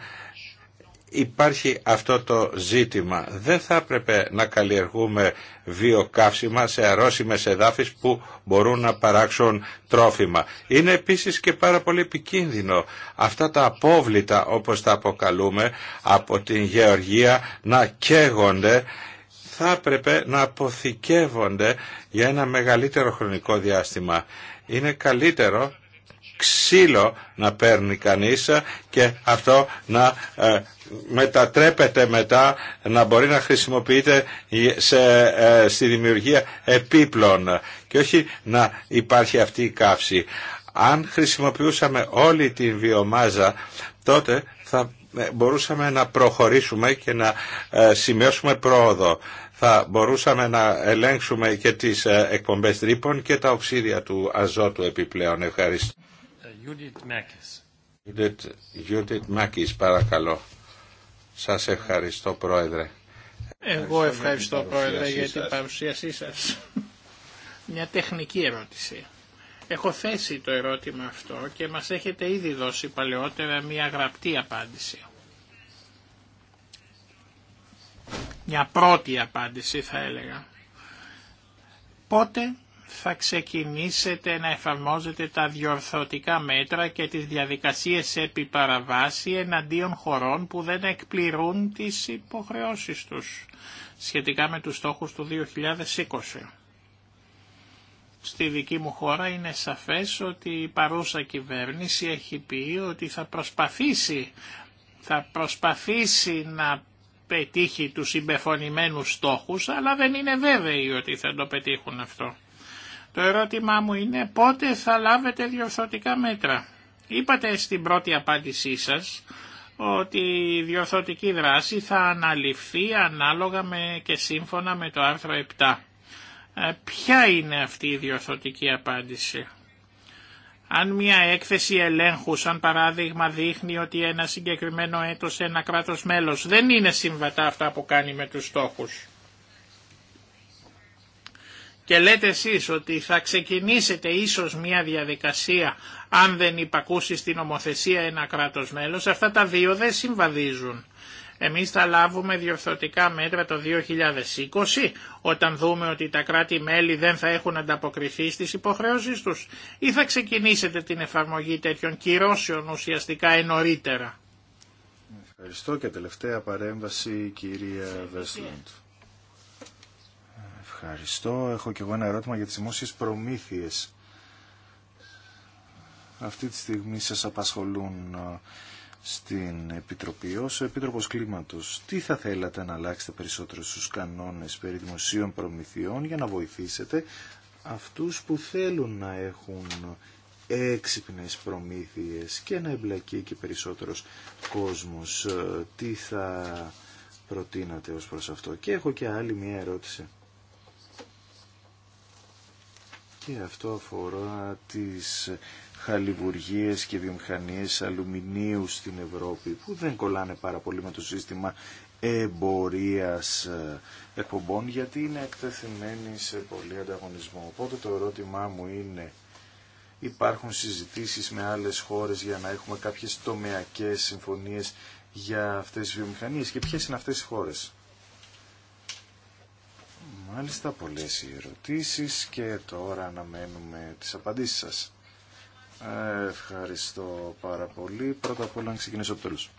υπάρχει αυτό το ζήτημα. Δεν θα έπρεπε να καλλιεργούμε βιοκαύσιμα σε αρρώσιμες εδάφεις που μπορούν να παράξουν τρόφιμα. Είναι επίσης και πάρα πολύ επικίνδυνο αυτά τα απόβλητα όπως τα αποκαλούμε από την γεωργία να καίγονται θα έπρεπε να αποθηκεύονται για ένα μεγαλύτερο χρονικό διάστημα. Είναι καλύτερο ξύλο να παίρνει κανείς και αυτό να ε, μετατρέπεται μετά να μπορεί να χρησιμοποιείται σε, ε, στη δημιουργία επίπλων και όχι να υπάρχει αυτή η καύση. Αν χρησιμοποιούσαμε όλη την βιομάζα τότε θα ε, μπορούσαμε να προχωρήσουμε και να ε, σημειώσουμε πρόοδο. Θα μπορούσαμε να ελέγξουμε και τις ε, εκπομπές τρύπων και τα οξύδια του αζότου επιπλέον. Ευχαριστώ. Judith Μακής, παρακαλώ. Σας ευχαριστώ Πρόεδρε. Εγώ ευχαριστώ, Πρόεδρε για την παρουσίασή σας. Μια τεχνική ερώτηση. Έχω θέσει το ερώτημα αυτό και μας έχετε ήδη δώσει παλαιότερα μια γραπτή απάντηση. Μια πρώτη απάντηση θα έλεγα. Πότε θα ξεκινήσετε να εφαρμόζετε τα διορθωτικά μέτρα και τις διαδικασίες επί παραβάση εναντίον χωρών που δεν εκπληρούν τις υποχρεώσεις τους σχετικά με τους στόχους του 2020. Στη δική μου χώρα είναι σαφές ότι η παρούσα κυβέρνηση έχει πει ότι θα προσπαθήσει, θα προσπαθήσει να πετύχει τους συμπεφωνημένους στόχους, αλλά δεν είναι βέβαιοι ότι θα το πετύχουν αυτό. Το ερώτημά μου είναι πότε θα λάβετε διορθωτικά μέτρα. Είπατε στην πρώτη απάντησή σας ότι η διορθωτική δράση θα αναλυφθεί ανάλογα με και σύμφωνα με το άρθρο 7. Ε, ποια είναι αυτή η διορθωτική απάντηση. Αν μια έκθεση ελέγχου, σαν παράδειγμα, δείχνει ότι ένα συγκεκριμένο έτος ένα κράτος μέλος δεν είναι συμβατά αυτά που κάνει με τους στόχους και λέτε εσείς ότι θα ξεκινήσετε ίσως μια διαδικασία αν δεν υπακούσει στην ομοθεσία ένα κράτος μέλος, αυτά τα δύο δεν συμβαδίζουν. Εμείς θα λάβουμε διορθωτικά μέτρα το 2020 όταν δούμε ότι τα κράτη-μέλη δεν θα έχουν ανταποκριθεί στις υποχρεώσεις τους ή θα ξεκινήσετε την εφαρμογή τέτοιων κυρώσεων ουσιαστικά ενωρίτερα. Ευχαριστώ και τελευταία παρέμβαση η κυρία ευχαριστω και τελευταια παρεμβαση κυρια Βέσλοντ. Ευχαριστώ. Έχω και εγώ ένα ερώτημα για τις δημόσιες προμήθειες. Αυτή τη στιγμή σας απασχολούν ε, στην Επιτροπή ως Επίτροπος Κλίματος. Τι θα θέλατε να αλλάξετε περισσότερο στους κανόνες περί δημοσίων προμηθειών για να βοηθήσετε αυτούς που θέλουν να έχουν έξυπνες προμήθειες και να εμπλακεί και περισσότερος κόσμος. Ε, τι θα προτείνατε ως προς αυτό. Και έχω και άλλη μία ερώτηση και αυτό αφορά τις χαλιβουργίες και βιομηχανίες αλουμινίου στην Ευρώπη που δεν κολλάνε πάρα πολύ με το σύστημα εμπορίας ε, εκπομπών γιατί είναι εκτεθειμένοι σε πολύ ανταγωνισμό. Οπότε το ερώτημά μου είναι υπάρχουν συζητήσεις με άλλες χώρες για να έχουμε κάποιες τομεακές συμφωνίες για αυτές τις βιομηχανίες και ποιες είναι αυτές οι χώρες. Μάλιστα, πολλές οι ερωτήσεις και τώρα αναμένουμε τις απαντήσεις σας. Ε, ευχαριστώ πάρα πολύ. Πρώτα απ' όλα να ξεκινήσω από τέλος.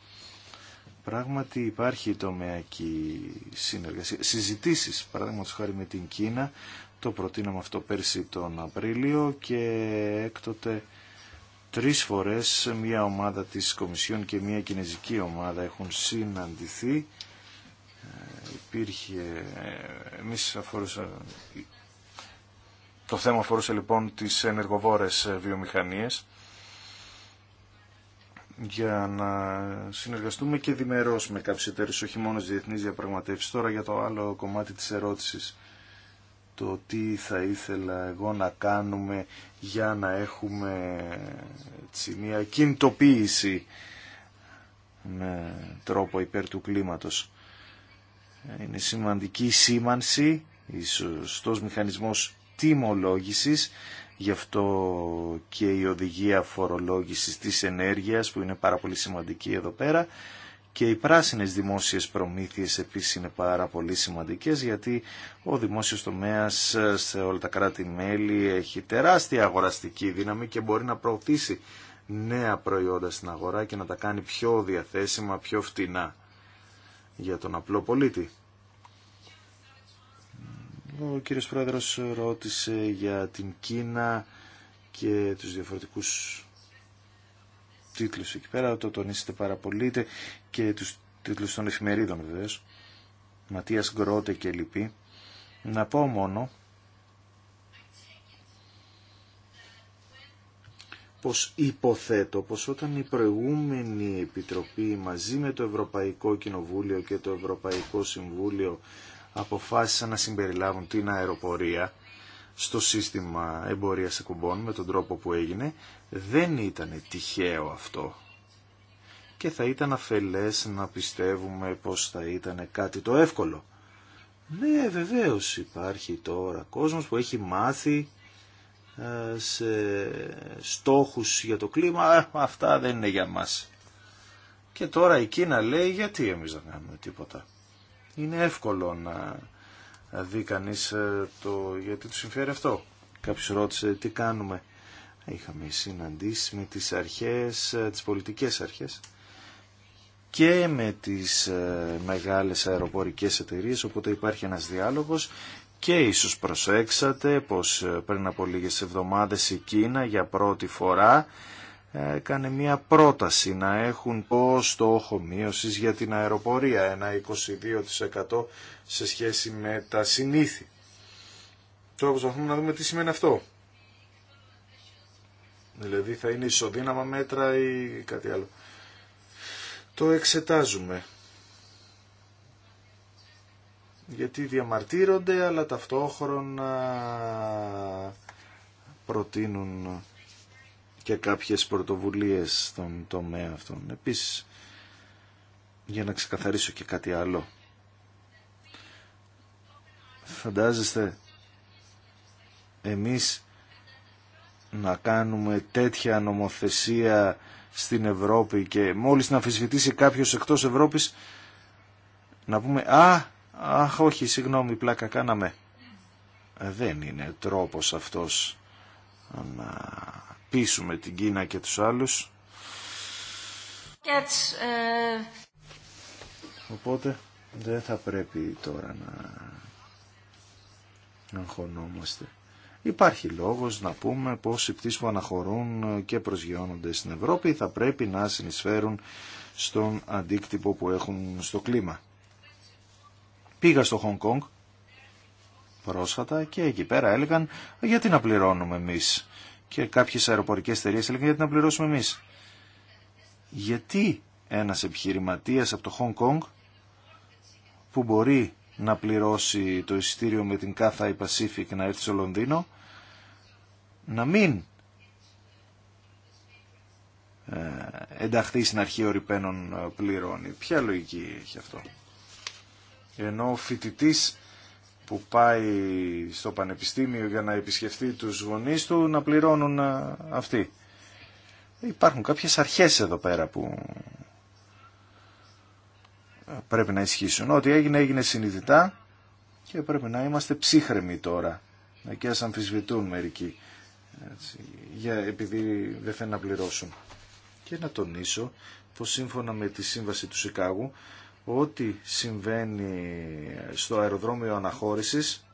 Πράγματι υπάρχει τομεακή συνεργασία. Συζητήσεις, παραδείγματος χάρη με την Κίνα, το προτείναμε αυτό πέρσι τον Απρίλιο και έκτοτε τρεις φορές μια ομάδα της Κομισιόν και μια κινέζικη ομάδα έχουν συναντηθεί υπήρχε, εμείς αφορούσα, το θέμα αφορούσε λοιπόν τις ενεργοβόρες βιομηχανίες για να συνεργαστούμε και διμερώς με κάποιους εταιρείες, όχι μόνο στις διεθνείς Τώρα για το άλλο κομμάτι της ερώτησης, το τι θα ήθελα εγώ να κάνουμε για να έχουμε έτσι, μια κινητοποίηση με τρόπο υπέρ του κλίματος. Είναι σημαντική σήμανση, σωστός μηχανισμός τιμολόγησης, γι' αυτό και η οδηγία φορολόγησης της ενέργειας που είναι πάρα πολύ σημαντική εδώ πέρα και οι πράσινες δημόσιες προμήθειες επίσης είναι πάρα πολύ σημαντικές γιατί ο δημόσιος τομέας σε όλα τα κράτη-μέλη έχει τεράστια αγοραστική δύναμη και μπορεί να προωθήσει νέα προϊόντα στην αγορά και να τα κάνει πιο διαθέσιμα, πιο φτηνά για τον απλό πολίτη. Ο κύριος Πρόεδρος ρώτησε για την Κίνα και τους διαφορετικούς τίτλους εκεί πέρα, το τονίσετε πάρα πολύ και τους τίτλους των εφημερίδων βεβαίως, Ματίας Γκρότε και λοιποί. Να πω μόνο πως υποθέτω πως όταν η προηγούμενη Επιτροπή μαζί με το Ευρωπαϊκό Κοινοβούλιο και το Ευρωπαϊκό Συμβούλιο αποφάσισαν να συμπεριλάβουν την αεροπορία στο σύστημα εμπορίας εκπομπών με τον τρόπο που έγινε, δεν ήταν τυχαίο αυτό. Και θα ήταν αφελές να πιστεύουμε πως θα ήταν κάτι το εύκολο. Ναι, βεβαίως υπάρχει τώρα κόσμος που έχει μάθει σε στόχους για το κλίμα, ε, αυτά δεν είναι για μας. Και τώρα η Κίνα λέει γιατί εμείς δεν κάνουμε τίποτα. Είναι εύκολο να δει κανεί ε, το γιατί του συμφέρει αυτό. Κάποιος ρώτησε τι κάνουμε. Είχαμε συναντήσει με τις αρχές, ε, τις πολιτικές αρχές και με τις μεγάλες αεροπορικές εταιρείες, οπότε υπάρχει ένας διάλογος και ίσως προσέξατε πως ε, πριν από λίγες εβδομάδες η Κίνα για πρώτη φορά ε, έκανε μια πρόταση να έχουν το στόχο μείωση για την αεροπορία, ένα 22% σε σχέση με τα συνήθη. Τώρα προσπαθούμε να δούμε τι σημαίνει αυτό. Δηλαδή θα είναι ισοδύναμα μέτρα ή κάτι άλλο. Το εξετάζουμε γιατί διαμαρτύρονται αλλά ταυτόχρονα προτείνουν και κάποιες πρωτοβουλίες στον τομέα αυτών. Επίσης, για να ξεκαθαρίσω και κάτι άλλο, φαντάζεστε εμείς να κάνουμε τέτοια νομοθεσία στην Ευρώπη και μόλις να αφισβητήσει κάποιος εκτός Ευρώπης να πούμε «Α, Αχ, όχι, συγγνώμη, πλάκα κάναμε. Ε, δεν είναι τρόπος αυτός να πείσουμε την Κίνα και τους άλλους. Ε, Οπότε δεν θα πρέπει τώρα να αγχωνόμαστε. Υπάρχει λόγος να πούμε πως οι πτήσεις που αναχωρούν και προσγειώνονται στην Ευρώπη θα πρέπει να συνεισφέρουν στον αντίκτυπο που έχουν στο κλίμα. Πήγα στο Χονγκ Κονγκ πρόσφατα και εκεί πέρα έλεγαν γιατί να πληρώνουμε εμεί Και κάποιες αεροπορικές εταιρείε έλεγαν γιατί να πληρώσουμε εμεί. Γιατί ένας επιχειρηματίας από το Χονγκ Κονγκ που μπορεί να πληρώσει το εισιτήριο με την Cathay Pacific να έρθει στο Λονδίνο να μην ε, ενταχθεί στην αρχή ορυπαίνων ε, πληρώνει. Ποια λογική έχει αυτό ενώ ο φοιτητή που πάει στο πανεπιστήμιο για να επισκεφθεί τους γονείς του να πληρώνουν αυτοί. Υπάρχουν κάποιες αρχές εδώ πέρα που πρέπει να ισχύσουν. Ό,τι έγινε έγινε συνειδητά και πρέπει να είμαστε ψύχρεμοι τώρα και ας αμφισβητούν μερικοί για, επειδή δεν θέλουν να πληρώσουν. Και να τονίσω πως σύμφωνα με τη σύμβαση του Σικάγου ό,τι συμβαίνει στο αεροδρόμιο αναχώρησης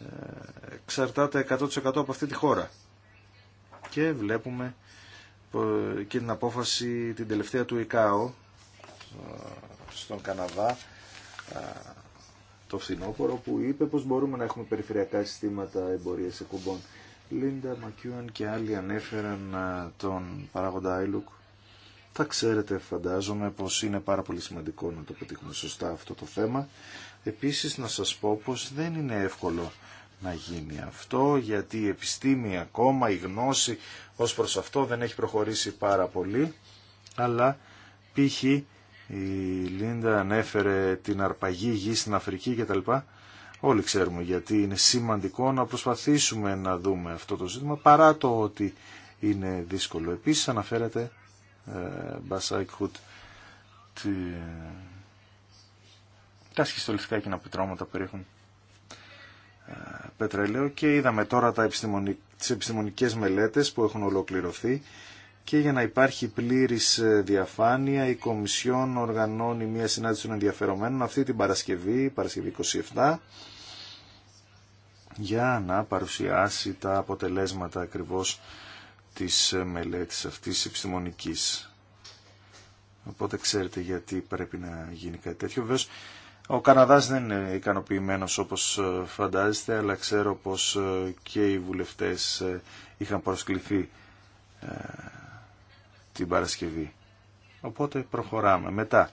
ε, εξαρτάται 100% από αυτή τη χώρα. Και βλέπουμε και την απόφαση την τελευταία του ΙΚΑΟ ε, στον Καναδά ε, το φθινόπωρο που είπε πως μπορούμε να έχουμε περιφερειακά συστήματα εμπορίας εκπομπών. Λίντα Μακιούαν και άλλοι ανέφεραν τον παράγοντα Άιλουκ θα ξέρετε φαντάζομαι πως είναι πάρα πολύ σημαντικό να το πετύχουμε σωστά αυτό το θέμα. Επίσης να σας πω πως δεν είναι εύκολο να γίνει αυτό γιατί η επιστήμη ακόμα, η γνώση ως προς αυτό δεν έχει προχωρήσει πάρα πολύ αλλά π.χ. η Λίντα ανέφερε την αρπαγή γη στην Αφρική κτλ. Όλοι ξέρουμε γιατί είναι σημαντικό να προσπαθήσουμε να δούμε αυτό το ζήτημα παρά το ότι είναι δύσκολο. Επίσης αναφέρεται Μπασάικχουτ τη... τα σχιστολιστικά κοινά πετρώματα που περιέχουν ε, πετρελαίο και είδαμε τώρα τα τις επιστημονικές μελέτες που έχουν ολοκληρωθεί και για να υπάρχει πλήρης ε, διαφάνεια η Κομισιόν οργανώνει μια συνάντηση των ενδιαφερομένων αυτή την Παρασκευή, Παρασκευή 27 για να παρουσιάσει τα αποτελέσματα ακριβώς της μελέτης αυτής επιστημονικής. Οπότε ξέρετε γιατί πρέπει να γίνει κάτι τέτοιο. Βεβαίως, ο Καναδάς δεν είναι ικανοποιημένος όπως ε, φαντάζεστε, αλλά ξέρω πως ε, και οι βουλευτές ε, είχαν προσκληθεί την Παρασκευή. Οπότε προχωράμε. Μετά,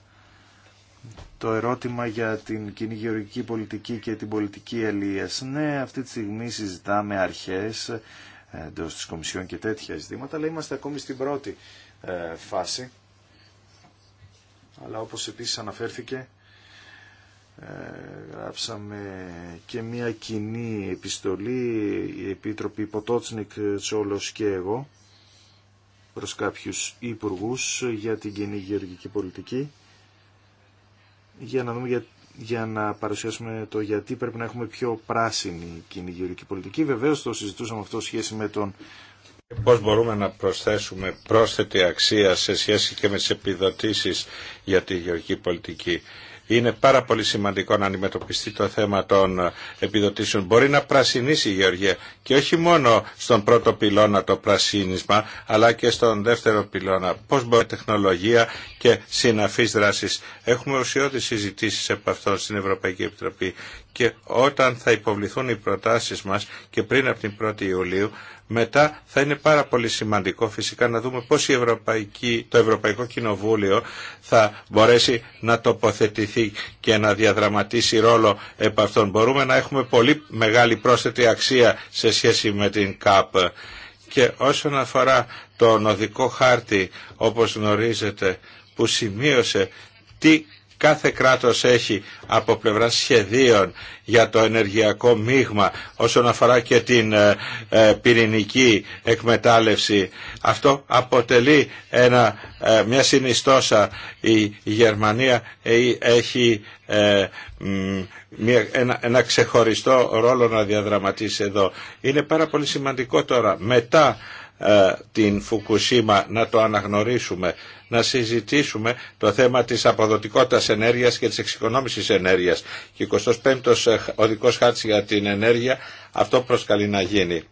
το ερώτημα για την κοινή πολιτική και την πολιτική αλίας. Ναι, αυτή τη στιγμή συζητάμε αρχές εντό τη Κομισιόν και τέτοια ζητήματα, αλλά είμαστε ακόμη στην πρώτη ε, φάση. Αλλά όπως επίσης αναφέρθηκε, ε, γράψαμε και μια κοινή επιστολή, η Επίτροπη Ποτότσνικ, ε, Τσόλος και εγώ, προς κάποιους υπουργούς για την κοινή γεωργική πολιτική για να δούμε για για να παρουσιάσουμε το γιατί πρέπει να έχουμε πιο πράσινη κοινή πολιτική. Βεβαίω το συζητούσαμε αυτό σχέση με τον... Πώ μπορούμε να προσθέσουμε πρόσθετη αξία σε σχέση και με τι επιδοτήσει για τη γεωργική πολιτική. Είναι πάρα πολύ σημαντικό να αντιμετωπιστεί το θέμα των επιδοτήσεων. Μπορεί να πρασινίσει η Γεωργία και όχι μόνο στον πρώτο πυλώνα το πρασίνισμα, αλλά και στον δεύτερο πυλώνα. Πώς μπορεί τεχνολογία και συναφείς δράσεις. Έχουμε ουσιώδεις συζητήσεις από αυτό στην Ευρωπαϊκή Επιτροπή και όταν θα υποβληθούν οι προτάσεις μας και πριν από την 1η Ιουλίου, μετά θα είναι πάρα πολύ σημαντικό φυσικά να δούμε πώς η Ευρωπαϊκή, το Ευρωπαϊκό Κοινοβούλιο θα μπορέσει να τοποθετηθεί και να διαδραματίσει ρόλο επ' αυτόν. Μπορούμε να έχουμε πολύ μεγάλη πρόσθετη αξία σε σχέση με την ΚΑΠ. Και όσον αφορά τον οδικό χάρτη, όπως γνωρίζετε, που σημείωσε τι κάθε κράτος έχει από πλευρά σχεδίων για το ενεργειακό μείγμα όσον αφορά και την ε, ε, πυρηνική εκμετάλλευση. Αυτό αποτελεί ένα, ε, μια συνιστόσα. Η Γερμανία έχει ένα, ένα ξεχωριστό ρόλο να διαδραματίσει εδώ. Είναι πάρα πολύ σημαντικό τώρα μετά ε, την Φουκουσίμα να το αναγνωρίσουμε, να συζητήσουμε το θέμα της αποδοτικότητας ενέργειας και της εξοικονόμησης ενέργειας. Και 25 ο οδικός ε, χάρτης για την ενέργεια αυτό προσκαλεί να γίνει.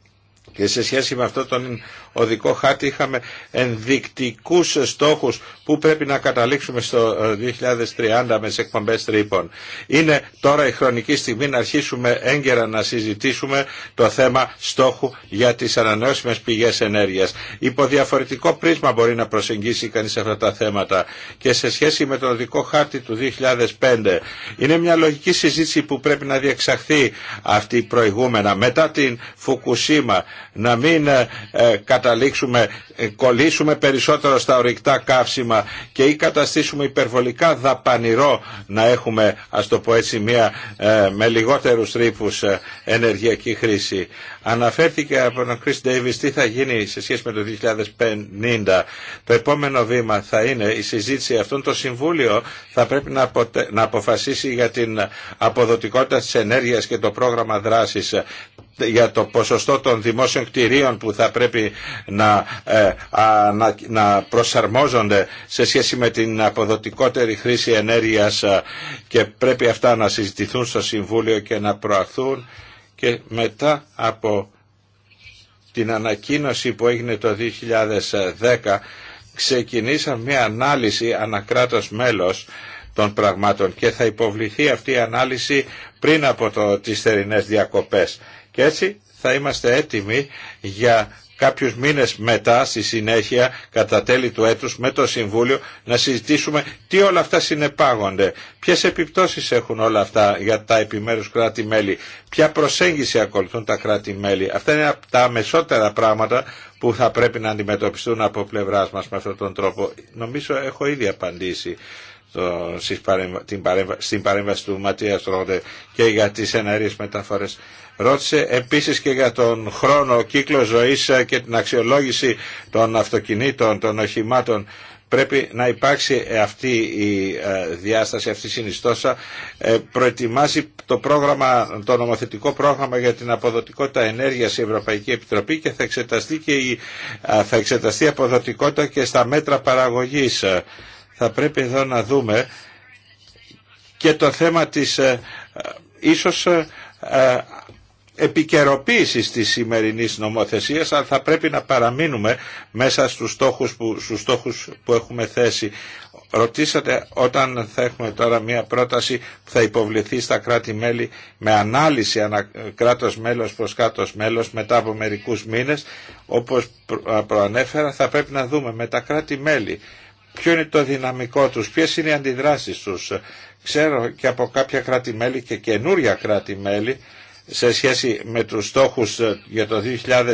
Και σε σχέση με αυτό τον οδικό χάρτη είχαμε ενδεικτικούς στόχους που πρέπει να καταλήξουμε στο 2030 ε, με τις εκπομπές τρύπων. Είναι τώρα η χρονική στιγμή να αρχίσουμε έγκαιρα να συζητήσουμε το θέμα στόχου για τις ανανεώσιμες πηγές ενέργειας. Υπό διαφορετικό πρίσμα μπορεί να προσεγγίσει κανείς αυτά τα θέματα και σε σχέση με το οδικό χάρτη του 2005 είναι μια λογική συζήτηση που πρέπει να διεξαχθεί αυτή προηγούμενα μετά την Φουκουσίμα να μην ε, ε καταλήξουμε, ε, κολλήσουμε περισσότερο στα ορυκτά καύσιμα και ή καταστήσουμε υπερβολικά δαπανηρό να έχουμε, ας το πω έτσι, μια ε, με λιγότερους ε, ενεργειακή χρήση. Αναφέρθηκε από τον Chris τι θα γίνει σε σχέση με το 2050. Το επόμενο βήμα θα είναι η συζήτηση αυτών. Το Συμβούλιο θα πρέπει να, να αποφασίσει για την αποδοτικότητα της ενέργειας και το πρόγραμμα δράσης για το ποσοστό των δημόσιων κτηρίων που θα πρέπει να, ε, να, προσαρμόζονται σε σχέση με την αποδοτικότερη χρήση ενέργειας ε, και πρέπει αυτά να συζητηθούν στο Συμβούλιο και να προαχθούν και μετά από την ανακοίνωση που έγινε το 2010 ξεκινήσαμε μια ανάλυση ανακράτος μέλος των πραγμάτων και θα υποβληθεί αυτή η ανάλυση πριν από το, τις θερινές διακοπές και έτσι θα είμαστε έτοιμοι για κάποιους μήνες μετά στη συνέχεια κατά τέλη του έτους με το Συμβούλιο να συζητήσουμε τι όλα αυτά συνεπάγονται, ποιες επιπτώσεις έχουν όλα αυτά για τα επιμέρους κράτη-μέλη, ποια προσέγγιση ακολουθούν τα κράτη-μέλη. Αυτά είναι τα αμεσότερα πράγματα που θα πρέπει να αντιμετωπιστούν από πλευρά μας με αυτόν τον τρόπο. Νομίζω έχω ήδη απαντήσει στην παρέμβαση του Ματίας Ρόντε και για τις εναρίες μεταφορές. Ρώτησε επίσης και για τον χρόνο, κύκλο ζωής ε, και την αξιολόγηση των αυτοκινήτων, των οχημάτων. Πρέπει να υπάρξει ε, αυτή η ε, διάσταση, αυτή η συνιστόσα. Προετοιμάζει το, πρόγραμμα, το νομοθετικό πρόγραμμα για την αποδοτικότητα ενέργειας η Ευρωπαϊκή Επιτροπή και θα εξεταστεί, και η, θα εξεταστεί αποδοτικότητα και στα μέτρα παραγωγής. Θα πρέπει εδώ να δούμε και το θέμα της ίσως επικαιροποίησης της σημερινής νομοθεσίας αλλά θα πρέπει να παραμείνουμε μέσα στους στόχους που, στους στόχους που έχουμε θέσει. Ρωτήσατε όταν θα έχουμε τώρα μια πρόταση που θα υποβληθεί στα κράτη-μέλη με ανάλυση ανα, κράτος μέλος προς κράτος μέλος μετά από μερικούς μήνες όπως προανέφερα θα πρέπει να δούμε με τα κράτη-μέλη ποιο είναι το δυναμικό τους, ποιες είναι οι αντιδράσεις τους. Ξέρω και από κάποια κράτη-μέλη και καινούρια κράτη-μέλη σε σχέση με τους στόχους ε, για το 2020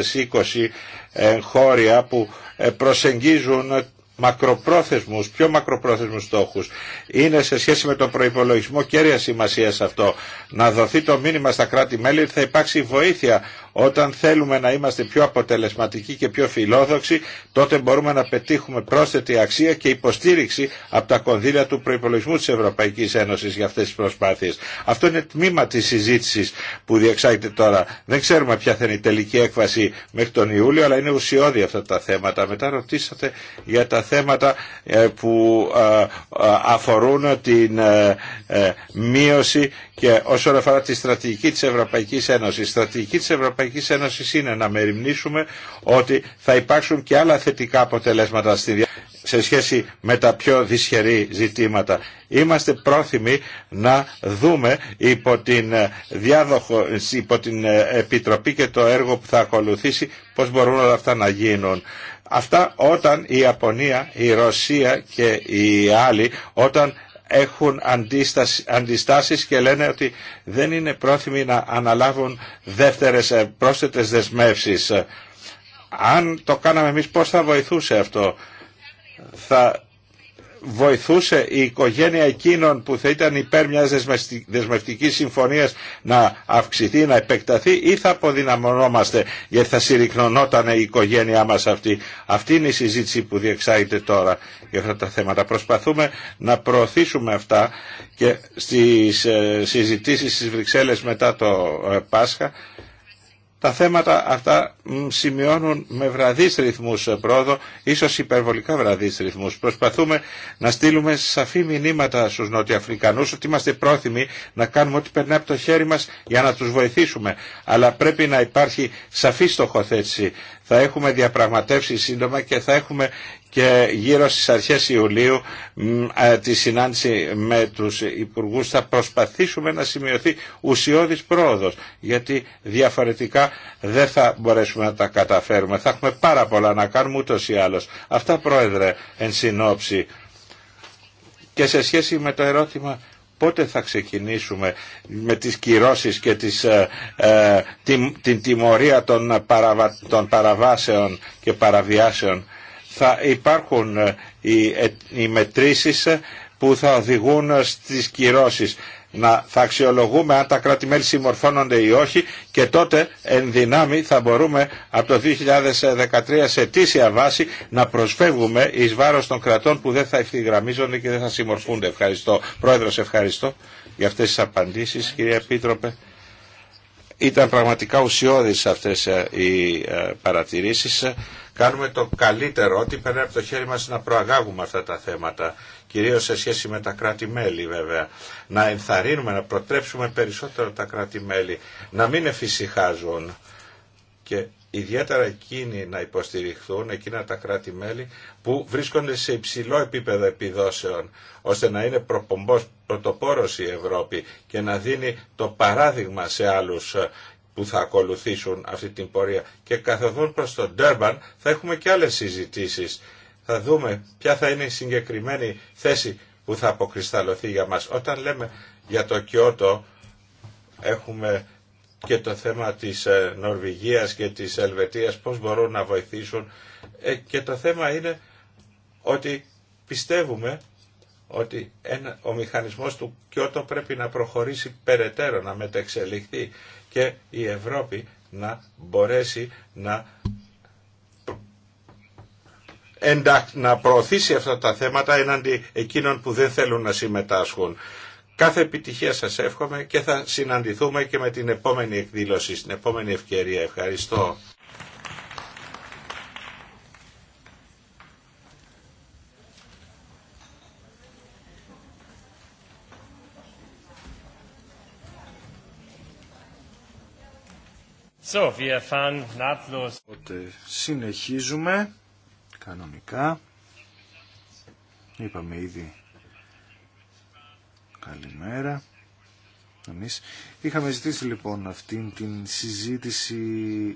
ε, χώρια που ε, προσεγγίζουν μακροπρόθεσμους, πιο μακροπρόθεσμους στόχους. Είναι σε σχέση με τον προϋπολογισμό κέρια σημασία αυτό. Να δοθεί το μήνυμα στα κράτη-μέλη ότι θα υπάρξει βοήθεια όταν θέλουμε να είμαστε πιο αποτελεσματικοί και πιο φιλόδοξοι, τότε μπορούμε να πετύχουμε πρόσθετη αξία και υποστήριξη από τα κονδύλια του προπολογισμού τη Ευρωπαϊκή Ένωση για αυτέ τι προσπάθειε. Αυτό είναι τμήμα τη συζήτηση που διεξάγεται τώρα. Δεν ξέρουμε ποια θα είναι η τελική έκβαση μέχρι τον Ιούλιο, αλλά είναι ουσιώδη αυτά τα θέματα. Μετά ρωτήσατε για τα θέματα ε, που ε, ε, αφορούν την μείωση και όσον αφορά τη στρατηγική της Ευρωπαϊκής Ένωσης, η στρατηγική της Ευρωπαϊκής Ένωσης είναι να μεριμνήσουμε ότι θα υπάρξουν και άλλα θετικά αποτελέσματα στη σε σχέση με τα πιο δυσχερή ζητήματα. Είμαστε πρόθυμοι να δούμε υπό την, ε, διάδοχο, υπό την ε, Επιτροπή και το έργο που θα ακολουθήσει πώς μπορούν όλα αυτά να γίνουν. Αυτά όταν η Ιαπωνία, η Ρωσία και οι άλλοι, όταν έχουν αντιστάσεις και λένε ότι δεν είναι πρόθυμοι να αναλάβουν δεύτερες ε, πρόσθετες δεσμεύσεις. Αν το κάναμε εμείς πώς θα βοηθούσε αυτό. Θα βοηθούσε η οικογένεια εκείνων που θα ήταν υπέρ μιας δεσμευτικής συμφωνίας να αυξηθεί, να επεκταθεί ή θα αποδυναμωνόμαστε γιατί θα συρρυκνωνόταν η οικογένειά μας αυτή. Αυτή είναι η οικογενεια μα αυτη αυτη ειναι η συζητηση που διεξάγεται τώρα για αυτά τα θέματα. Προσπαθούμε να προωθήσουμε αυτά και στις ε, συζητήσει στις Βρυξέλλε μετά το ε, Πάσχα τα θέματα αυτά σημειώνουν με βραδείς ρυθμούς ε, πρόοδο, ίσως υπερβολικά βραδεί ρυθμούς. Προσπαθούμε να στείλουμε σαφή μηνύματα στους Νοτιοαφρικανούς ότι είμαστε πρόθυμοι να κάνουμε ό,τι περνάει από το χέρι μας για να τους βοηθήσουμε. Αλλά πρέπει να υπάρχει σαφή στοχοθέτηση. Θα έχουμε διαπραγματεύσει σύντομα και θα έχουμε και γύρω στις αρχές Ιουλίου ε, τη συνάντηση με τους υπουργούς θα προσπαθήσουμε να σημειωθεί ουσιώδης πρόοδος γιατί διαφορετικά δεν θα μπορέσουμε να τα καταφέρουμε. Θα έχουμε πάρα πολλά να κάνουμε ούτως ή άλλως. Αυτά πρόεδρε εν συνόψη και σε σχέση με το ερώτημα πότε θα ξεκινήσουμε με τις κυρώσεις και τις, ε, ε, την, την τιμωρία των, των παραβάσεων και παραβιάσεων θα υπάρχουν ε, οι, ε, οι μετρήσεις ε, που θα οδηγούν στις κυρώσεις να θα αξιολογούμε αν τα κράτη-μέλη συμμορφώνονται ή όχι και τότε εν δυνάμει θα μπορούμε από το 2013 σε αιτήσια βάση να προσφεύγουμε εις βάρος των κρατών που δεν θα ευθυγραμμίζονται και δεν θα συμμορφούνται. Ευχαριστώ. Πρόεδρος, ευχαριστώ για αυτές τις απαντήσεις, κυρία Επίτροπε. Ήταν πραγματικά ουσιώδεις αυτές ε, οι ε, παρατηρήσεις. Κάνουμε το καλύτερο ότι περνάει από το χέρι μας να προαγάγουμε αυτά τα θέματα, κυρίως σε σχέση με τα κράτη-μέλη βέβαια. Να ενθαρρύνουμε, να προτρέψουμε περισσότερο τα κράτη-μέλη, να μην εφησυχάζουν και ιδιαίτερα εκείνοι να υποστηριχθούν, εκείνα τα κράτη-μέλη που βρίσκονται σε υψηλό επίπεδο επιδόσεων, ώστε να είναι προπομπός πρωτοπόρος η Ευρώπη και να δίνει το παράδειγμα σε άλλους ε, που θα ακολουθήσουν αυτή την πορεία. Και καθοδόν προς τον Τέρμπαν θα έχουμε και άλλες συζητήσεις. Θα δούμε ποια θα είναι η συγκεκριμένη θέση που θα αποκρισταλωθεί για μας. Όταν λέμε για το Κιώτο έχουμε και το θέμα της ε, Νορβηγίας και της Ελβετίας πώς μπορούν να βοηθήσουν ε, και το θέμα είναι ότι πιστεύουμε ότι ο μηχανισμός του Κιώτο πρέπει να προχωρήσει περαιτέρω, να μεταξελιχθεί και η Ευρώπη να μπορέσει να, εντα, να προωθήσει αυτά τα θέματα έναντι εκείνων που δεν θέλουν να συμμετάσχουν. Κάθε επιτυχία σας εύχομαι και θα συναντηθούμε και με την επόμενη εκδήλωση, στην επόμενη ευκαιρία. Ευχαριστώ. So, Οπότε συνεχίζουμε κανονικά. Είπαμε ήδη καλημέρα. Εμείς είχαμε ζητήσει λοιπόν αυτήν την συζήτηση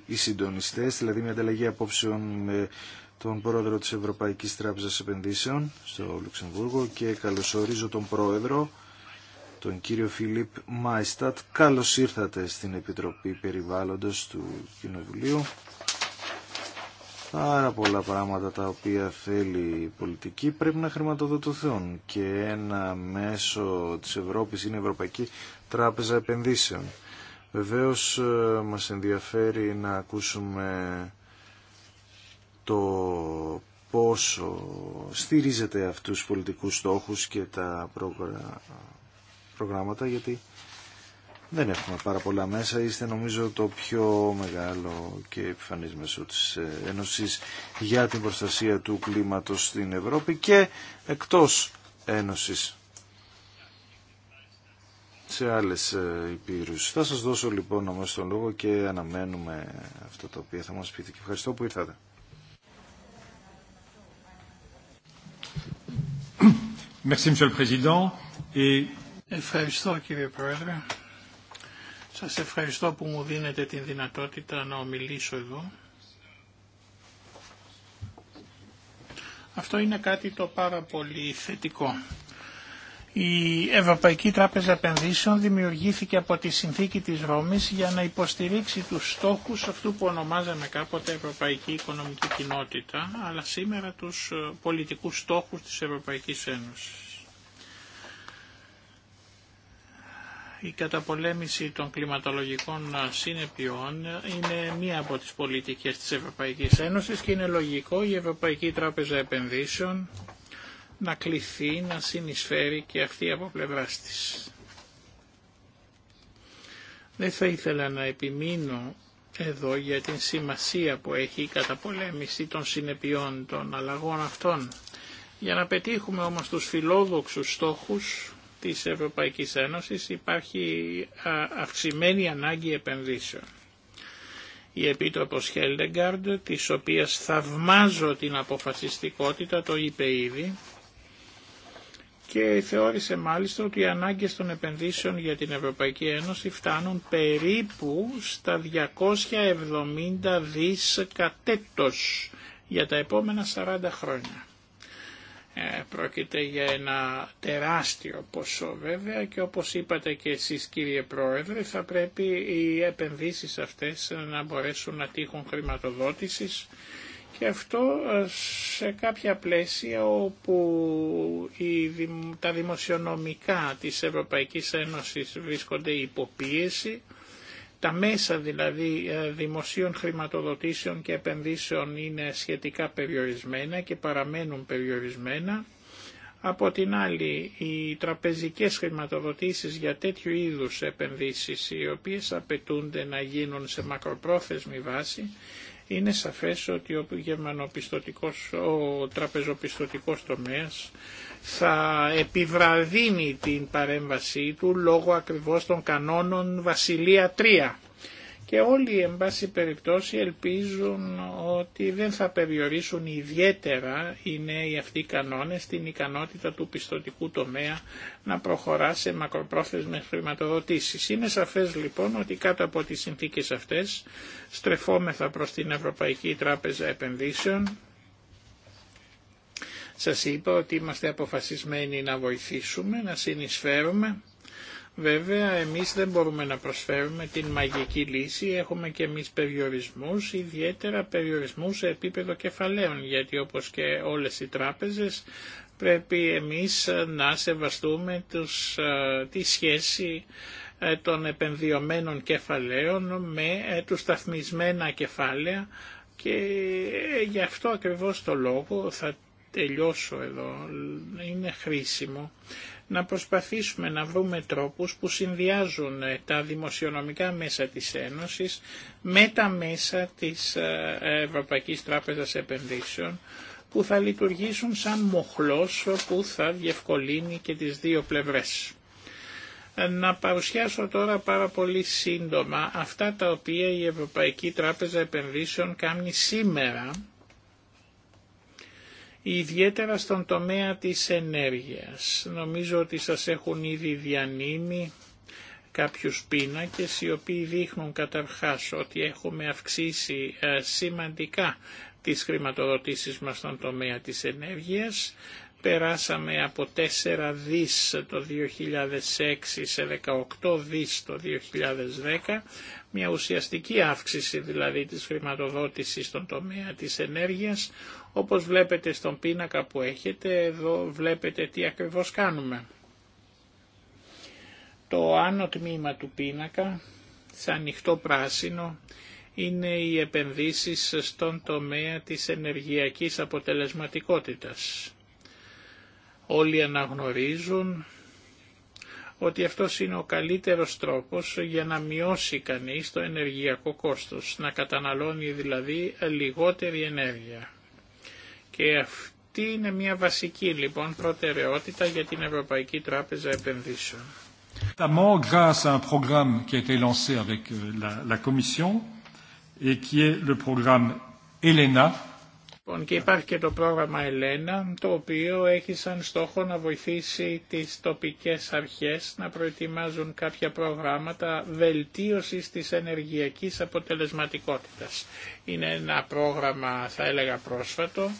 οι συντονιστές, δηλαδή μια ανταλλαγή απόψεων με τον πρόεδρο της Ευρωπαϊκής Τράπεζας Επενδύσεων στο Λουξεμβούργο και καλωσορίζω τον πρόεδρο τον κύριο Φιλίπ Μάιστατ. Καλώς ήρθατε στην Επιτροπή Περιβάλλοντος του Κοινοβουλίου. Πάρα πολλά πράγματα τα οποία θέλει η πολιτική πρέπει να χρηματοδοτηθούν και ένα μέσο της Ευρώπης είναι η Ευρωπαϊκή Τράπεζα Επενδύσεων. Βεβαίως ε, μας ενδιαφέρει να ακούσουμε το πόσο στηρίζεται αυτούς τους πολιτικούς στόχους και τα προγράμματα γιατί δεν έχουμε πάρα πολλά μέσα. Είστε νομίζω το πιο μεγάλο και επιφανή μέσο τη ε, ένωση για την προστασία του κλίματο στην Ευρώπη και εκτός Ένωση. σε άλλες ε, υπήρους. Θα σας δώσω λοιπόν όμως τον λόγο και αναμένουμε αυτό το οποίο θα μας πείτε και ευχαριστώ που ήρθατε. Merci, Monsieur le Président. Et Ευχαριστώ κύριε Πρόεδρε. Σας ευχαριστώ που μου δίνετε την δυνατότητα να ομιλήσω εδώ. Αυτό είναι κάτι το πάρα πολύ θετικό. Η Ευρωπαϊκή Τράπεζα Επενδύσεων δημιουργήθηκε από τη συνθήκη της Ρώμης για να υποστηρίξει τους στόχους αυτού που ονομάζαμε κάποτε Ευρωπαϊκή Οικονομική Κοινότητα, αλλά σήμερα τους πολιτικούς στόχους της Ευρωπαϊκής Ένωσης. Η καταπολέμηση των κλιματολογικών συνεπειών είναι μία από τις πολιτικές της Ευρωπαϊκής Ένωσης και είναι λογικό η Ευρωπαϊκή Τράπεζα Επενδύσεων να κληθεί, να συνεισφέρει και αυτή από πλευράς της. Δεν θα ήθελα να επιμείνω εδώ για την σημασία που έχει η καταπολέμηση των συνεπειών των αλλαγών αυτών. Για να πετύχουμε όμως τους φιλόδοξους στόχους της Ευρωπαϊκής Ένωσης υπάρχει αυξημένη ανάγκη επενδύσεων. Η Επίτροπος Χέλντεγκαρντ, της οποίας θαυμάζω την αποφασιστικότητα, το είπε ήδη, και θεώρησε μάλιστα ότι οι ανάγκες των επενδύσεων για την Ευρωπαϊκή Ένωση φτάνουν περίπου στα 270 δις κατέτος για τα επόμενα 40 χρόνια. Ε, πρόκειται για ένα τεράστιο ποσό βέβαια και όπως είπατε και εσείς κύριε Πρόεδρε θα πρέπει οι επενδύσεις αυτές να μπορέσουν να τύχουν χρηματοδότησης και αυτό ε, σε κάποια πλαίσια όπου τα δημοσιονομικά της Ευρωπαϊκής Ένωσης βρίσκονται υποπίεση τα μέσα δηλαδή ε, δημοσίων χρηματοδοτήσεων και επενδύσεων είναι σχετικά περιορισμένα και παραμένουν περιορισμένα. Από την άλλη, οι τραπεζικές χρηματοδοτήσεις για τέτοιου είδους επενδύσεις, οι οποίες απαιτούνται να γίνουν σε μακροπρόθεσμη βάση, είναι σαφές ότι ο γερμανοπιστωτικός, ο τραπεζοπιστωτικός τομέας θα επιβραδύνει την παρέμβασή του λόγω ακριβώς των κανόνων Βασιλεία 3 και όλοι εν πάση περιπτώσει ελπίζουν ότι δεν θα περιορίσουν ιδιαίτερα οι νέοι αυτοί κανόνες την ικανότητα του πιστοτικού τομέα να προχωρά σε μακροπρόθεσμες χρηματοδοτήσεις. Είναι σαφές λοιπόν ότι κάτω από τις συνθήκες αυτές στρεφόμεθα προς την Ευρωπαϊκή Τράπεζα Επενδύσεων σας είπα ότι είμαστε αποφασισμένοι να βοηθήσουμε, να συνεισφέρουμε Βέβαια εμείς δεν μπορούμε να προσφέρουμε την μαγική λύση, έχουμε και εμείς περιορισμούς, ιδιαίτερα περιορισμούς σε επίπεδο κεφαλαίων, γιατί όπως και όλες οι τράπεζες πρέπει εμείς να σεβαστούμε τους, ε, τη σχέση ε, των επενδυωμένων κεφαλαίων με ε, τους σταθμισμένα κεφάλαια και γι' αυτό ακριβώς το λόγο θα τελειώσω εδώ, είναι χρήσιμο να προσπαθήσουμε να βρούμε τρόπους που συνδυάζουν ε, τα δημοσιονομικά μέσα της Ένωσης με τα μέσα της ε, Ευρωπαϊκής Τράπεζας Επενδύσεων που θα λειτουργήσουν σαν μοχλός που θα διευκολύνει και τις δύο πλευρές. Ε, να παρουσιάσω τώρα πάρα πολύ σύντομα αυτά τα οποία η Ευρωπαϊκή Τράπεζα Επενδύσεων κάνει σήμερα ιδιαίτερα στον τομέα της ενέργειας. Νομίζω ότι σας έχουν ήδη διανύμει κάποιους πίνακες οι οποίοι δείχνουν καταρχάς ότι έχουμε αυξήσει ε, σημαντικά τις χρηματοδοτήσεις μας στον τομέα της ενέργειας. Περάσαμε από 4 δις το 2006 σε 18 δις το 2010, μια ουσιαστική αύξηση δηλαδή της χρηματοδότησης στον τομέα της ενέργειας, όπως βλέπετε στον πίνακα που έχετε, εδώ βλέπετε τι ακριβώς κάνουμε. Το άνω τμήμα του πίνακα, σαν ανοιχτό πράσινο, είναι οι επενδύσεις στον τομέα της ενεργειακής αποτελεσματικότητας. Όλοι αναγνωρίζουν ότι αυτό είναι ο καλύτερος τρόπος για να μειώσει κανείς το ενεργειακό κόστος, να καταναλώνει δηλαδή λιγότερη ενέργεια. Και αυτή είναι μια βασική λοιπόν προτεραιότητα για την Ευρωπαϊκή Τράπεζα Επενδύσεων. Notamment grâce à un programme qui a été lancé avec euh, la, Commission et qui est le λοιπόν, και υπάρχει και το πρόγραμμα Ελένα, το οποίο έχει σαν στόχο να βοηθήσει τις τοπικές αρχές να προετοιμάζουν κάποια προγράμματα βελτίωσης της ενεργειακής αποτελεσματικότητας. Είναι ένα πρόγραμμα, θα έλεγα πρόσφατο,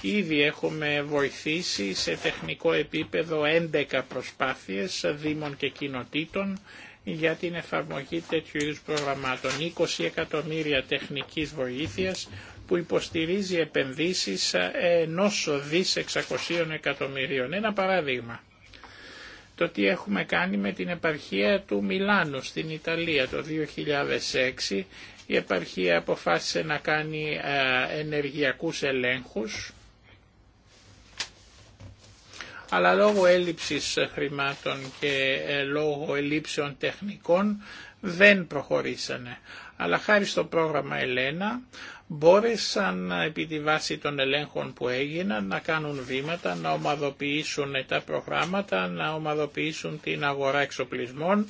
Ήδη έχουμε βοηθήσει σε τεχνικό επίπεδο 11 προσπάθειες δήμων και κοινοτήτων για την εφαρμογή τέτοιου είδους προγραμμάτων. 20 εκατομμύρια τεχνικής βοήθειας που υποστηρίζει επενδύσεις ενός δις 600 εκατομμυρίων. Ένα παράδειγμα. Το τι έχουμε κάνει με την επαρχία του Μιλάνου στην Ιταλία το 2006 η επαρχία αποφάσισε να κάνει ε, ενεργειακούς ελέγχους αλλά λόγω έλλειψης χρημάτων και ε, λόγω ελλείψεων τεχνικών δεν προχωρήσανε. Αλλά χάρη στο πρόγραμμα Ελένα μπόρεσαν ε, επί τη βάση των ελέγχων που έγιναν να κάνουν βήματα, να ομαδοποιήσουν τα προγράμματα, να ομαδοποιήσουν την αγορά εξοπλισμών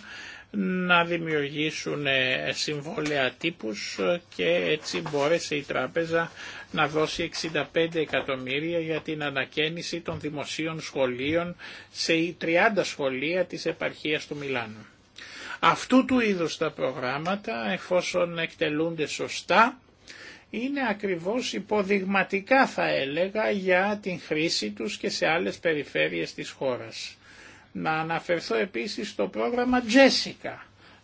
να δημιουργήσουν ε, συμβόλαια τύπους και έτσι μπόρεσε η τράπεζα να δώσει 65 εκατομμύρια για την ανακαίνιση των δημοσίων σχολείων σε 30 σχολεία της επαρχίας του Μιλάνου. Αυτού του είδους τα προγράμματα, εφόσον εκτελούνται σωστά, είναι ακριβώς υποδειγματικά θα έλεγα για την χρήση τους και σε άλλες περιφέρειες της χώρας. Να αναφερθώ επίσης στο πρόγραμμα Jessica,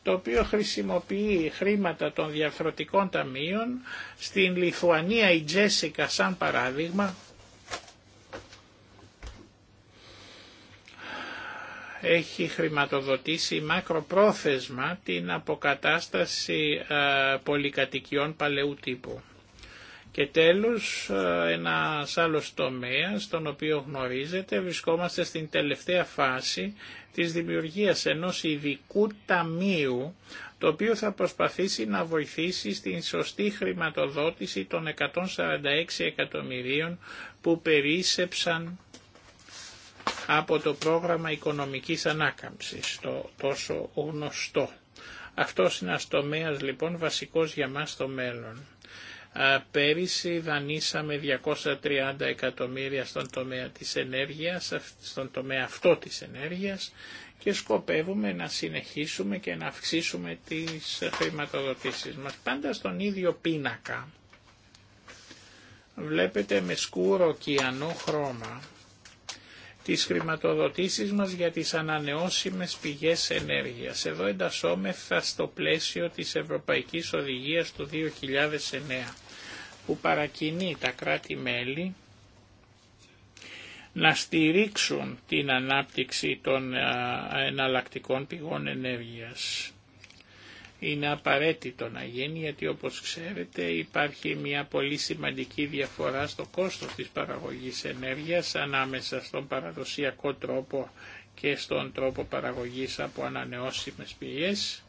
το οποίο χρησιμοποιεί χρήματα των διαφορετικών ταμείων. Στην Λιθουανία η Jessica σαν παράδειγμα έχει χρηματοδοτήσει μακροπρόθεσμα την αποκατάσταση ε, πολυκατοικιών παλαιού τύπου. Και τέλος, ε, ένα άλλο τομέα, τον οποίο γνωρίζετε, βρισκόμαστε στην τελευταία φάση της δημιουργίας ενός ειδικού ταμείου, το οποίο θα προσπαθήσει να βοηθήσει στην σωστή χρηματοδότηση των 146 εκατομμυρίων που περίσεψαν από το πρόγραμμα οικονομικής ανάκαμψης, το τόσο γνωστό. Αυτός είναι ένας τομέας λοιπόν βασικός για μας στο μέλλον. Πέρυσι δανείσαμε 230 εκατομμύρια στον τομέα της ενέργειας, στον τομέα αυτό της ενέργειας και σκοπεύουμε να συνεχίσουμε και να αυξήσουμε τις χρηματοδοτήσεις μας. Πάντα στον ίδιο πίνακα. Βλέπετε με σκούρο κιανό χρώμα τις χρηματοδοτήσεις μας για τις ανανεώσιμες πηγές ενέργειας. Εδώ εντασσόμεθα στο πλαίσιο της Ευρωπαϊκής Οδηγίας του 2009 που παρακινεί τα κράτη-μέλη να στηρίξουν την ανάπτυξη των ε, εναλλακτικών πηγών ενέργειας. Είναι απαραίτητο να γίνει γιατί όπως ξέρετε υπάρχει μια πολύ σημαντική διαφορά στο κόστος της παραγωγής ενέργειας ανάμεσα στον παραδοσιακό τρόπο και στον τρόπο παραγωγής από ανανεώσιμες πηγές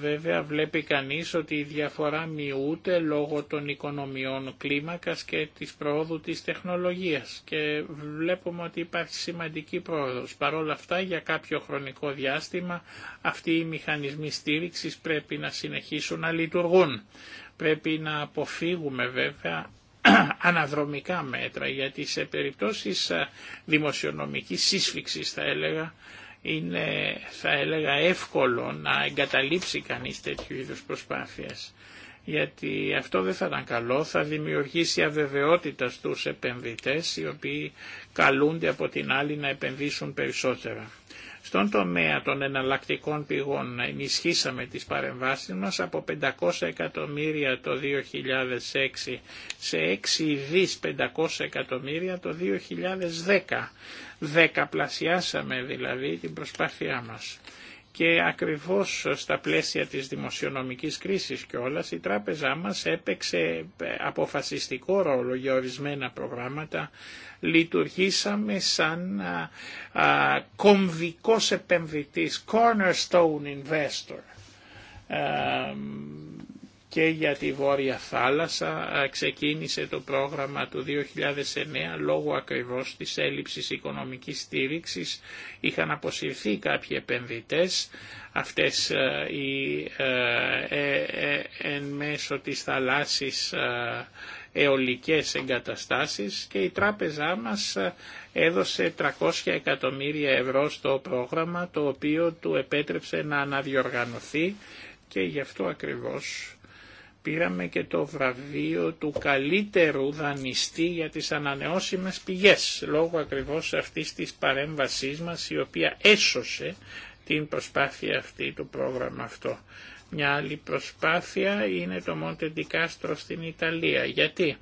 Βέβαια βλέπει κανείς ότι η διαφορά μειούται λόγω των οικονομιών κλίμακας και της προόδου της τεχνολογίας και βλέπουμε ότι υπάρχει σημαντική πρόοδος. Παρ' όλα αυτά για κάποιο χρονικό διάστημα αυτοί οι μηχανισμοί στήριξης πρέπει να συνεχίσουν να λειτουργούν. Πρέπει να αποφύγουμε βέβαια αναδρομικά μέτρα γιατί σε περιπτώσεις ε, δημοσιονομικής σύσφυξης θα έλεγα είναι θα έλεγα εύκολο να εγκαταλείψει κανείς τέτοιου είδους προσπάθειες γιατί αυτό δεν θα ήταν καλό, θα δημιουργήσει αβεβαιότητα στους επενδυτές οι οποίοι καλούνται από την άλλη να επενδύσουν περισσότερα. Στον τομέα των εναλλακτικών πηγών ενισχύσαμε τις παρεμβάσεις μας από 500 εκατομμύρια το 2006 σε 6 500 εκατομμύρια το 2010. Δεκαπλασιάσαμε δηλαδή την προσπάθειά μας. Και ακριβώς στα πλαίσια της δημοσιονομικής κρίσης όλα, η τράπεζά μας έπαιξε αποφασιστικό ρόλο για ορισμένα προγράμματα. Λειτουργήσαμε σαν α, α, κομβικός επενδυτής, cornerstone investor και για τη Βόρεια Θάλασσα ξεκίνησε το πρόγραμμα του 2009 λόγω ακριβώς της έλλειψης οικονομικής στήριξης. Είχαν αποσυρθεί κάποιοι επενδυτές. Αυτές οι ε, ε, εν μέσω της θαλάσσης αιωλικές εγκαταστάσεις και η τράπεζά μας έδωσε 300 εκατομμύρια ευρώ στο πρόγραμμα το οποίο του επέτρεψε να αναδιοργανωθεί και γι' αυτό ακριβώς πήραμε και το βραβείο του καλύτερου δανειστή για τις ανανεώσιμες πηγές, λόγω ακριβώς αυτής της παρέμβασής μας η οποία έσωσε την προσπάθεια αυτή, του πρόγραμμα αυτό. Μια άλλη προσπάθεια είναι το Μοντεντικάστρο στην Ιταλία. Γιατί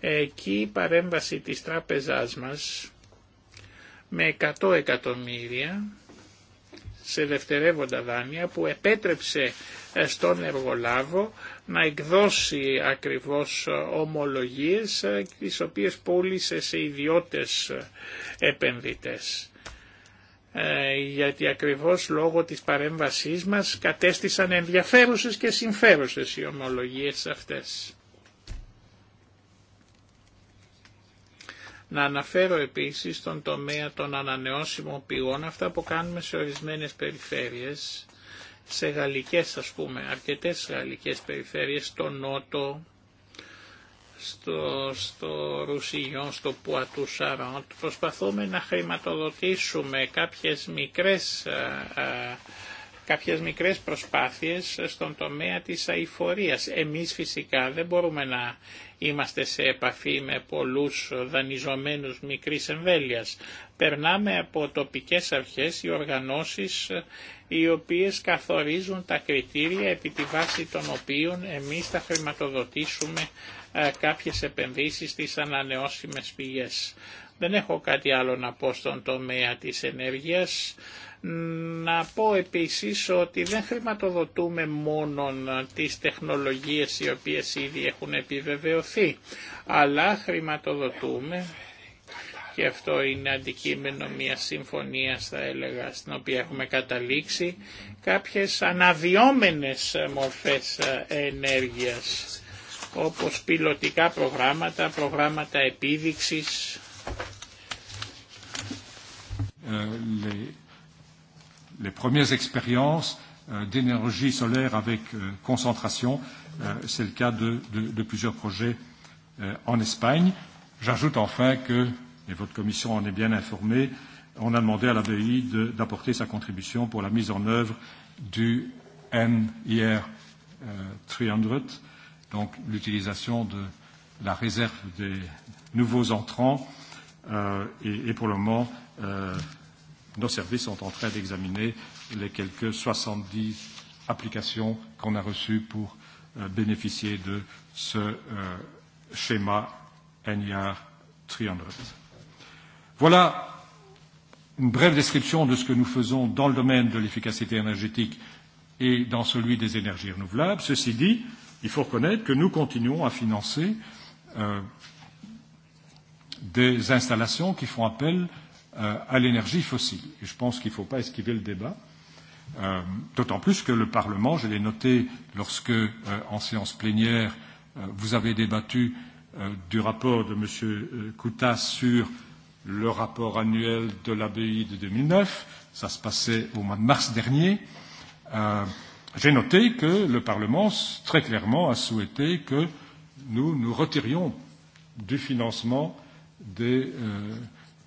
εκεί η παρέμβαση της τράπεζάς μας με 100 εκατομμύρια σε δευτερεύοντα δάνεια που επέτρεψε ε, στον εργολάβο να εκδώσει ακριβώς ομολογίες ε, τις οποίες πούλησε σε ιδιώτες ε, επενδυτές. Ε, γιατί ακριβώς λόγω της παρέμβασής μας κατέστησαν ενδιαφέρουσες και συμφέρουσες οι ομολογίες αυτές. Να αναφέρω επίσης τον τομέα των ανανεώσιμων πηγών, αυτά που κάνουμε σε ορισμένες περιφέρειες, σε γαλλικές ας πούμε, αρκετές γαλλικές περιφέρειες, στο Νότο, στο, στο Ρουσιγιόν, στο Πουατού Σαρόντ, προσπαθούμε να χρηματοδοτήσουμε κάποιες μικρές, ε, ε, κάποιες μικρές προσπάθειες στον τομέα της αηφορίας. Εμείς φυσικά δεν μπορούμε να είμαστε σε επαφή με πολλούς δανειζομένους μικρής εμβέλειας. Περνάμε από τοπικές αρχές ή οργανώσεις οι οποίες καθορίζουν τα κριτήρια επί τη βάση των οποίων εμείς θα χρηματοδοτήσουμε ε, κάποιες επενδύσεις στις ανανεώσιμες πηγές. Δεν έχω κάτι άλλο να πω στον τομέα της ενέργειας. Να πω επίσης ότι δεν χρηματοδοτούμε μόνο ε, τις τεχνολογίες οι οποίες ήδη έχουν επιβεβαιωθεί, αλλά χρηματοδοτούμε και αυτό είναι αντικείμενο μια συμφωνίας θα έλεγα στην οποία έχουμε καταλήξει κάποιες αναδιόμενες μορφές ενέργειας όπως πιλωτικά προγράμματα, προγράμματα επίδειξης. Ε, les, les premières expériences euh, d'énergie solaire avec euh, concentration, euh, c'est le cas de, de, de plusieurs projets en Espagne. J'ajoute enfin que et votre commission en est bien informée, on a demandé à la BEI d'apporter sa contribution pour la mise en œuvre du MIR 300, donc l'utilisation de la réserve des nouveaux entrants. Et pour le moment, nos services sont en train d'examiner les quelques 70 applications qu'on a reçues pour bénéficier de ce schéma NIR 300. Voilà une brève description de ce que nous faisons dans le domaine de l'efficacité énergétique et dans celui des énergies renouvelables. Ceci dit, il faut reconnaître que nous continuons à financer des installations qui font appel à l'énergie fossile. Et je pense qu'il ne faut pas esquiver le débat, d'autant plus que le Parlement, je l'ai noté lorsque, en séance plénière, vous avez débattu du rapport de M. Coutas sur le rapport annuel de l'ABI de 2009, ça se passait au mois de mars dernier, j'ai noté que le Parlement, très clairement, a souhaité que nous nous retirions du financement des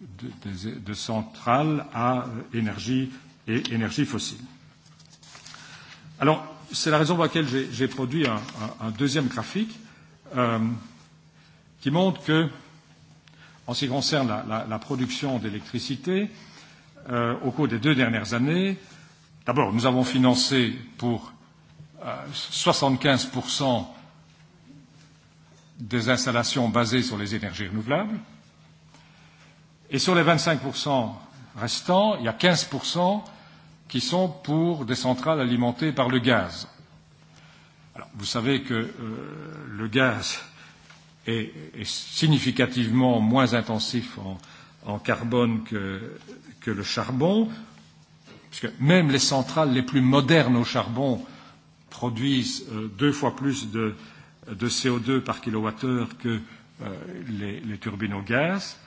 de centrales à énergie et énergie fossile. Alors, c'est la raison pour laquelle j'ai produit un deuxième graphique qui montre que En ce qui concerne la, la, la production d'électricité, euh, au cours des deux dernières années, d'abord, nous avons financé pour euh, 75% des installations basées sur les énergies renouvelables. Et sur les 25% restants, il y a 15% qui sont pour des centrales alimentées par le gaz. Alors, vous savez que le gaz est significativement moins intensif en carbone que le charbon, puisque même les centrales les plus modernes au charbon produisent deux fois plus de CO2 par kilowattheure que les turbines au gaz.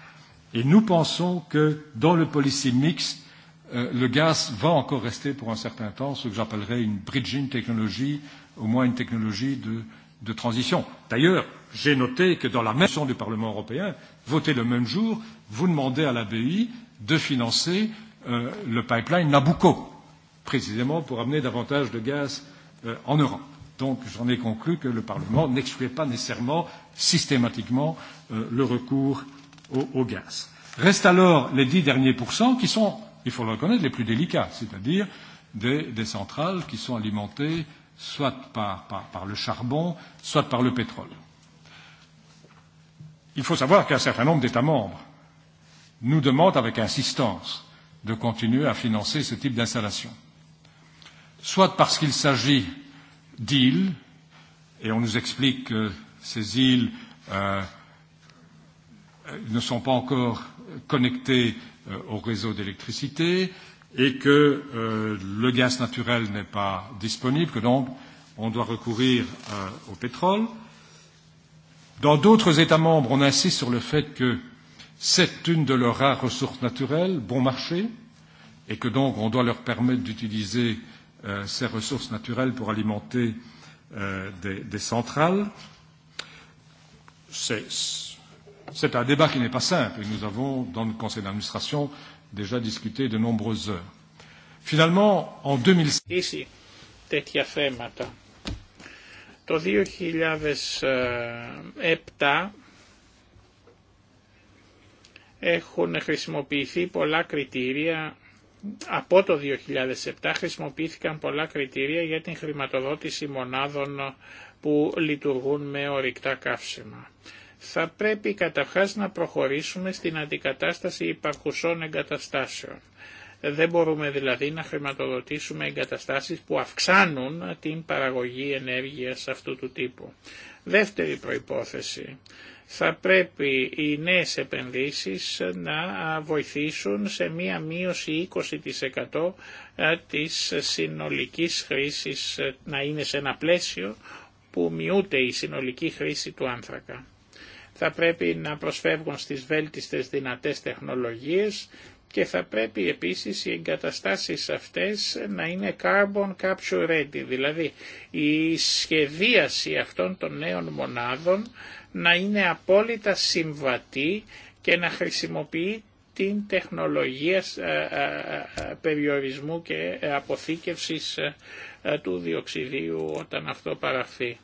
Et nous pensons que dans le policy mix, le gaz va encore rester pour un certain temps ce que j'appellerais une bridging technologie, au moins une technologie de transition. D'ailleurs, J'ai noté que dans la même du Parlement européen, votée le même jour, vous demandez à la BI de financer le pipeline Nabucco, précisément pour amener davantage de gaz en Europe. Donc j'en ai conclu que le Parlement n'excluait pas nécessairement systématiquement le recours au gaz. Restent alors les dix derniers pourcents qui sont, il faut le reconnaître, les plus délicats, c'est-à-dire des centrales qui sont alimentées soit par le charbon, soit par le pétrole. Il faut savoir qu'un certain nombre d'États membres nous demandent avec insistance de continuer à financer ce type d'installation, soit parce qu'il s'agit d'îles, et on nous explique que ces îles ne sont pas encore connectées au réseau d'électricité et que le gaz naturel n'est pas disponible, que donc on doit recourir au pétrole, Dans d'autres États membres, on insiste sur le fait que c'est une de leurs rares ressources naturelles, bon marché, et que donc on doit leur permettre d'utiliser ces ressources naturelles pour alimenter des centrales. C'est un débat qui n'est pas simple et nous avons, dans le Conseil d'administration, déjà discuté de nombreuses heures. Finalement, en 2006 το 2007 έχουν χρησιμοποιηθεί πολλά κριτήρια, από το 2007 χρησιμοποιήθηκαν πολλά κριτήρια για την χρηματοδότηση μονάδων που λειτουργούν με ορυκτά καύσιμα. Θα πρέπει καταρχάς να προχωρήσουμε στην αντικατάσταση υπαρχουσών εγκαταστάσεων. Δεν μπορούμε δηλαδή να χρηματοδοτήσουμε εγκαταστάσεις που αυξάνουν την παραγωγή ενέργειας αυτού του τύπου. Δεύτερη προϋπόθεση. Θα πρέπει οι νέες επενδύσεις να βοηθήσουν σε μία μείωση 20% ε, της συνολικής χρήσης, ε, να είναι σε ένα πλαίσιο που μειούται η συνολική χρήση του άνθρακα. Θα πρέπει να προσφεύγουν στις βέλτιστες δυνατές τεχνολογίες και θα πρέπει επίσης οι εγκαταστάσεις αυτές να είναι carbon capture ready, δηλαδή η σχεδίαση αυτών των νέων μονάδων να είναι απόλυτα συμβατή και να χρησιμοποιεί την τεχνολογία ε, ε, ε, περιορισμού και αποθήκευσης του διοξιδίου όταν αυτό παραχθεί.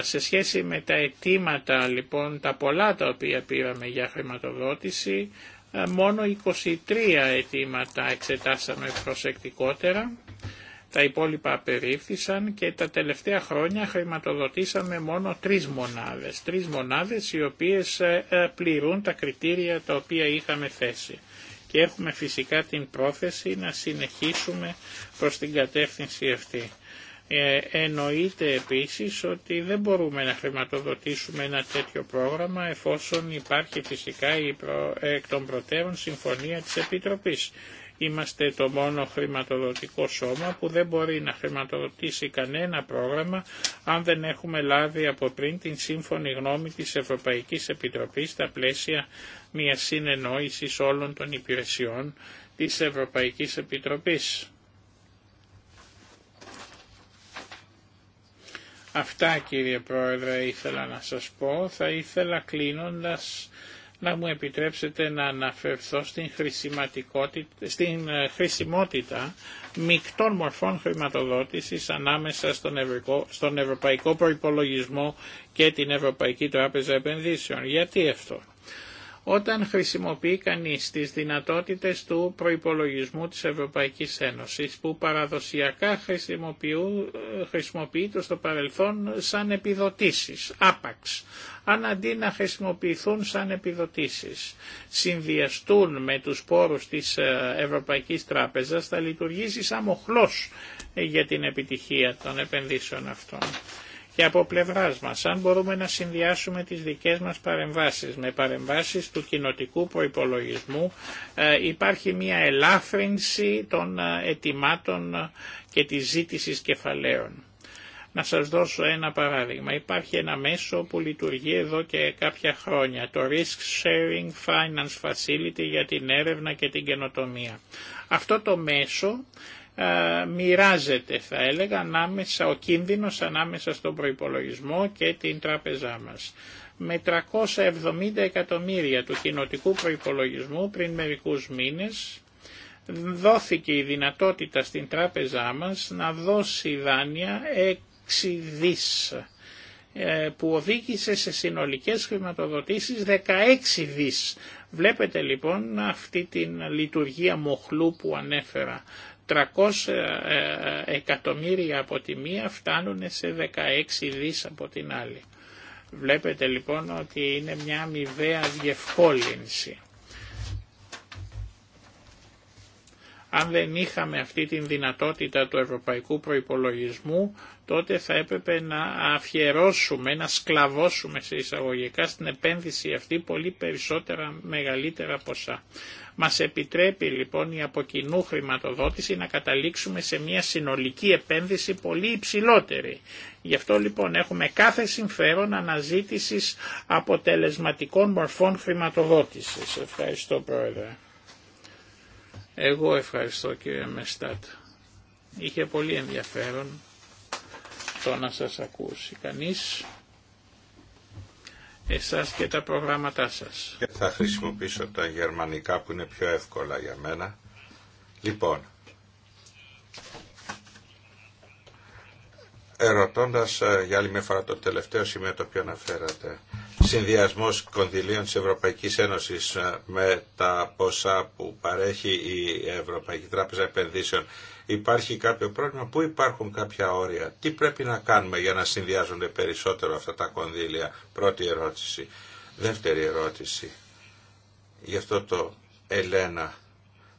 Σε σχέση με τα αιτήματα λοιπόν τα πολλά τα οποία πήραμε για χρηματοδότηση ε, μόνο 23 αιτήματα εξετάσαμε προσεκτικότερα, τα υπόλοιπα απερίφθησαν και τα τελευταία χρόνια χρηματοδοτήσαμε μόνο τρεις μονάδες. Τρεις μονάδες οι οποίες ε, ε, πληρούν τα κριτήρια τα οποία είχαμε θέσει. Και έχουμε φυσικά την πρόθεση να συνεχίσουμε προς την κατεύθυνση αυτή. Ε, εννοείται επίσης ότι δεν μπορούμε να χρηματοδοτήσουμε ένα τέτοιο πρόγραμμα εφόσον υπάρχει φυσικά η προ, εκ των προτέρων συμφωνία της Επιτροπής. Είμαστε το μόνο χρηματοδοτικό σώμα που δεν μπορεί να χρηματοδοτήσει κανένα πρόγραμμα αν δεν έχουμε λάβει από πριν την σύμφωνη γνώμη της Ευρωπαϊκής Επιτροπής στα πλαίσια μιας συνεννόησης όλων των υπηρεσιών της Ευρωπαϊκής Επιτροπής. Αυτά κύριε Πρόεδρε ήθελα να σας πω. Θα ήθελα κλείνοντας να μου επιτρέψετε να αναφερθώ στην, στην ε, χρησιμότητα μεικτών μορφών χρηματοδότησης ανάμεσα στον, στον Ευρωπαϊκό Προϋπολογισμό και την Ευρωπαϊκή Τράπεζα Επενδύσεων. Γιατί αυτό. Όταν χρησιμοποιεί κανείς τις δυνατότητες του προϋπολογισμού της Ευρωπαϊκής Ένωσης που παραδοσιακά ε, χρησιμοποιείται στο παρελθόν σαν επιδοτήσεις, άπαξ, αν αντί να χρησιμοποιηθούν σαν επιδοτήσεις, συνδυαστούν με τους πόρους της ε, Ευρωπαϊκής Τράπεζας θα λειτουργήσει σαν μοχλός ε, για την επιτυχία των επενδύσεων αυτών και από πλευρά μα, αν μπορούμε να συνδυάσουμε τις δικές μας παρεμβάσει με παρεμβάσεις του κοινοτικού προπολογισμού. Ε, υπάρχει μια ελάφρυνση των ε, ετοιμάτων ε, και της ζήτηση κεφαλαίων. Να σας δώσω ένα παράδειγμα. Υπάρχει ένα μέσο που λειτουργεί εδώ και κάποια χρόνια, το Risk Sharing Finance Facility για την έρευνα και την καινοτομία. Αυτό το μέσο ε, μοιράζεται θα έλεγα ανάμεσα, ο κίνδυνος ανάμεσα στον προϋπολογισμό και την τράπεζά μας. Με 370 εκατομμύρια του κοινοτικού προϋπολογισμού πριν μερικούς μήνες δόθηκε η δυνατότητα στην τράπεζά μας να δώσει δάνεια 6 δις ε, που οδήγησε σε συνολικές χρηματοδοτήσεις 16 δις. Βλέπετε λοιπόν αυτή την λειτουργία μοχλού που ανέφερα. 300 ε, εκατομμύρια από τη μία φτάνουν σε 16 δις από την άλλη. Βλέπετε λοιπόν ότι είναι μια αμοιβαία διευκόλυνση. Αν δεν είχαμε αυτή την δυνατότητα του ευρωπαϊκού προϋπολογισμού, τότε θα έπρεπε να αφιερώσουμε, να σκλαβώσουμε σε εισαγωγικά στην επένδυση αυτή πολύ περισσότερα μεγαλύτερα ποσά. Μας επιτρέπει λοιπόν η αποκοινού χρηματοδότηση να καταλήξουμε σε μια συνολική επένδυση πολύ υψηλότερη. Γι' αυτό λοιπόν έχουμε κάθε συμφέρον αναζήτησης αποτελεσματικών μορφών χρηματοδότησης. Ευχαριστώ Πρόεδρε. Εγώ ευχαριστώ κύριε Μεστάτ. Είχε πολύ ενδιαφέρον το να σας ακούσει κανείς εσάς και τα προγράμματά σας. Και θα χρησιμοποιήσω τα γερμανικά που είναι πιο εύκολα για μένα. Λοιπόν, ερωτώντας ε, για άλλη μια φορά το τελευταίο σημείο το οποίο αναφέρατε, συνδυασμός κονδυλίων της Ευρωπαϊκής Ένωσης ε, με τα ποσά που παρέχει η Ευρωπαϊκή Τράπεζα Επενδύσεων υπάρχει κάποιο πρόβλημα, πού υπάρχουν κάποια όρια, τι πρέπει να κάνουμε για να συνδυάζονται περισσότερο αυτά τα κονδύλια. Πρώτη ερώτηση. Δεύτερη ερώτηση. Γι' αυτό το Ελένα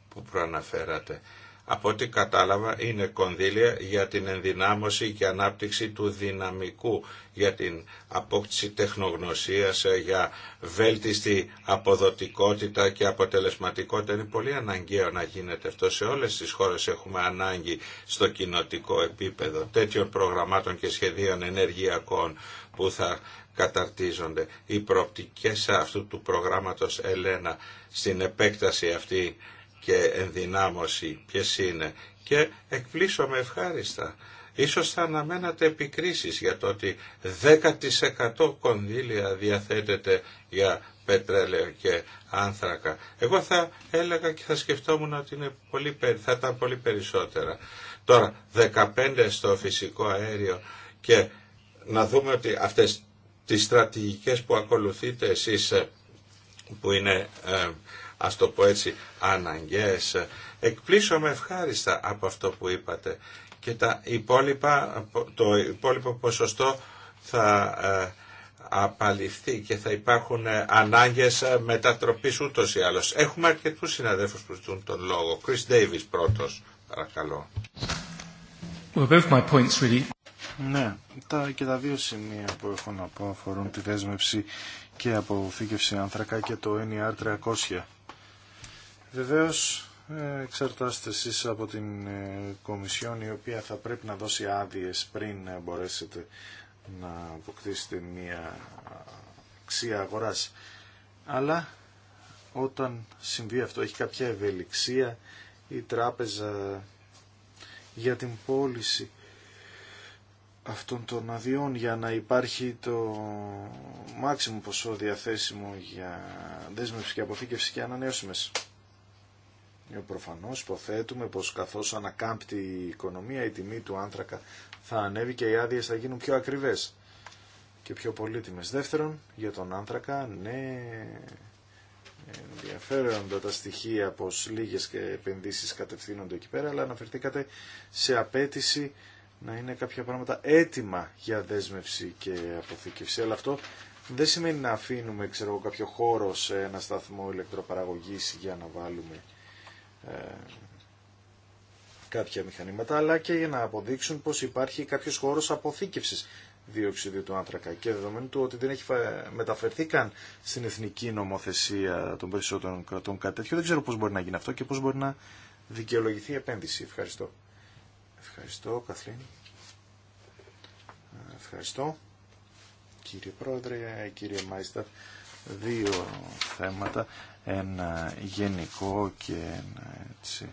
που προαναφέρατε από ό,τι κατάλαβα είναι κονδύλια για την ενδυνάμωση και ανάπτυξη του δυναμικού, για την απόκτηση τεχνογνωσίας, ε, για βέλτιστη αποδοτικότητα και αποτελεσματικότητα. Είναι πολύ αναγκαίο να γίνεται αυτό. Σε όλες τις χώρες έχουμε ανάγκη στο κοινοτικό επίπεδο τέτοιων προγραμμάτων και σχεδίων ενεργειακών που θα καταρτίζονται. Οι προοπτικές αυτού του προγράμματος Ελένα στην επέκταση αυτή και ενδυνάμωση ποιε είναι και με ευχάριστα. Ίσως θα αναμένατε επικρίσεις για το ότι 10% κονδύλια διαθέτεται για πετρέλαιο και άνθρακα. Εγώ θα έλεγα και θα σκεφτόμουν ότι είναι θα ήταν πολύ περισσότερα. Τώρα 15 στο φυσικό αέριο και να δούμε ότι αυτές τις στρατηγικές που ακολουθείτε εσείς ε, που είναι ε, ας το πω έτσι, αναγκαίες. Εκπλήσωμαι ευχάριστα από αυτό που είπατε και τα υπόλοιπα, το υπόλοιπο ποσοστό θα ε, απαλληφθεί και θα υπάρχουν ε, ανάγκες ε, μετατροπής ούτως ή άλλως. Έχουμε αρκετούς συναδέλφους που ζητούν τον λόγο. Chris Davis πρώτος, παρακαλώ. Well, my points really. Ναι, τα, και τα δύο σημεία που έχω να πω αφορούν τη δέσμευση και αποθήκευση άνθρακα και το NER 300. Βεβαίως ε, εξαρτάστε εσείς από την ε, Κομισιόν η οποία θα πρέπει να δώσει άδειες πριν ε, μπορέσετε να αποκτήσετε μια αξία αγοράς. Αλλά όταν συμβεί αυτό έχει κάποια ευελιξία η τράπεζα για την πώληση αυτών των αδειών για να υπάρχει το μάξιμο ποσό διαθέσιμο για δέσμευση και αποθήκευση και ανανεώσιμες. Ε, Προφανώ υποθέτουμε πω καθώ ανακάμπτει η οικονομία η τιμή του άνθρακα θα ανέβει και οι άδειε θα γίνουν πιο ακριβές και πιο πολύτιμέ. Δεύτερον, για τον άνθρακα, ναι, ενδιαφέροντα τα στοιχεία πω λίγε και επενδύσεις κατευθύνονται εκεί πέρα, αλλά αναφερθήκατε σε απέτηση να είναι κάποια πράγματα έτοιμα για δέσμευση και αποθήκευση. Αλλά αυτό δεν σημαίνει να αφήνουμε ξέρω, κάποιο χώρο σε ένα σταθμό ηλεκτροπαραγωγής για να βάλουμε ε, κάποια μηχανήματα, αλλά και για να αποδείξουν πως υπάρχει κάποιος χώρος αποθήκευσης διοξιδίου του άνθρακα και δεδομένου του ότι δεν έχει μεταφερθεί καν στην εθνική νομοθεσία των περισσότερων κρατών κάτι τέτοιο. Δεν ξέρω πώς μπορεί να γίνει αυτό και πώς μπορεί να δικαιολογηθεί η επένδυση. Ευχαριστώ. Ευχαριστώ, Καθλήν. Ε, ευχαριστώ. Κύριε Πρόεδρε, κύριε Μάισταρ, δύο θέματα, ένα γενικό και ένα έτσι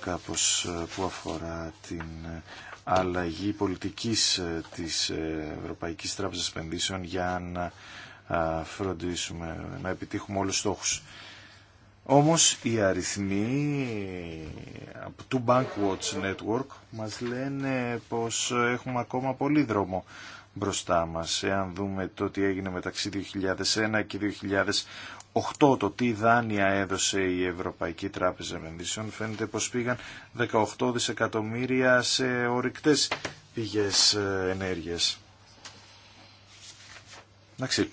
κάπως ε, που αφορά την ε, αλλαγή πολιτικής ε, της Ευρωπαϊκής Τράπεζας Επενδύσεων για να φροντίσουμε να επιτύχουμε όλους τους στόχους. Όμως οι αριθμοί του Bankwatch Network μας λένε πως έχουμε ακόμα πολύ δρόμο μπροστά μας. Εάν δούμε το τι έγινε μεταξύ 2001 και 2008, το τι δάνεια έδωσε η Ευρωπαϊκή Τράπεζα Επενδύσεων, φαίνεται πως πήγαν 18 δισεκατομμύρια σε ορυκτές πηγές ε, ενέργειας. Εντάξει.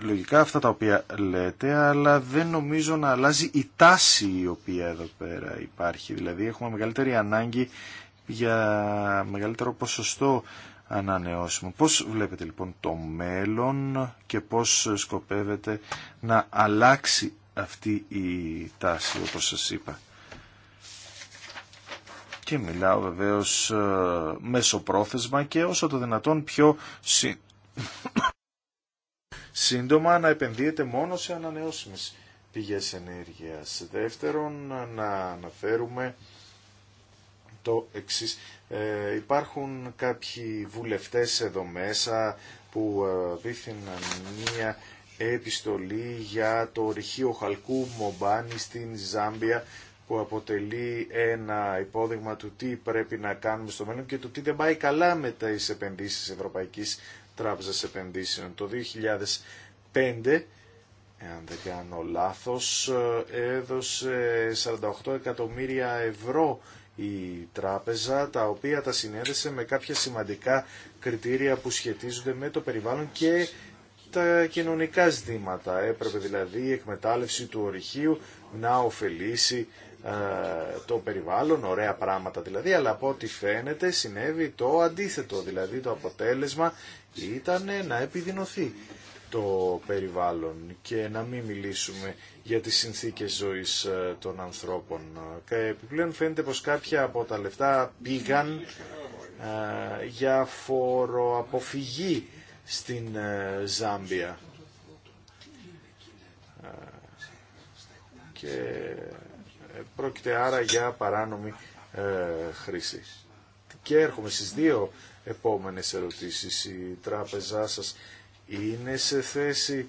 Λογικά αυτά τα οποία λέτε, αλλά δεν νομίζω να αλλάζει η τάση η οποία εδώ πέρα υπάρχει. Δηλαδή έχουμε μεγαλύτερη ανάγκη για μεγαλύτερο ποσοστό ανανεώσιμο. Πώς βλέπετε λοιπόν το μέλλον και πώς σκοπεύετε να αλλάξει αυτή η τάση όπως σας είπα. Και μιλάω βεβαίως ε, πρόθεσμα και όσο το δυνατόν πιο σύντομα να επενδύεται μόνο σε ανανεώσιμες πηγές ενέργειας. Δεύτερον, να αναφέρουμε το εξής. Ε, υπάρχουν κάποιοι βουλευτές εδώ μέσα που ε, δίθυναν μία επιστολή για το ρηχείο χαλκού Μομπάνη στην Ζάμπια που αποτελεί ένα υπόδειγμα του τι πρέπει να κάνουμε στο μέλλον και του τι δεν πάει καλά με τις επενδύσεις Ευρωπαϊκής Τράπεζας Επενδύσεων. Το 2005 εάν δεν κάνω λάθος, ε, έδωσε 48 εκατομμύρια ευρώ η τράπεζα, τα οποία τα συνέδεσε με κάποια σημαντικά κριτήρια που σχετίζονται με το περιβάλλον και τα κοινωνικά ζητήματα. Έπρεπε δηλαδή η εκμετάλλευση του ορυχείου να ωφελήσει ε, το περιβάλλον, ωραία πράγματα δηλαδή, αλλά από ό,τι φαίνεται συνέβη το αντίθετο, δηλαδή το αποτέλεσμα ήταν να επιδεινωθεί το περιβάλλον και να μην μιλήσουμε για τις συνθήκες ζωής ε, των ανθρώπων. και ε, Επιπλέον φαίνεται πως κάποια από τα λεφτά πήγαν ε, για φοροαποφυγή στην Ζάμπια. Και πρόκειται άρα για παράνομη χρήση. Και έρχομαι στις δύο επόμενες ερωτήσεις. Η τράπεζά σας είναι σε θέση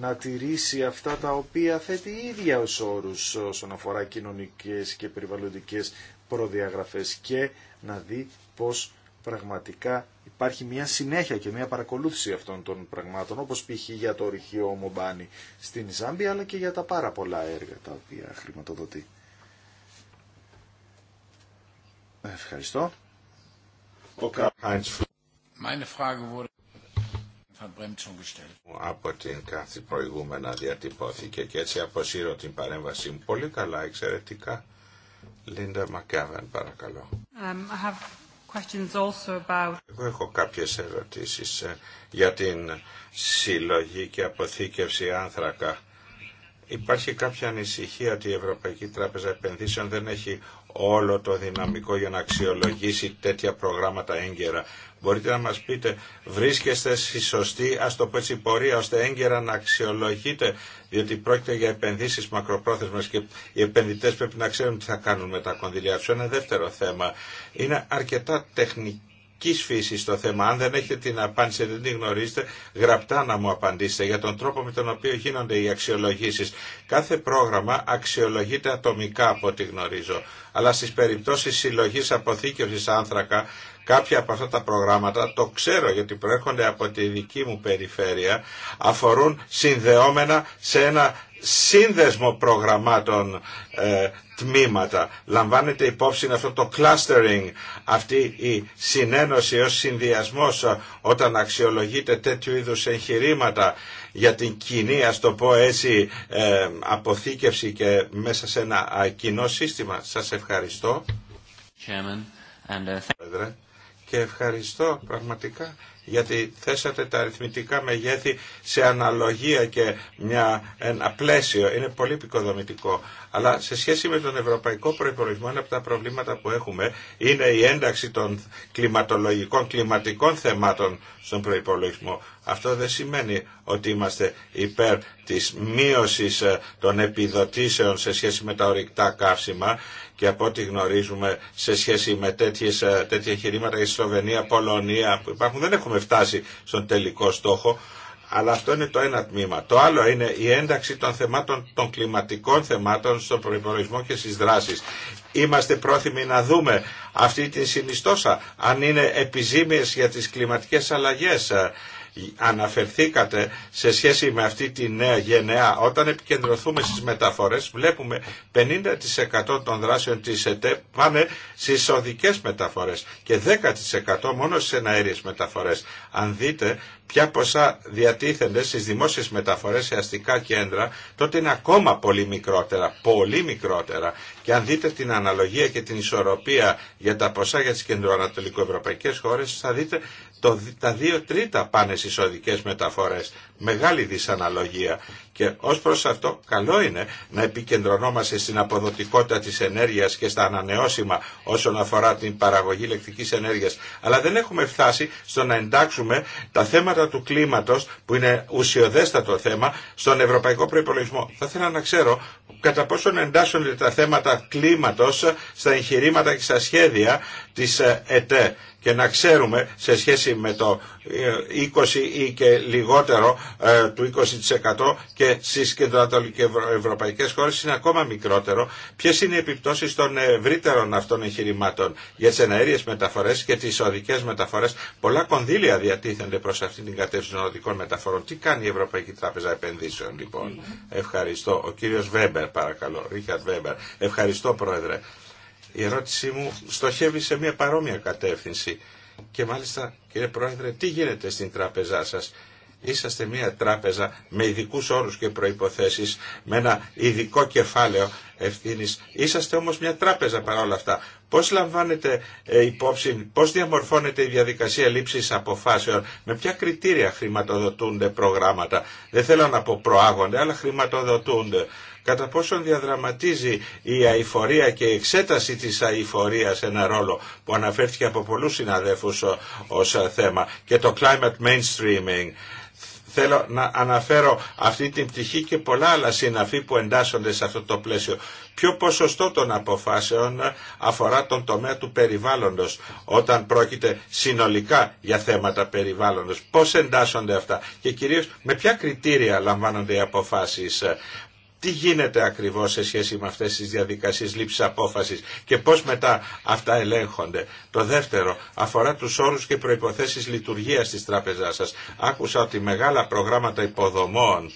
να τηρήσει αυτά τα οποία θέτει η ίδια ως όρους όσον αφορά κοινωνικές και περιβαλλοντικές προδιαγραφές και να δει πως πραγματικά υπάρχει μια συνέχεια και μια παρακολούθηση αυτών των πραγμάτων όπως π.χ. για το ρηχείο Μομπάνι στην Ζάμπη αλλά και για τα πάρα πολλά έργα τα οποία χρηματοδοτεί. Ευχαριστώ. Ο από την κάθε προηγούμενα διατυπώθηκε και έτσι αποσύρω την παρέμβασή μου. Πολύ καλά, εξαιρετικά. Λίντα Μακέβεν, παρακαλώ. Um, Εγώ έχω κάποιες ερωτήσεις ε, για την συλλογή και αποθήκευση άνθρακα. Υπάρχει κάποια ανησυχία ότι η Ευρωπαϊκή Τράπεζα Επενδύσεων δεν έχει όλο το δυναμικό για να αξιολογήσει τέτοια προγράμματα έγκαιρα. Μπορείτε να μας πείτε, βρίσκεστε στη σωστή, ας το πω έτσι, πορεία, ώστε έγκαιρα να αξιολογείτε, διότι πρόκειται για επενδύσεις μακροπρόθεσμες και οι επενδυτές πρέπει να ξέρουν τι θα κάνουν με τα κονδυλιά τους. Ένα δεύτερο θέμα είναι αρκετά τεχνικό φύση θέμα. Αν δεν έχετε την απάντηση, δεν την γνωρίζετε, γραπτά να μου απαντήσετε για τον τρόπο με τον οποίο γίνονται οι αξιολογήσει. Κάθε πρόγραμμα αξιολογείται ατομικά από ό,τι γνωρίζω. Αλλά στι περιπτώσει συλλογή αποθήκευση άνθρακα, κάποια από αυτά τα προγράμματα, το ξέρω γιατί προέρχονται από τη δική μου περιφέρεια, αφορούν συνδεόμενα σε ένα σύνδεσμο προγραμμάτων ε, τμήματα. Λαμβάνεται υπόψη αυτό το clustering, αυτή η συνένωση ως συνδυασμός ε, όταν αξιολογείται τέτοιου είδους εγχειρήματα για την κοινή, ας το πω έτσι, ε, αποθήκευση και μέσα σε ένα κοινό σύστημα. Σας ευχαριστώ. Chairman, and, uh, και ευχαριστώ πραγματικά γιατί θέσατε τα αριθμητικά μεγέθη σε αναλογία και μια, ένα πλαίσιο. Είναι πολύ επικοδομητικό. Αλλά σε σχέση με τον ευρωπαϊκό προϋπολογισμό, ένα από τα προβλήματα που έχουμε είναι η ένταξη των κλιματολογικών, κλιματικών θεμάτων στον προϋπολογισμό. Αυτό δεν σημαίνει ότι είμαστε υπέρ της μείωσης ε, των επιδοτήσεων σε σχέση με τα ορυκτά καύσιμα και από ό,τι γνωρίζουμε σε σχέση με τέτοιες, ε, τέτοια χειρήματα η Σλοβενία, Πολωνία που υπάρχουν δεν έχουμε φτάσει στον τελικό στόχο αλλά αυτό είναι το ένα τμήμα. Το άλλο είναι η ένταξη των θεμάτων, των κλιματικών θεμάτων στον προπολογισμό και στις δράσεις. Είμαστε πρόθυμοι να δούμε αυτή τη συνιστόσα, αν είναι επιζήμιες για τις κλιματικές αλλαγές ε, αναφερθήκατε σε σχέση με αυτή τη νέα γενεά. Όταν επικεντρωθούμε στις μεταφορές βλέπουμε 50% των δράσεων της ΕΤΕ πάνε στις οδικές μεταφορές και 10% μόνο στις εναέριες μεταφορές. Αν δείτε ποια ποσά διατίθενται στις δημόσιες μεταφορές σε αστικά κέντρα, τότε είναι ακόμα πολύ μικρότερα, πολύ μικρότερα. Και αν δείτε την αναλογία και την ισορροπία για τα ποσά για τις κεντροανατολικοευρωπαϊκές χώρες, θα δείτε το, τα δύο τρίτα πάνε στις οδικές μεταφορές. Μεγάλη δυσαναλογία. Και ως προς αυτό καλό είναι να επικεντρωνόμαστε στην αποδοτικότητα της ενέργειας και στα ανανεώσιμα όσον αφορά την παραγωγή ηλεκτρικής ενέργειας. Αλλά δεν έχουμε φτάσει στο να εντάξουμε τα θέματα του κλίματος, που είναι ουσιοδέστατο θέμα, στον ευρωπαϊκό προϋπολογισμό. Θα ήθελα να ξέρω κατά πόσον εντάσσονται τα θέματα κλίματος στα εγχειρήματα και στα σχέδια της ε, ΕΤΕ και να ξέρουμε σε σχέση με το 20 ε, ή και λιγότερο ε, του 20% και στις ευρωπαϊκές χώρες είναι ακόμα μικρότερο. Ποιες είναι οι επιπτώσεις των ευρύτερων αυτών εγχειρημάτων για τις εναέριες μεταφορές και τις οδικές μεταφορές. Πολλά κονδύλια διατίθενται προς αυτήν την κατεύθυνση των οδικών μεταφορών. Τι κάνει η Ευρωπαϊκή Τράπεζα Επενδύσεων λοιπόν. Mm. Ευχαριστώ. Ο κύριος Βέμπερ παρακαλώ. Ρίχαρτ Βέμπερ. Ευχαριστώ πρόεδρε. Η ερώτησή μου στοχεύει σε μια παρόμοια κατεύθυνση. Και μάλιστα, κύριε Πρόεδρε, τι γίνεται στην τράπεζά σας. Είσαστε μια τράπεζα με ειδικού όρους και προϋποθέσεις, με ένα ειδικό κεφάλαιο ευθύνης. Είσαστε όμως μια τράπεζα παρόλα αυτά. Πώς λαμβάνετε ε, υπόψη, πώς διαμορφώνεται η διαδικασία λήψης αποφάσεων, με ποια κριτήρια χρηματοδοτούνται προγράμματα. Δεν θέλω να πω προάγονται, αλλά χρηματοδοτούνται κατά πόσον διαδραματίζει η αηφορία και η εξέταση της αηφορίας ένα ρόλο που αναφέρθηκε από πολλούς συναδέφους ε, ως ε, θέμα και το climate mainstreaming θέλω να αναφέρω αυτή την πτυχή και πολλά άλλα συναφή που εντάσσονται σε αυτό το πλαίσιο. Ποιο ποσοστό των αποφάσεων ε, αφορά τον τομέα του περιβάλλοντος όταν πρόκειται συνολικά για θέματα περιβάλλοντος. Πώς εντάσσονται αυτά και κυρίως με ποια κριτήρια λαμβάνονται οι αποφάσεις τι γίνεται ακριβώς σε σχέση με αυτές τις διαδικασίες λήψης απόφασης και πώς μετά αυτά ελέγχονται. Το δεύτερο αφορά τους όρους και προϋποθέσεις λειτουργίας της τράπεζάς σας. Άκουσα ότι μεγάλα προγράμματα υποδομών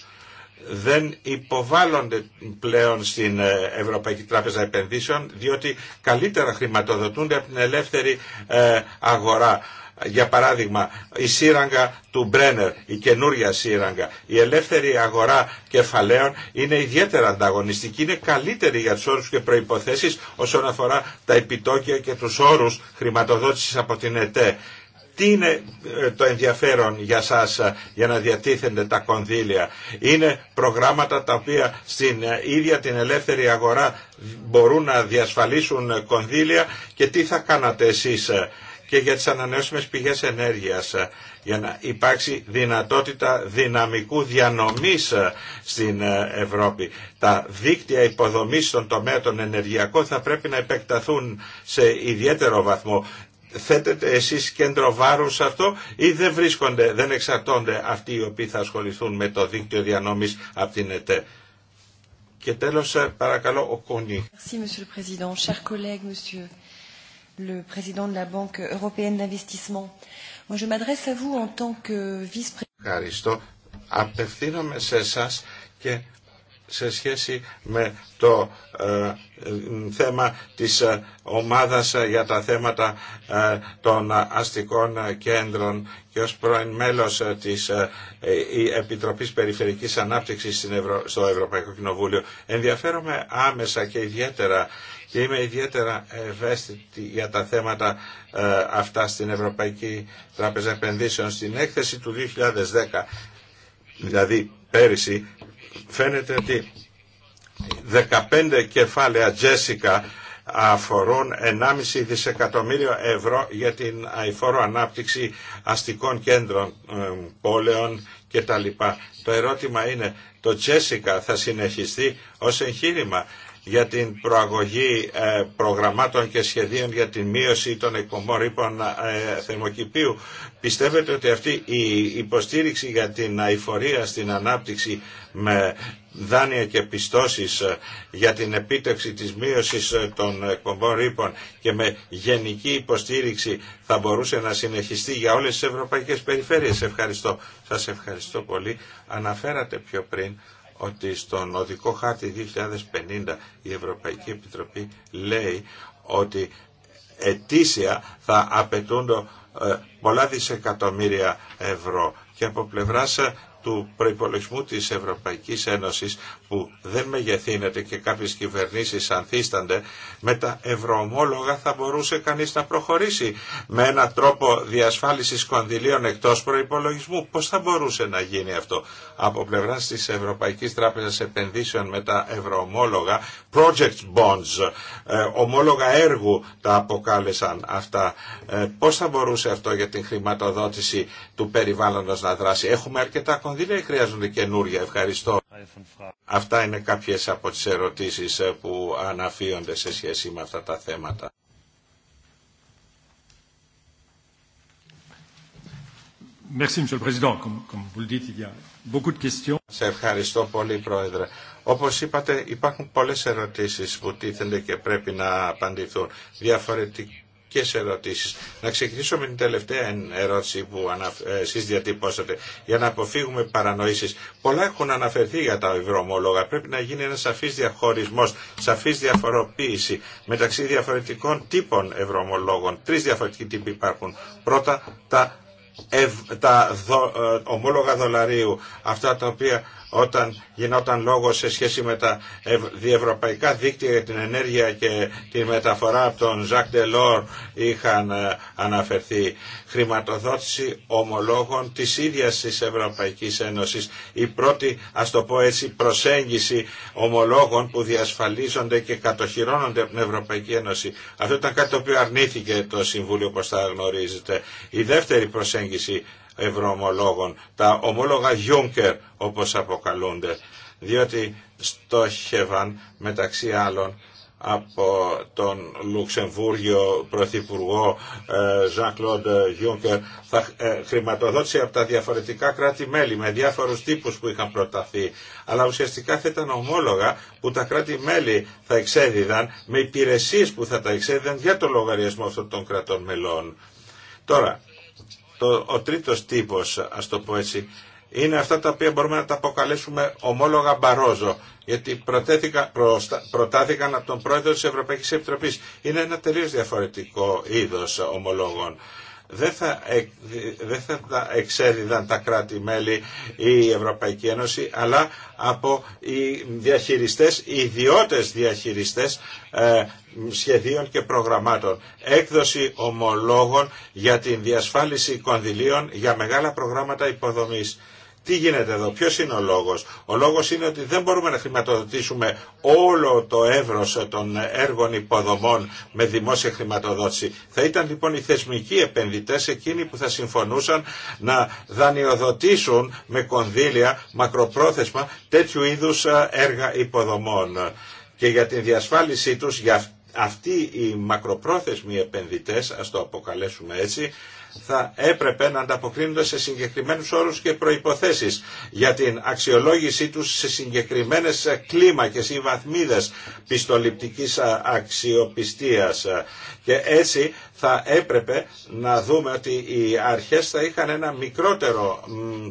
δεν υποβάλλονται πλέον στην ε, Ευρωπαϊκή Τράπεζα Επενδύσεων διότι καλύτερα χρηματοδοτούνται από την ελεύθερη ε, αγορά για παράδειγμα η σύραγγα του Μπρένερ, η καινούρια σύραγγα. Η ελεύθερη αγορά κεφαλαίων είναι ιδιαίτερα ανταγωνιστική, είναι καλύτερη για τους όρους και προϋποθέσεις όσον αφορά τα επιτόκια και τους όρους χρηματοδότησης από την ΕΤΕ. Τι είναι ε, το ενδιαφέρον για σας ε, για να διατίθενται τα κονδύλια. Είναι προγράμματα τα οποία στην ε, ίδια την ελεύθερη αγορά μπορούν να διασφαλίσουν κονδύλια και τι θα κάνατε εσείς και για τις ανανεώσιμες πηγές ενέργειας ε, για να υπάρξει δυνατότητα δυναμικού διανομής ε, στην ε, Ευρώπη. Τα δίκτυα υποδομής στον τομέα των ενεργειακών θα πρέπει να επεκταθούν σε ιδιαίτερο βαθμό θέτετε εσείς κέντρο βάρους σε αυτό ή δεν βρίσκονται, δεν εξαρτώνται αυτοί οι οποίοι θα ασχοληθούν με το δίκτυο διανομής από την ΕΤΕ. Και τέλος παρακαλώ ο Κονή le président Ευχαριστώ. Απευθύνομαι σε εσά και σε σχέση με το ε, θέμα της ε, ομάδας ε, για τα θέματα των αστικών κέντρων και ως πρώην μέλος της ε, η Επιτροπής Περιφερικής Ανάπτυξης στην Ευρω... στο Ευρωπαϊκό Κοινοβούλιο. Ενδιαφέρομαι άμεσα και ιδιαίτερα και είμαι ιδιαίτερα ευαίσθητη για τα θέματα ε, αυτά στην Ευρωπαϊκή Τράπεζα Επενδύσεων. Στην έκθεση του 2010, δηλαδή πέρυσι, φαίνεται ότι 15 κεφάλαια Τζέσικα αφορούν 1,5 δισεκατομμύριο ευρώ για την αηφόρο ανάπτυξη αστικών κέντρων ε, πόλεων κτλ. Το ερώτημα είναι το Τζέσικα θα συνεχιστεί ως εγχείρημα για την προαγωγή ε, προγραμμάτων και σχεδίων για την μείωση των εκπομπών ρήπων ε, θερμοκηπίου. Πιστεύετε ότι αυτή η υποστήριξη για την αηφορία στην ανάπτυξη με δάνεια και πιστώσεις ε, για την επίτευξη της μείωσης των εκπομπών ρήπων και με γενική υποστήριξη θα μπορούσε να συνεχιστεί για όλες τις ευρωπαϊκές περιφέρειες. Ευχαριστώ. Σας ευχαριστώ πολύ. Αναφέρατε πιο πριν ότι στον οδικό χάρτη 2050 η Ευρωπαϊκή Επιτροπή λέει ότι ετήσια θα απαιτούν ε, πολλά δισεκατομμύρια ευρώ και από πλευράς ε, του προϋπολογισμού της Ευρωπαϊκής Ένωσης που δεν μεγεθύνεται και κάποιες κυβερνήσεις ανθίστανται, με τα ευρωομόλογα θα μπορούσε κανείς να προχωρήσει με ένα τρόπο διασφάλισης κονδυλίων εκτός προϋπολογισμού. Πώς θα μπορούσε να γίνει αυτό από πλευράς της Ευρωπαϊκής Τράπεζας Επενδύσεων με τα ευρωομόλογα, project bonds, ε, ομόλογα έργου τα αποκάλεσαν αυτά. Ε, πώς θα μπορούσε αυτό για την χρηματοδότηση του περιβάλλοντος να δράσει. Έχουμε αρκετά κονδύλια ή χρειάζονται καινούρια. Ευχαριστώ. Αυτά είναι κάποιες από τις ερωτήσεις ε, που αναφύονται σε σχέση με αυτά τα θέματα. Σε ευχαριστώ πολύ, Πρόεδρε. Όπως είπατε, υπάρχουν πολλές ερωτήσεις που τίθενται και πρέπει να απαντηθούν. Διαφορετικά και σε ερωτήσεις. Να ξεκινήσω με την τελευταία ερώτηση που ε, εσείς διατυπώσατε για να αποφύγουμε παρανοήσεις. Πολλά έχουν αναφερθεί για τα ευρωομόλογα. Πρέπει να γίνει ένας σαφής διαχωρισμός, σαφής διαφοροποίηση μεταξύ διαφορετικών τύπων ευρωομολόγων. Τρεις διαφορετικοί τύποι υπάρχουν. Πρώτα τα, τα ε, ομόλογα δολαρίου, αυτά τα οποία όταν γινόταν λόγο σε σχέση με τα διευρωπαϊκά δίκτυα για την ενέργεια και τη μεταφορά από τον Ζακ Ντελόρ είχαν ε, αναφερθεί. Χρηματοδότηση ομολόγων της ίδιας της Ευρωπαϊκής Ένωσης. Η πρώτη, ας το πω έτσι, προσέγγιση ομολόγων που διασφαλίζονται και κατοχυρώνονται από την Ευρωπαϊκή Ένωση. Αυτό ήταν κάτι το οποίο αρνήθηκε το Συμβούλιο, όπως θα γνωρίζετε. Η δεύτερη προσέγγιση ευρωομολόγων, τα ομόλογα Juncker όπως αποκαλούνται, διότι στόχευαν μεταξύ άλλων από τον Λουξεμβούργιο Πρωθυπουργό ε, Jean-Claude Juncker θα ε, χρηματοδότησε από τα διαφορετικά κράτη-μέλη με διάφορους τύπους που είχαν προταθεί. Αλλά ουσιαστικά θα ήταν ομόλογα που τα κράτη-μέλη θα εξέδιδαν με υπηρεσίες που θα τα εξέδιδαν για το λογαριασμό αυτών των κρατών μελών. Τώρα, το, ο τρίτος τύπος, ας το πω έτσι, είναι αυτά τα οποία μπορούμε να τα αποκαλέσουμε ομόλογα Μπαρόζο, γιατί προτάθηκαν από τον πρόεδρο της Ευρωπαϊκής Επιτροπής. Είναι ένα τελείως διαφορετικό είδος ομολόγων δεν θα, τα εξέδιδαν τα κράτη-μέλη ή η Ευρωπαϊκή Ένωση, αλλά από οι διαχειριστές, οι ιδιώτες διαχειριστές ε, σχεδίων και προγραμμάτων. Έκδοση ομολόγων για την διασφάλιση κονδυλίων για μεγάλα προγράμματα υποδομής. Τι γίνεται εδώ, ποιο είναι ο λόγο. Ο λόγο είναι ότι δεν μπορούμε να χρηματοδοτήσουμε όλο το εύρο των έργων υποδομών με δημόσια χρηματοδότηση. Θα ήταν λοιπόν οι θεσμικοί επενδυτέ εκείνοι που θα συμφωνούσαν να δανειοδοτήσουν με κονδύλια μακροπρόθεσμα τέτοιου είδου έργα υποδομών. Και για την διασφάλιση τους, για αυτοί οι μακροπρόθεσμοι επενδυτές, α το αποκαλέσουμε έτσι, θα έπρεπε να ανταποκρίνονται σε συγκεκριμένους όρους και προϋποθέσεις για την αξιολόγησή τους σε συγκεκριμένες κλίμακες ή βαθμίδες πιστοληπτικής αξιοπιστίας. Και έτσι θα έπρεπε να δούμε ότι οι αρχές θα είχαν ένα μικρότερο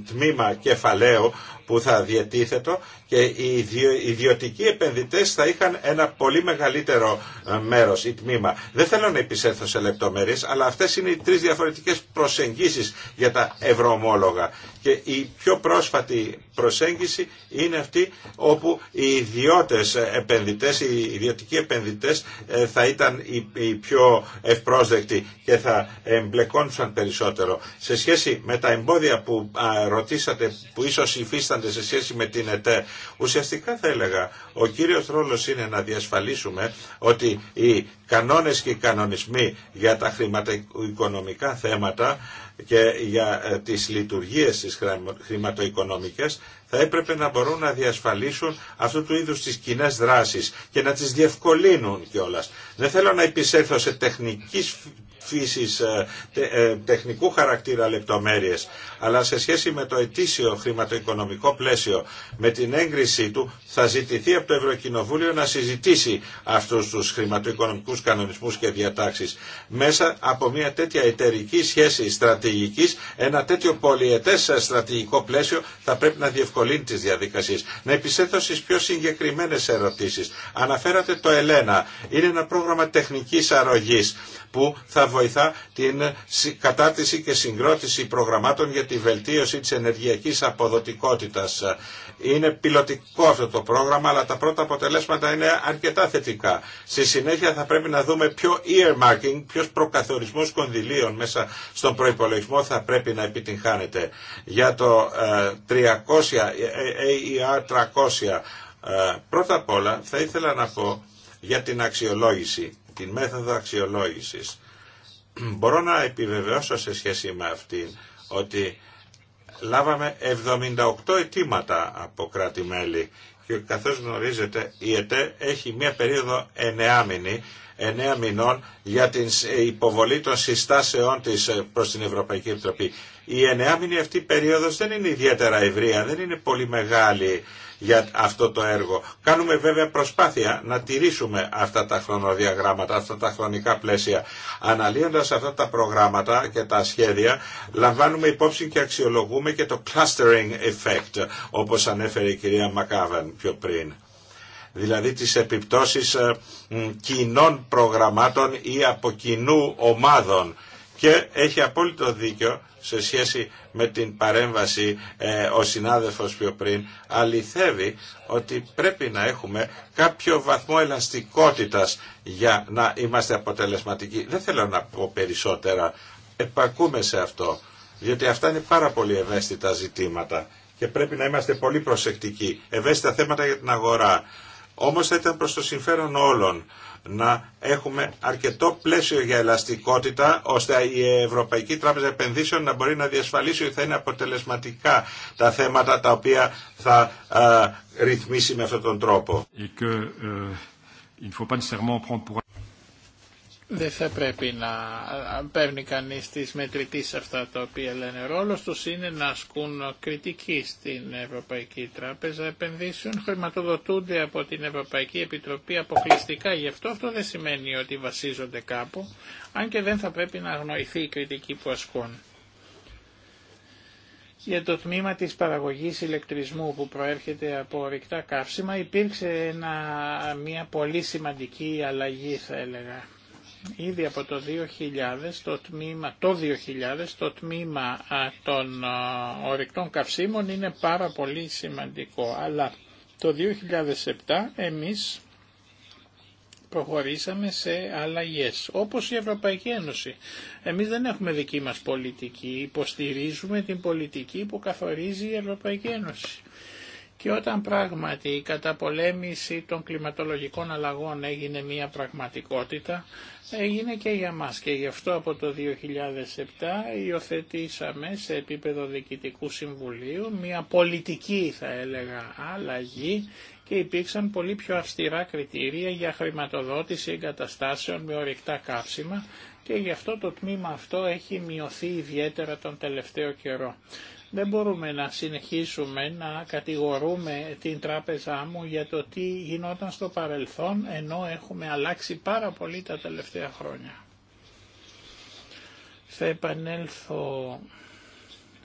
τμήμα κεφαλαίου που θα διατίθετο και οι ιδιωτικοί επενδυτές θα είχαν ένα πολύ μεγαλύτερο ε, μέρος ή τμήμα. Δεν θέλω να επισέλθω σε λεπτομέρειες, αλλά αυτές είναι οι τρεις διαφορετικές προσεγγίσεις για τα ευρωομόλογα. Και η πιο πρόσφατη προσέγγιση είναι αυτή όπου οι ιδιώτες επενδυτές, οι ιδιωτικοί επενδυτές ε, θα ήταν οι πιο ευπρόσδεκτοι και θα εμπλεκόντουσαν περισσότερο. Σε σχέση με τα εμπόδια που ρωτήσατε, που ίσως υφίστανται σε σχέση με την ΕΤΕ, ουσιαστικά θα έλεγα, ο κύριος ρόλος είναι να διασφαλίσουμε ότι οι κανόνες και οι κανονισμοί για τα χρηματοοικονομικά θέματα και για ε, τις λειτουργίες τις χρηματοοικονομικές θα έπρεπε να μπορούν να διασφαλίσουν αυτού του είδους τις κοινέ δράσεις και να τις διευκολύνουν κιόλας. Δεν θέλω να επισέλθω σε τεχνικής, φύσης ε, ε, τεχνικού χαρακτήρα λεπτομέρειες, αλλά σε σχέση με το ετήσιο χρηματοοικονομικό πλαίσιο, με την έγκρισή του θα ζητηθεί από το Ευρωκοινοβούλιο να συζητήσει αυτούς τους χρηματοοικονομικούς κανονισμούς και διατάξεις. Μέσα από μια τέτοια εταιρική σχέση στρατηγικής, ένα τέτοιο πολιετές στρατηγικό πλαίσιο θα πρέπει να διευκολύνει τις διαδικασίες. Να επισέθω στι πιο συγκεκριμένες ερωτήσεις. Αναφέρατε το Ελένα. Είναι ένα πρόγραμμα τεχνικής αρρωγής που θα βοηθά την κατάρτιση και συγκρότηση προγραμμάτων για τη βελτίωση της ενεργειακής αποδοτικότητας. Είναι πιλωτικό αυτό το πρόγραμμα, αλλά τα πρώτα αποτελέσματα είναι αρκετά θετικά. Στη συνέχεια θα πρέπει να δούμε ποιο earmarking, ποιο προκαθορισμός κονδυλίων μέσα στον προϋπολογισμό θα πρέπει να επιτυγχάνεται. Για το 300, AER 300, πρώτα απ' όλα θα ήθελα να πω για την αξιολόγηση, την μέθοδο αξιολόγησης. μπορώ να επιβεβαιώσω σε σχέση με αυτήν ότι λάβαμε 78 αιτήματα από κράτη-μέλη και καθώς γνωρίζετε η ΕΤΕ έχει μία περίοδο ενέάμινη εννέα μηνών για την ε, υποβολή των συστάσεών της ε, προς την Ευρωπαϊκή Επιτροπή. Η μηνή αυτή περίοδος δεν είναι ιδιαίτερα ευρεία, δεν είναι πολύ μεγάλη για αυτό το έργο. Κάνουμε βέβαια προσπάθεια να τηρήσουμε αυτά τα χρονοδιαγράμματα, αυτά τα χρονικά πλαίσια. Αναλύοντας αυτά τα προγράμματα και τα σχέδια, λαμβάνουμε υπόψη και αξιολογούμε και το clustering effect, όπως ανέφερε η κυρία Μακάβεν πιο πριν δηλαδή τις επιπτώσεις ε, κοινών προγραμμάτων ή από κοινού ομάδων. Και έχει απόλυτο δίκιο σε σχέση με την παρέμβαση ε, ο συνάδελφος πιο πριν αληθεύει ότι πρέπει να έχουμε κάποιο βαθμό ελαστικότητας για να είμαστε αποτελεσματικοί. Δεν θέλω να πω περισσότερα. Επακούμε σε αυτό. Διότι αυτά είναι πάρα πολύ ευαίσθητα ζητήματα και πρέπει να είμαστε πολύ προσεκτικοί. Ευαίσθητα θέματα για την αγορά. Όμως θα ήταν προς το συμφέρον όλων να έχουμε αρκετό πλαίσιο για ελαστικότητα ώστε η Ευρωπαϊκή Τράπεζα Επενδύσεων να μπορεί να διασφαλίσει ότι θα είναι αποτελεσματικά τα θέματα τα οποία θα α, ρυθμίσει με αυτόν τον τρόπο. Euh, δεν θα πρέπει να παίρνει κανείς τις μετρητής αυτά τα οποία λένε. Ρόλος τους είναι να ασκούν κριτική στην Ευρωπαϊκή Τράπεζα επενδύσεων, χρηματοδοτούνται από την Ευρωπαϊκή Επιτροπή αποκλειστικά. Γι' αυτό αυτό δεν σημαίνει ότι βασίζονται κάπου, αν και δεν θα πρέπει να αγνοηθεί η κριτική που ασκούν. Για το τμήμα της παραγωγής ηλεκτρισμού που προέρχεται από ορυκτά καύσιμα υπήρξε μια πολύ σημαντική αλλαγή θα έλεγα Ήδη από το 2000 το τμήμα, το 2000 το τμήμα των ορεικτών καυσίμων είναι πάρα πολύ σημαντικό. Αλλά το 2007 εμείς προχωρήσαμε σε αλλαγές, όπως η Ευρωπαϊκή Ένωση. Εμείς δεν έχουμε δική μας πολιτική, υποστηρίζουμε την πολιτική που καθορίζει η Ευρωπαϊκή Ένωση. Και όταν πράγματι η καταπολέμηση των κλιματολογικών αλλαγών έγινε μια πραγματικότητα, έγινε και για μας και γι' αυτό από το 2007 υιοθετήσαμε σε επίπεδο Διοικητικού Συμβουλίου μια πολιτική θα έλεγα αλλαγή και υπήρξαν πολύ πιο αυστηρά κριτήρια για χρηματοδότηση εγκαταστάσεων με ορυκτά κάψιμα και γι' αυτό το τμήμα αυτό έχει μειωθεί ιδιαίτερα τον τελευταίο καιρό. Δεν μπορούμε να συνεχίσουμε να κατηγορούμε την τράπεζά μου για το τι γινόταν στο παρελθόν ενώ έχουμε αλλάξει πάρα πολύ τα τελευταία χρόνια. Θα επανέλθω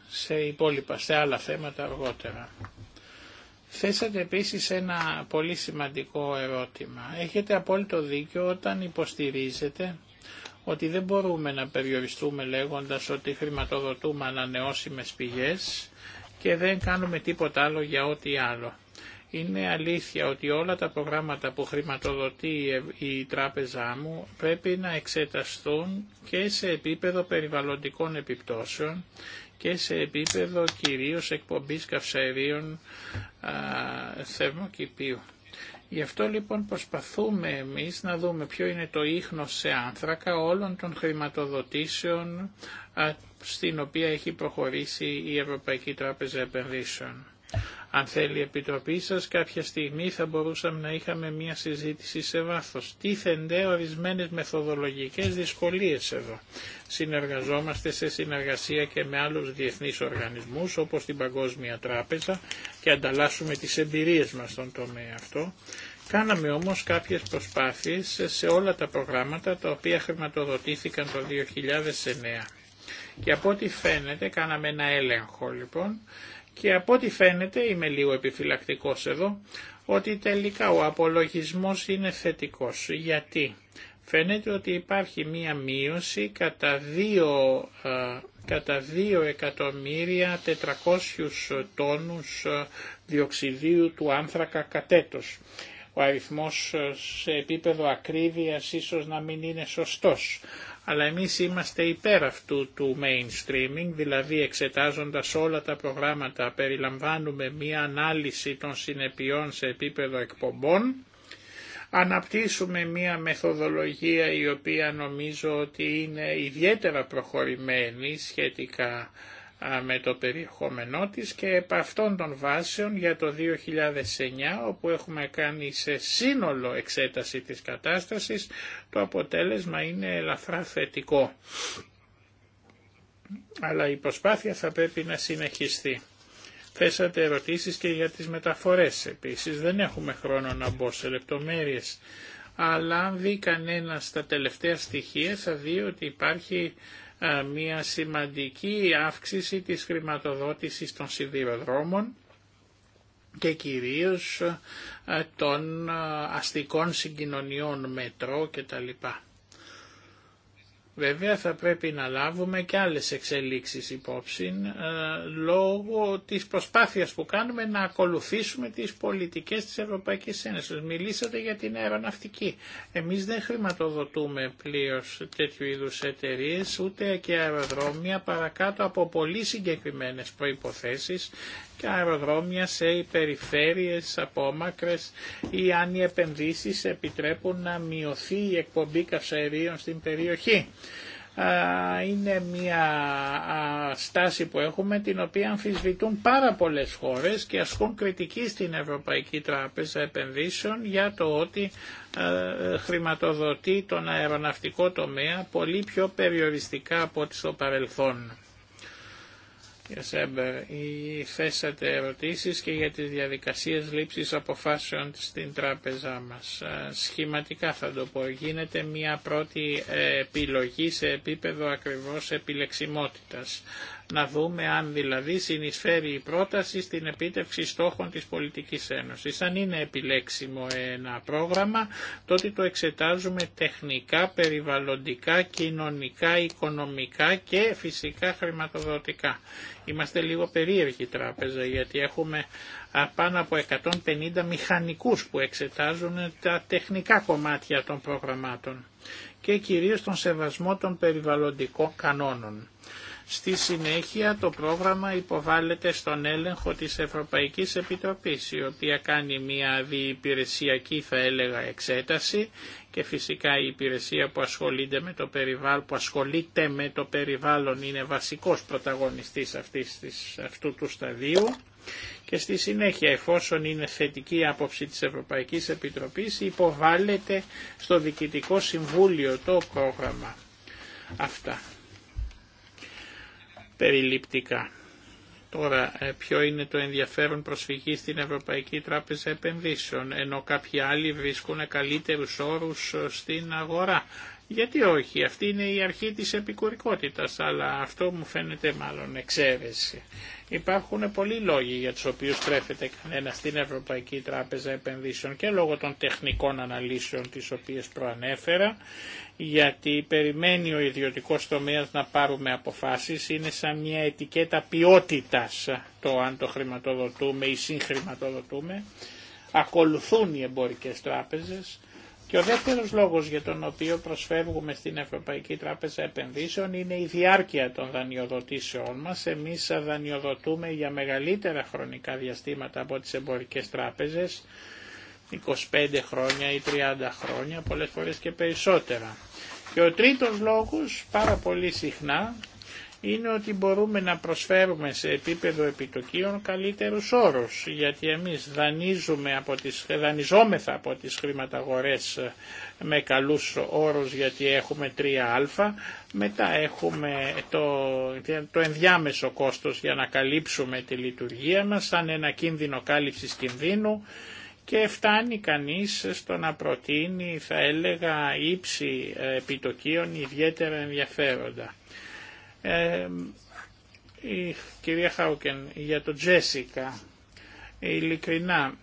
σε υπόλοιπα, σε άλλα θέματα αργότερα. Θέσατε επίσης ένα πολύ σημαντικό ερώτημα. Έχετε απόλυτο δίκιο όταν υποστηρίζετε ότι δεν μπορούμε να περιοριστούμε λέγοντας ότι χρηματοδοτούμε ανανεώσιμες πηγές και δεν κάνουμε τίποτα άλλο για ό,τι άλλο. Είναι αλήθεια ότι όλα τα προγράμματα που χρηματοδοτεί η τράπεζά μου πρέπει να εξεταστούν και σε επίπεδο περιβαλλοντικών επιπτώσεων και σε επίπεδο κυρίως εκπομπής καυσαερίων θερμοκηπίου. Γι' αυτό λοιπόν προσπαθούμε εμείς να δούμε ποιο είναι το ίχνος σε άνθρακα όλων των χρηματοδοτήσεων στην οποία έχει προχωρήσει η Ευρωπαϊκή Τράπεζα Επενδύσεων. Αν θέλει η Επιτροπή σας, κάποια στιγμή θα μπορούσαμε να είχαμε μια συζήτηση σε βάθος. Τίθενται ορισμένες μεθοδολογικές δυσκολίες εδώ. Συνεργαζόμαστε σε συνεργασία και με άλλους διεθνείς οργανισμούς, όπως την Παγκόσμια Τράπεζα, και ανταλλάσσουμε τις εμπειρίες μας στον τομέα αυτό. Κάναμε όμως κάποιες προσπάθειες σε όλα τα προγράμματα τα οποία χρηματοδοτήθηκαν το 2009. Και από ό,τι φαίνεται κάναμε ένα έλεγχο λοιπόν και από ό,τι φαίνεται, είμαι λίγο επιφυλακτικός εδώ, ότι τελικά ο απολογισμός είναι θετικός. Γιατί φαίνεται ότι υπάρχει μία μείωση κατά 2, ε, κατά 2 εκατομμύρια 400 τόνους ε, διοξιδίου του άνθρακα κατέτος. Ο αριθμός ε, σε επίπεδο ακρίβειας ίσως να μην είναι σωστός αλλά εμείς είμαστε υπέρ αυτού του mainstreaming, δηλαδή εξετάζοντας όλα τα προγράμματα περιλαμβάνουμε μία ανάλυση των συνεπειών σε επίπεδο εκπομπών, αναπτύσσουμε μία μεθοδολογία η οποία νομίζω ότι είναι ιδιαίτερα προχωρημένη σχετικά με το περιεχόμενό της και επ' αυτών των βάσεων για το 2009 όπου έχουμε κάνει σε σύνολο εξέταση της κατάστασης το αποτέλεσμα είναι ελαφρά θετικό. Αλλά η προσπάθεια θα πρέπει να συνεχιστεί. Θέσατε ερωτήσεις και για τις μεταφορές επίσης. Δεν έχουμε χρόνο να μπω σε λεπτομέρειες. Αλλά αν δει κανένα τα τελευταία στοιχεία θα δει ότι υπάρχει μια σημαντική αύξηση της χρηματοδότησης των σιδηροδρόμων και κυρίως των αστικών συγκοινωνιών μετρό κτλ. Βέβαια θα πρέπει να λάβουμε και άλλες εξελίξεις υπόψη ε, λόγω της προσπάθειας που κάνουμε να ακολουθήσουμε τις πολιτικές της Ευρωπαϊκής Ένωσης. Μιλήσατε για την αεροναυτική. Εμείς δεν χρηματοδοτούμε πλήρως τέτοιου είδους εταιρείε ούτε και αεροδρόμια παρακάτω από πολύ συγκεκριμένες προϋποθέσεις και αεροδρόμια σε υπερηφέρειες απόμακρες ή αν οι επενδύσεις επιτρέπουν να μειωθεί η εκπομπή καυσαερίων στην περιοχή. Είναι μια στάση που έχουμε την οποία αμφισβητούν πάρα πολλές χώρες και ασκούν κριτική στην Ευρωπαϊκή Τράπεζα Επενδύσεων για το ότι χρηματοδοτεί τον αεροναυτικό τομέα πολύ πιο περιοριστικά από ό,τι στο παρελθόν. Κύριε Σέμπερ, θέσατε ερωτήσεις και για τις διαδικασίες λήψης αποφάσεων στην τράπεζά μας. Ε, σχηματικά θα το πω, γίνεται μια πρώτη ε, επιλογή σε επίπεδο ακριβώς επιλεξιμότητας να δούμε αν δηλαδή συνεισφέρει η πρόταση στην επίτευξη στόχων της πολιτικής ένωσης. Αν είναι επιλέξιμο ένα πρόγραμμα, τότε το εξετάζουμε τεχνικά, περιβαλλοντικά, κοινωνικά, οικονομικά και φυσικά χρηματοδοτικά. Είμαστε λίγο περίεργη τράπεζα γιατί έχουμε πάνω από 150 μηχανικούς που εξετάζουν τα τεχνικά κομμάτια των προγραμμάτων και κυρίως τον σεβασμό των περιβαλλοντικών κανόνων. Στη συνέχεια το πρόγραμμα υποβάλλεται στον έλεγχο της Ευρωπαϊκής Επιτροπής, η οποία κάνει μια διυπηρεσιακή θα έλεγα εξέταση και φυσικά η υπηρεσία που ασχολείται με το περιβάλλον, που ασχολείται με το περιβάλλον είναι βασικός πρωταγωνιστής αυτής, της, αυτού του σταδίου και στη συνέχεια εφόσον είναι θετική άποψη της Ευρωπαϊκής Επιτροπής υποβάλλεται στο Διοικητικό Συμβούλιο το πρόγραμμα. Αυτά περιληπτικά. Τώρα, ε, ποιο είναι το ενδιαφέρον προσφυγή στην Ευρωπαϊκή Τράπεζα Επενδύσεων, ενώ κάποιοι άλλοι βρίσκουν καλύτερους όρους ε, στην αγορά. Γιατί όχι, αυτή είναι η αρχή της επικουρικότητας, αλλά αυτό μου φαίνεται μάλλον εξαίρεση. Υπάρχουν πολλοί λόγοι για τους οποίους τρέφεται κανένα στην Ευρωπαϊκή Τράπεζα Επενδύσεων και λόγω των τεχνικών αναλύσεων τις οποίες προανέφερα, γιατί περιμένει ο ιδιωτικός τομέας να πάρουμε αποφάσεις, είναι σαν μια ετικέτα ποιότητας το αν το χρηματοδοτούμε ή συγχρηματοδοτούμε. Ακολουθούν οι εμπορικές τράπεζες και ο δεύτερος λόγος για τον οποίο προσφεύγουμε στην Ευρωπαϊκή Τράπεζα Επενδύσεων είναι η διάρκεια των δανειοδοτήσεών μας. Εμείς δανειοδοτούμε για μεγαλύτερα χρονικά διαστήματα από τις εμπορικές τράπεζες, 25 χρόνια ή 30 χρόνια, πολλές φορές και περισσότερα. Και ο τρίτος λόγος πάρα πολύ συχνά είναι ότι μπορούμε να προσφέρουμε σε επίπεδο επιτοκίων καλύτερους όρους, γιατί εμείς δανείζουμε από τις, δανειζόμεθα από τις χρηματαγορές ε, με καλούς όρους γιατί έχουμε 3α, μετά έχουμε το, το ενδιάμεσο κόστος για να καλύψουμε τη λειτουργία μας σαν ένα κίνδυνο κάλυψης κινδύνου, και φτάνει κανείς στο να προτείνει, θα έλεγα, ύψη ε, επιτοκίων ιδιαίτερα ενδιαφέροντα. Ε, η κυρία Χάουκεν για το Τζέσικα ειλικρινά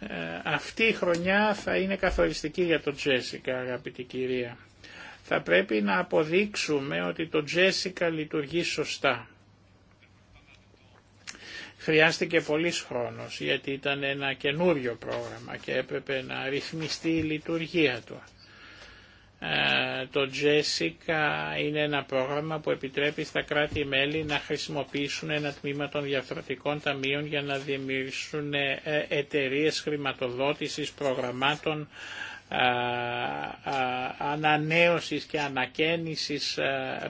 ε, αυτή η χρονιά θα είναι καθοριστική για τον Τζέσικα αγαπητή κυρία θα πρέπει να αποδείξουμε ότι το Τζέσικα λειτουργεί σωστά χρειάστηκε πολύς χρόνος γιατί ήταν ένα καινούριο πρόγραμμα και έπρεπε να ρυθμιστεί η λειτουργία του ε, το Jessica είναι ένα πρόγραμμα που επιτρέπει στα κράτη-μέλη να χρησιμοποιήσουν ένα τμήμα των διαφορετικών ταμείων για να δημιουργήσουν ε, εταιρείε χρηματοδότησης προγραμμάτων ε, ανανέωσης και ανακαίνησης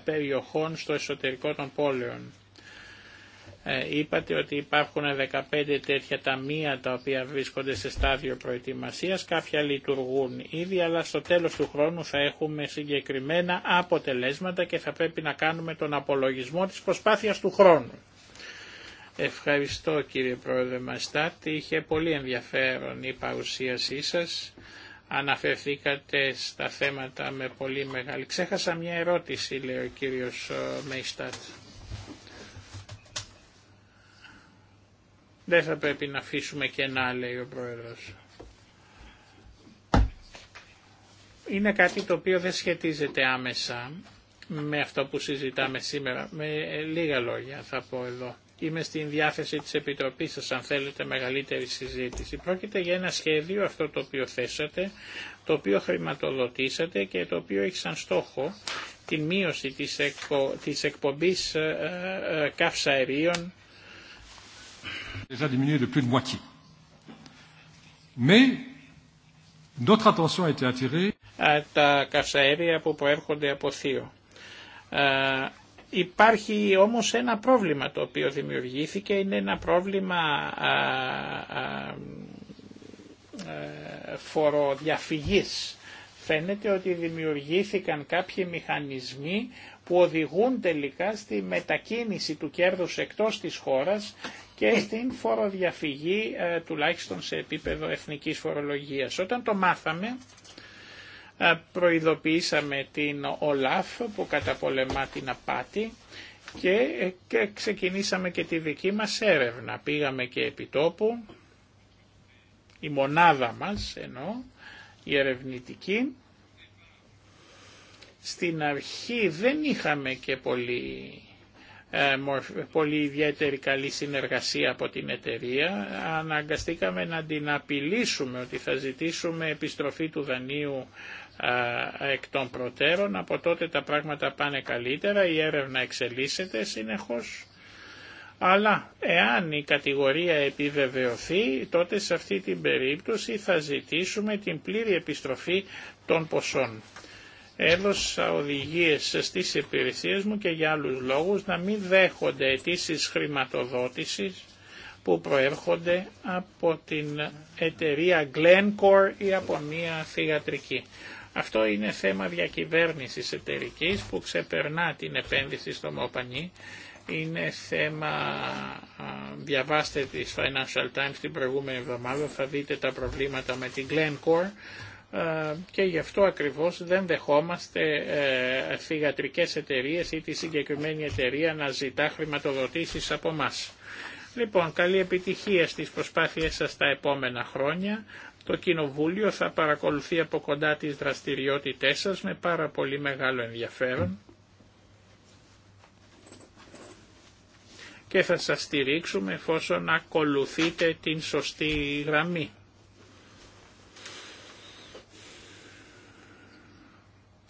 περιοχών στο εσωτερικό των πόλεων. Ε, είπατε ότι υπάρχουν 15 τέτοια ταμεία τα οποία βρίσκονται σε στάδιο προετοιμασίας, κάποια λειτουργούν ήδη, αλλά στο τέλος του χρόνου θα έχουμε συγκεκριμένα αποτελέσματα και θα πρέπει να κάνουμε τον απολογισμό της προσπάθειας του χρόνου. Ευχαριστώ κύριε Πρόεδρε Μαστάτη, είχε πολύ ενδιαφέρον η παρουσίασή σας. Αναφερθήκατε στα θέματα με πολύ μεγάλη. Ξέχασα μια ερώτηση, λέει ο κύριος ε, Δεν θα πρέπει να αφήσουμε κενά, λέει ο Πρόεδρος. Είναι κάτι το οποίο δεν σχετίζεται άμεσα με αυτό που συζητάμε σήμερα. Με ε, λίγα λόγια θα πω εδώ. Είμαι στην διάθεση της Επιτροπής σας αν θέλετε μεγαλύτερη συζήτηση. Πρόκειται για ένα σχέδιο αυτό το οποίο θέσατε, το οποίο χρηματοδοτήσατε και το οποίο έχει σαν στόχο την μείωση της, εκπομπής ε, ε, καυσαερίων Déjà diminué de plus Τα καυσαέρια που προέρχονται από θείο. Υπάρχει όμως ένα πρόβλημα το οποίο δημιουργήθηκε, είναι ένα πρόβλημα φοροδιαφυγής. Φαίνεται ότι δημιουργήθηκαν κάποιοι μηχανισμοί που οδηγούν τελικά στη μετακίνηση του κέρδους εκτός της χώρας και στην φοροδιαφυγή ε, τουλάχιστον σε επίπεδο εθνικής φορολογίας. Όταν το μάθαμε ε, προειδοποιήσαμε την ΟΛΑΦ που καταπολεμά την απάτη και, ε, και ξεκινήσαμε και τη δική μας έρευνα. Πήγαμε και επί τόπου, η μονάδα μας ενώ η ερευνητική. Στην αρχή δεν είχαμε και πολύ ε, πολύ ιδιαίτερη καλή συνεργασία από την εταιρεία. Αναγκαστήκαμε να την απειλήσουμε ότι θα ζητήσουμε επιστροφή του δανείου ε, εκ των προτέρων. Από τότε τα πράγματα πάνε καλύτερα, η έρευνα εξελίσσεται συνεχώς. Αλλά εάν η κατηγορία επιβεβαιωθεί, τότε σε αυτή την περίπτωση θα ζητήσουμε την πλήρη επιστροφή των ποσών έδωσα οδηγίες στις υπηρεσίες μου και για άλλους λόγους να μην δέχονται αιτήσει χρηματοδότησης που προέρχονται από την εταιρεία Glencore ή από μία θηγατρική. Αυτό είναι θέμα διακυβέρνησης εταιρικής που ξεπερνά την επένδυση στο Μοπανί. Είναι θέμα, διαβάστε τη Financial Times την προηγούμενη εβδομάδα, θα δείτε τα προβλήματα με την Glencore, ε, και γι' αυτό ακριβώς δεν δεχόμαστε ε, θηγατρικές εταιρείες ή τη συγκεκριμένη εταιρεία να ζητά χρηματοδοτήσεις από μας. Λοιπόν, καλή επιτυχία στις προσπάθειές σας τα επόμενα χρόνια. Το Κοινοβούλιο θα παρακολουθεί από κοντά τις δραστηριότητές σας με πάρα πολύ μεγάλο ενδιαφέρον και θα σας στηρίξουμε εφόσον ακολουθείτε την σωστή γραμμή.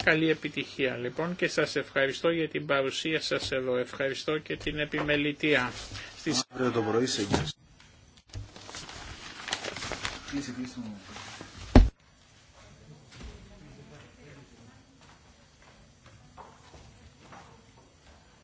Καλή επιτυχία λοιπόν και σας ευχαριστώ για την παρουσία σας εδώ. Ευχαριστώ και την επιμελητία. Στις... Αύριο το πρωί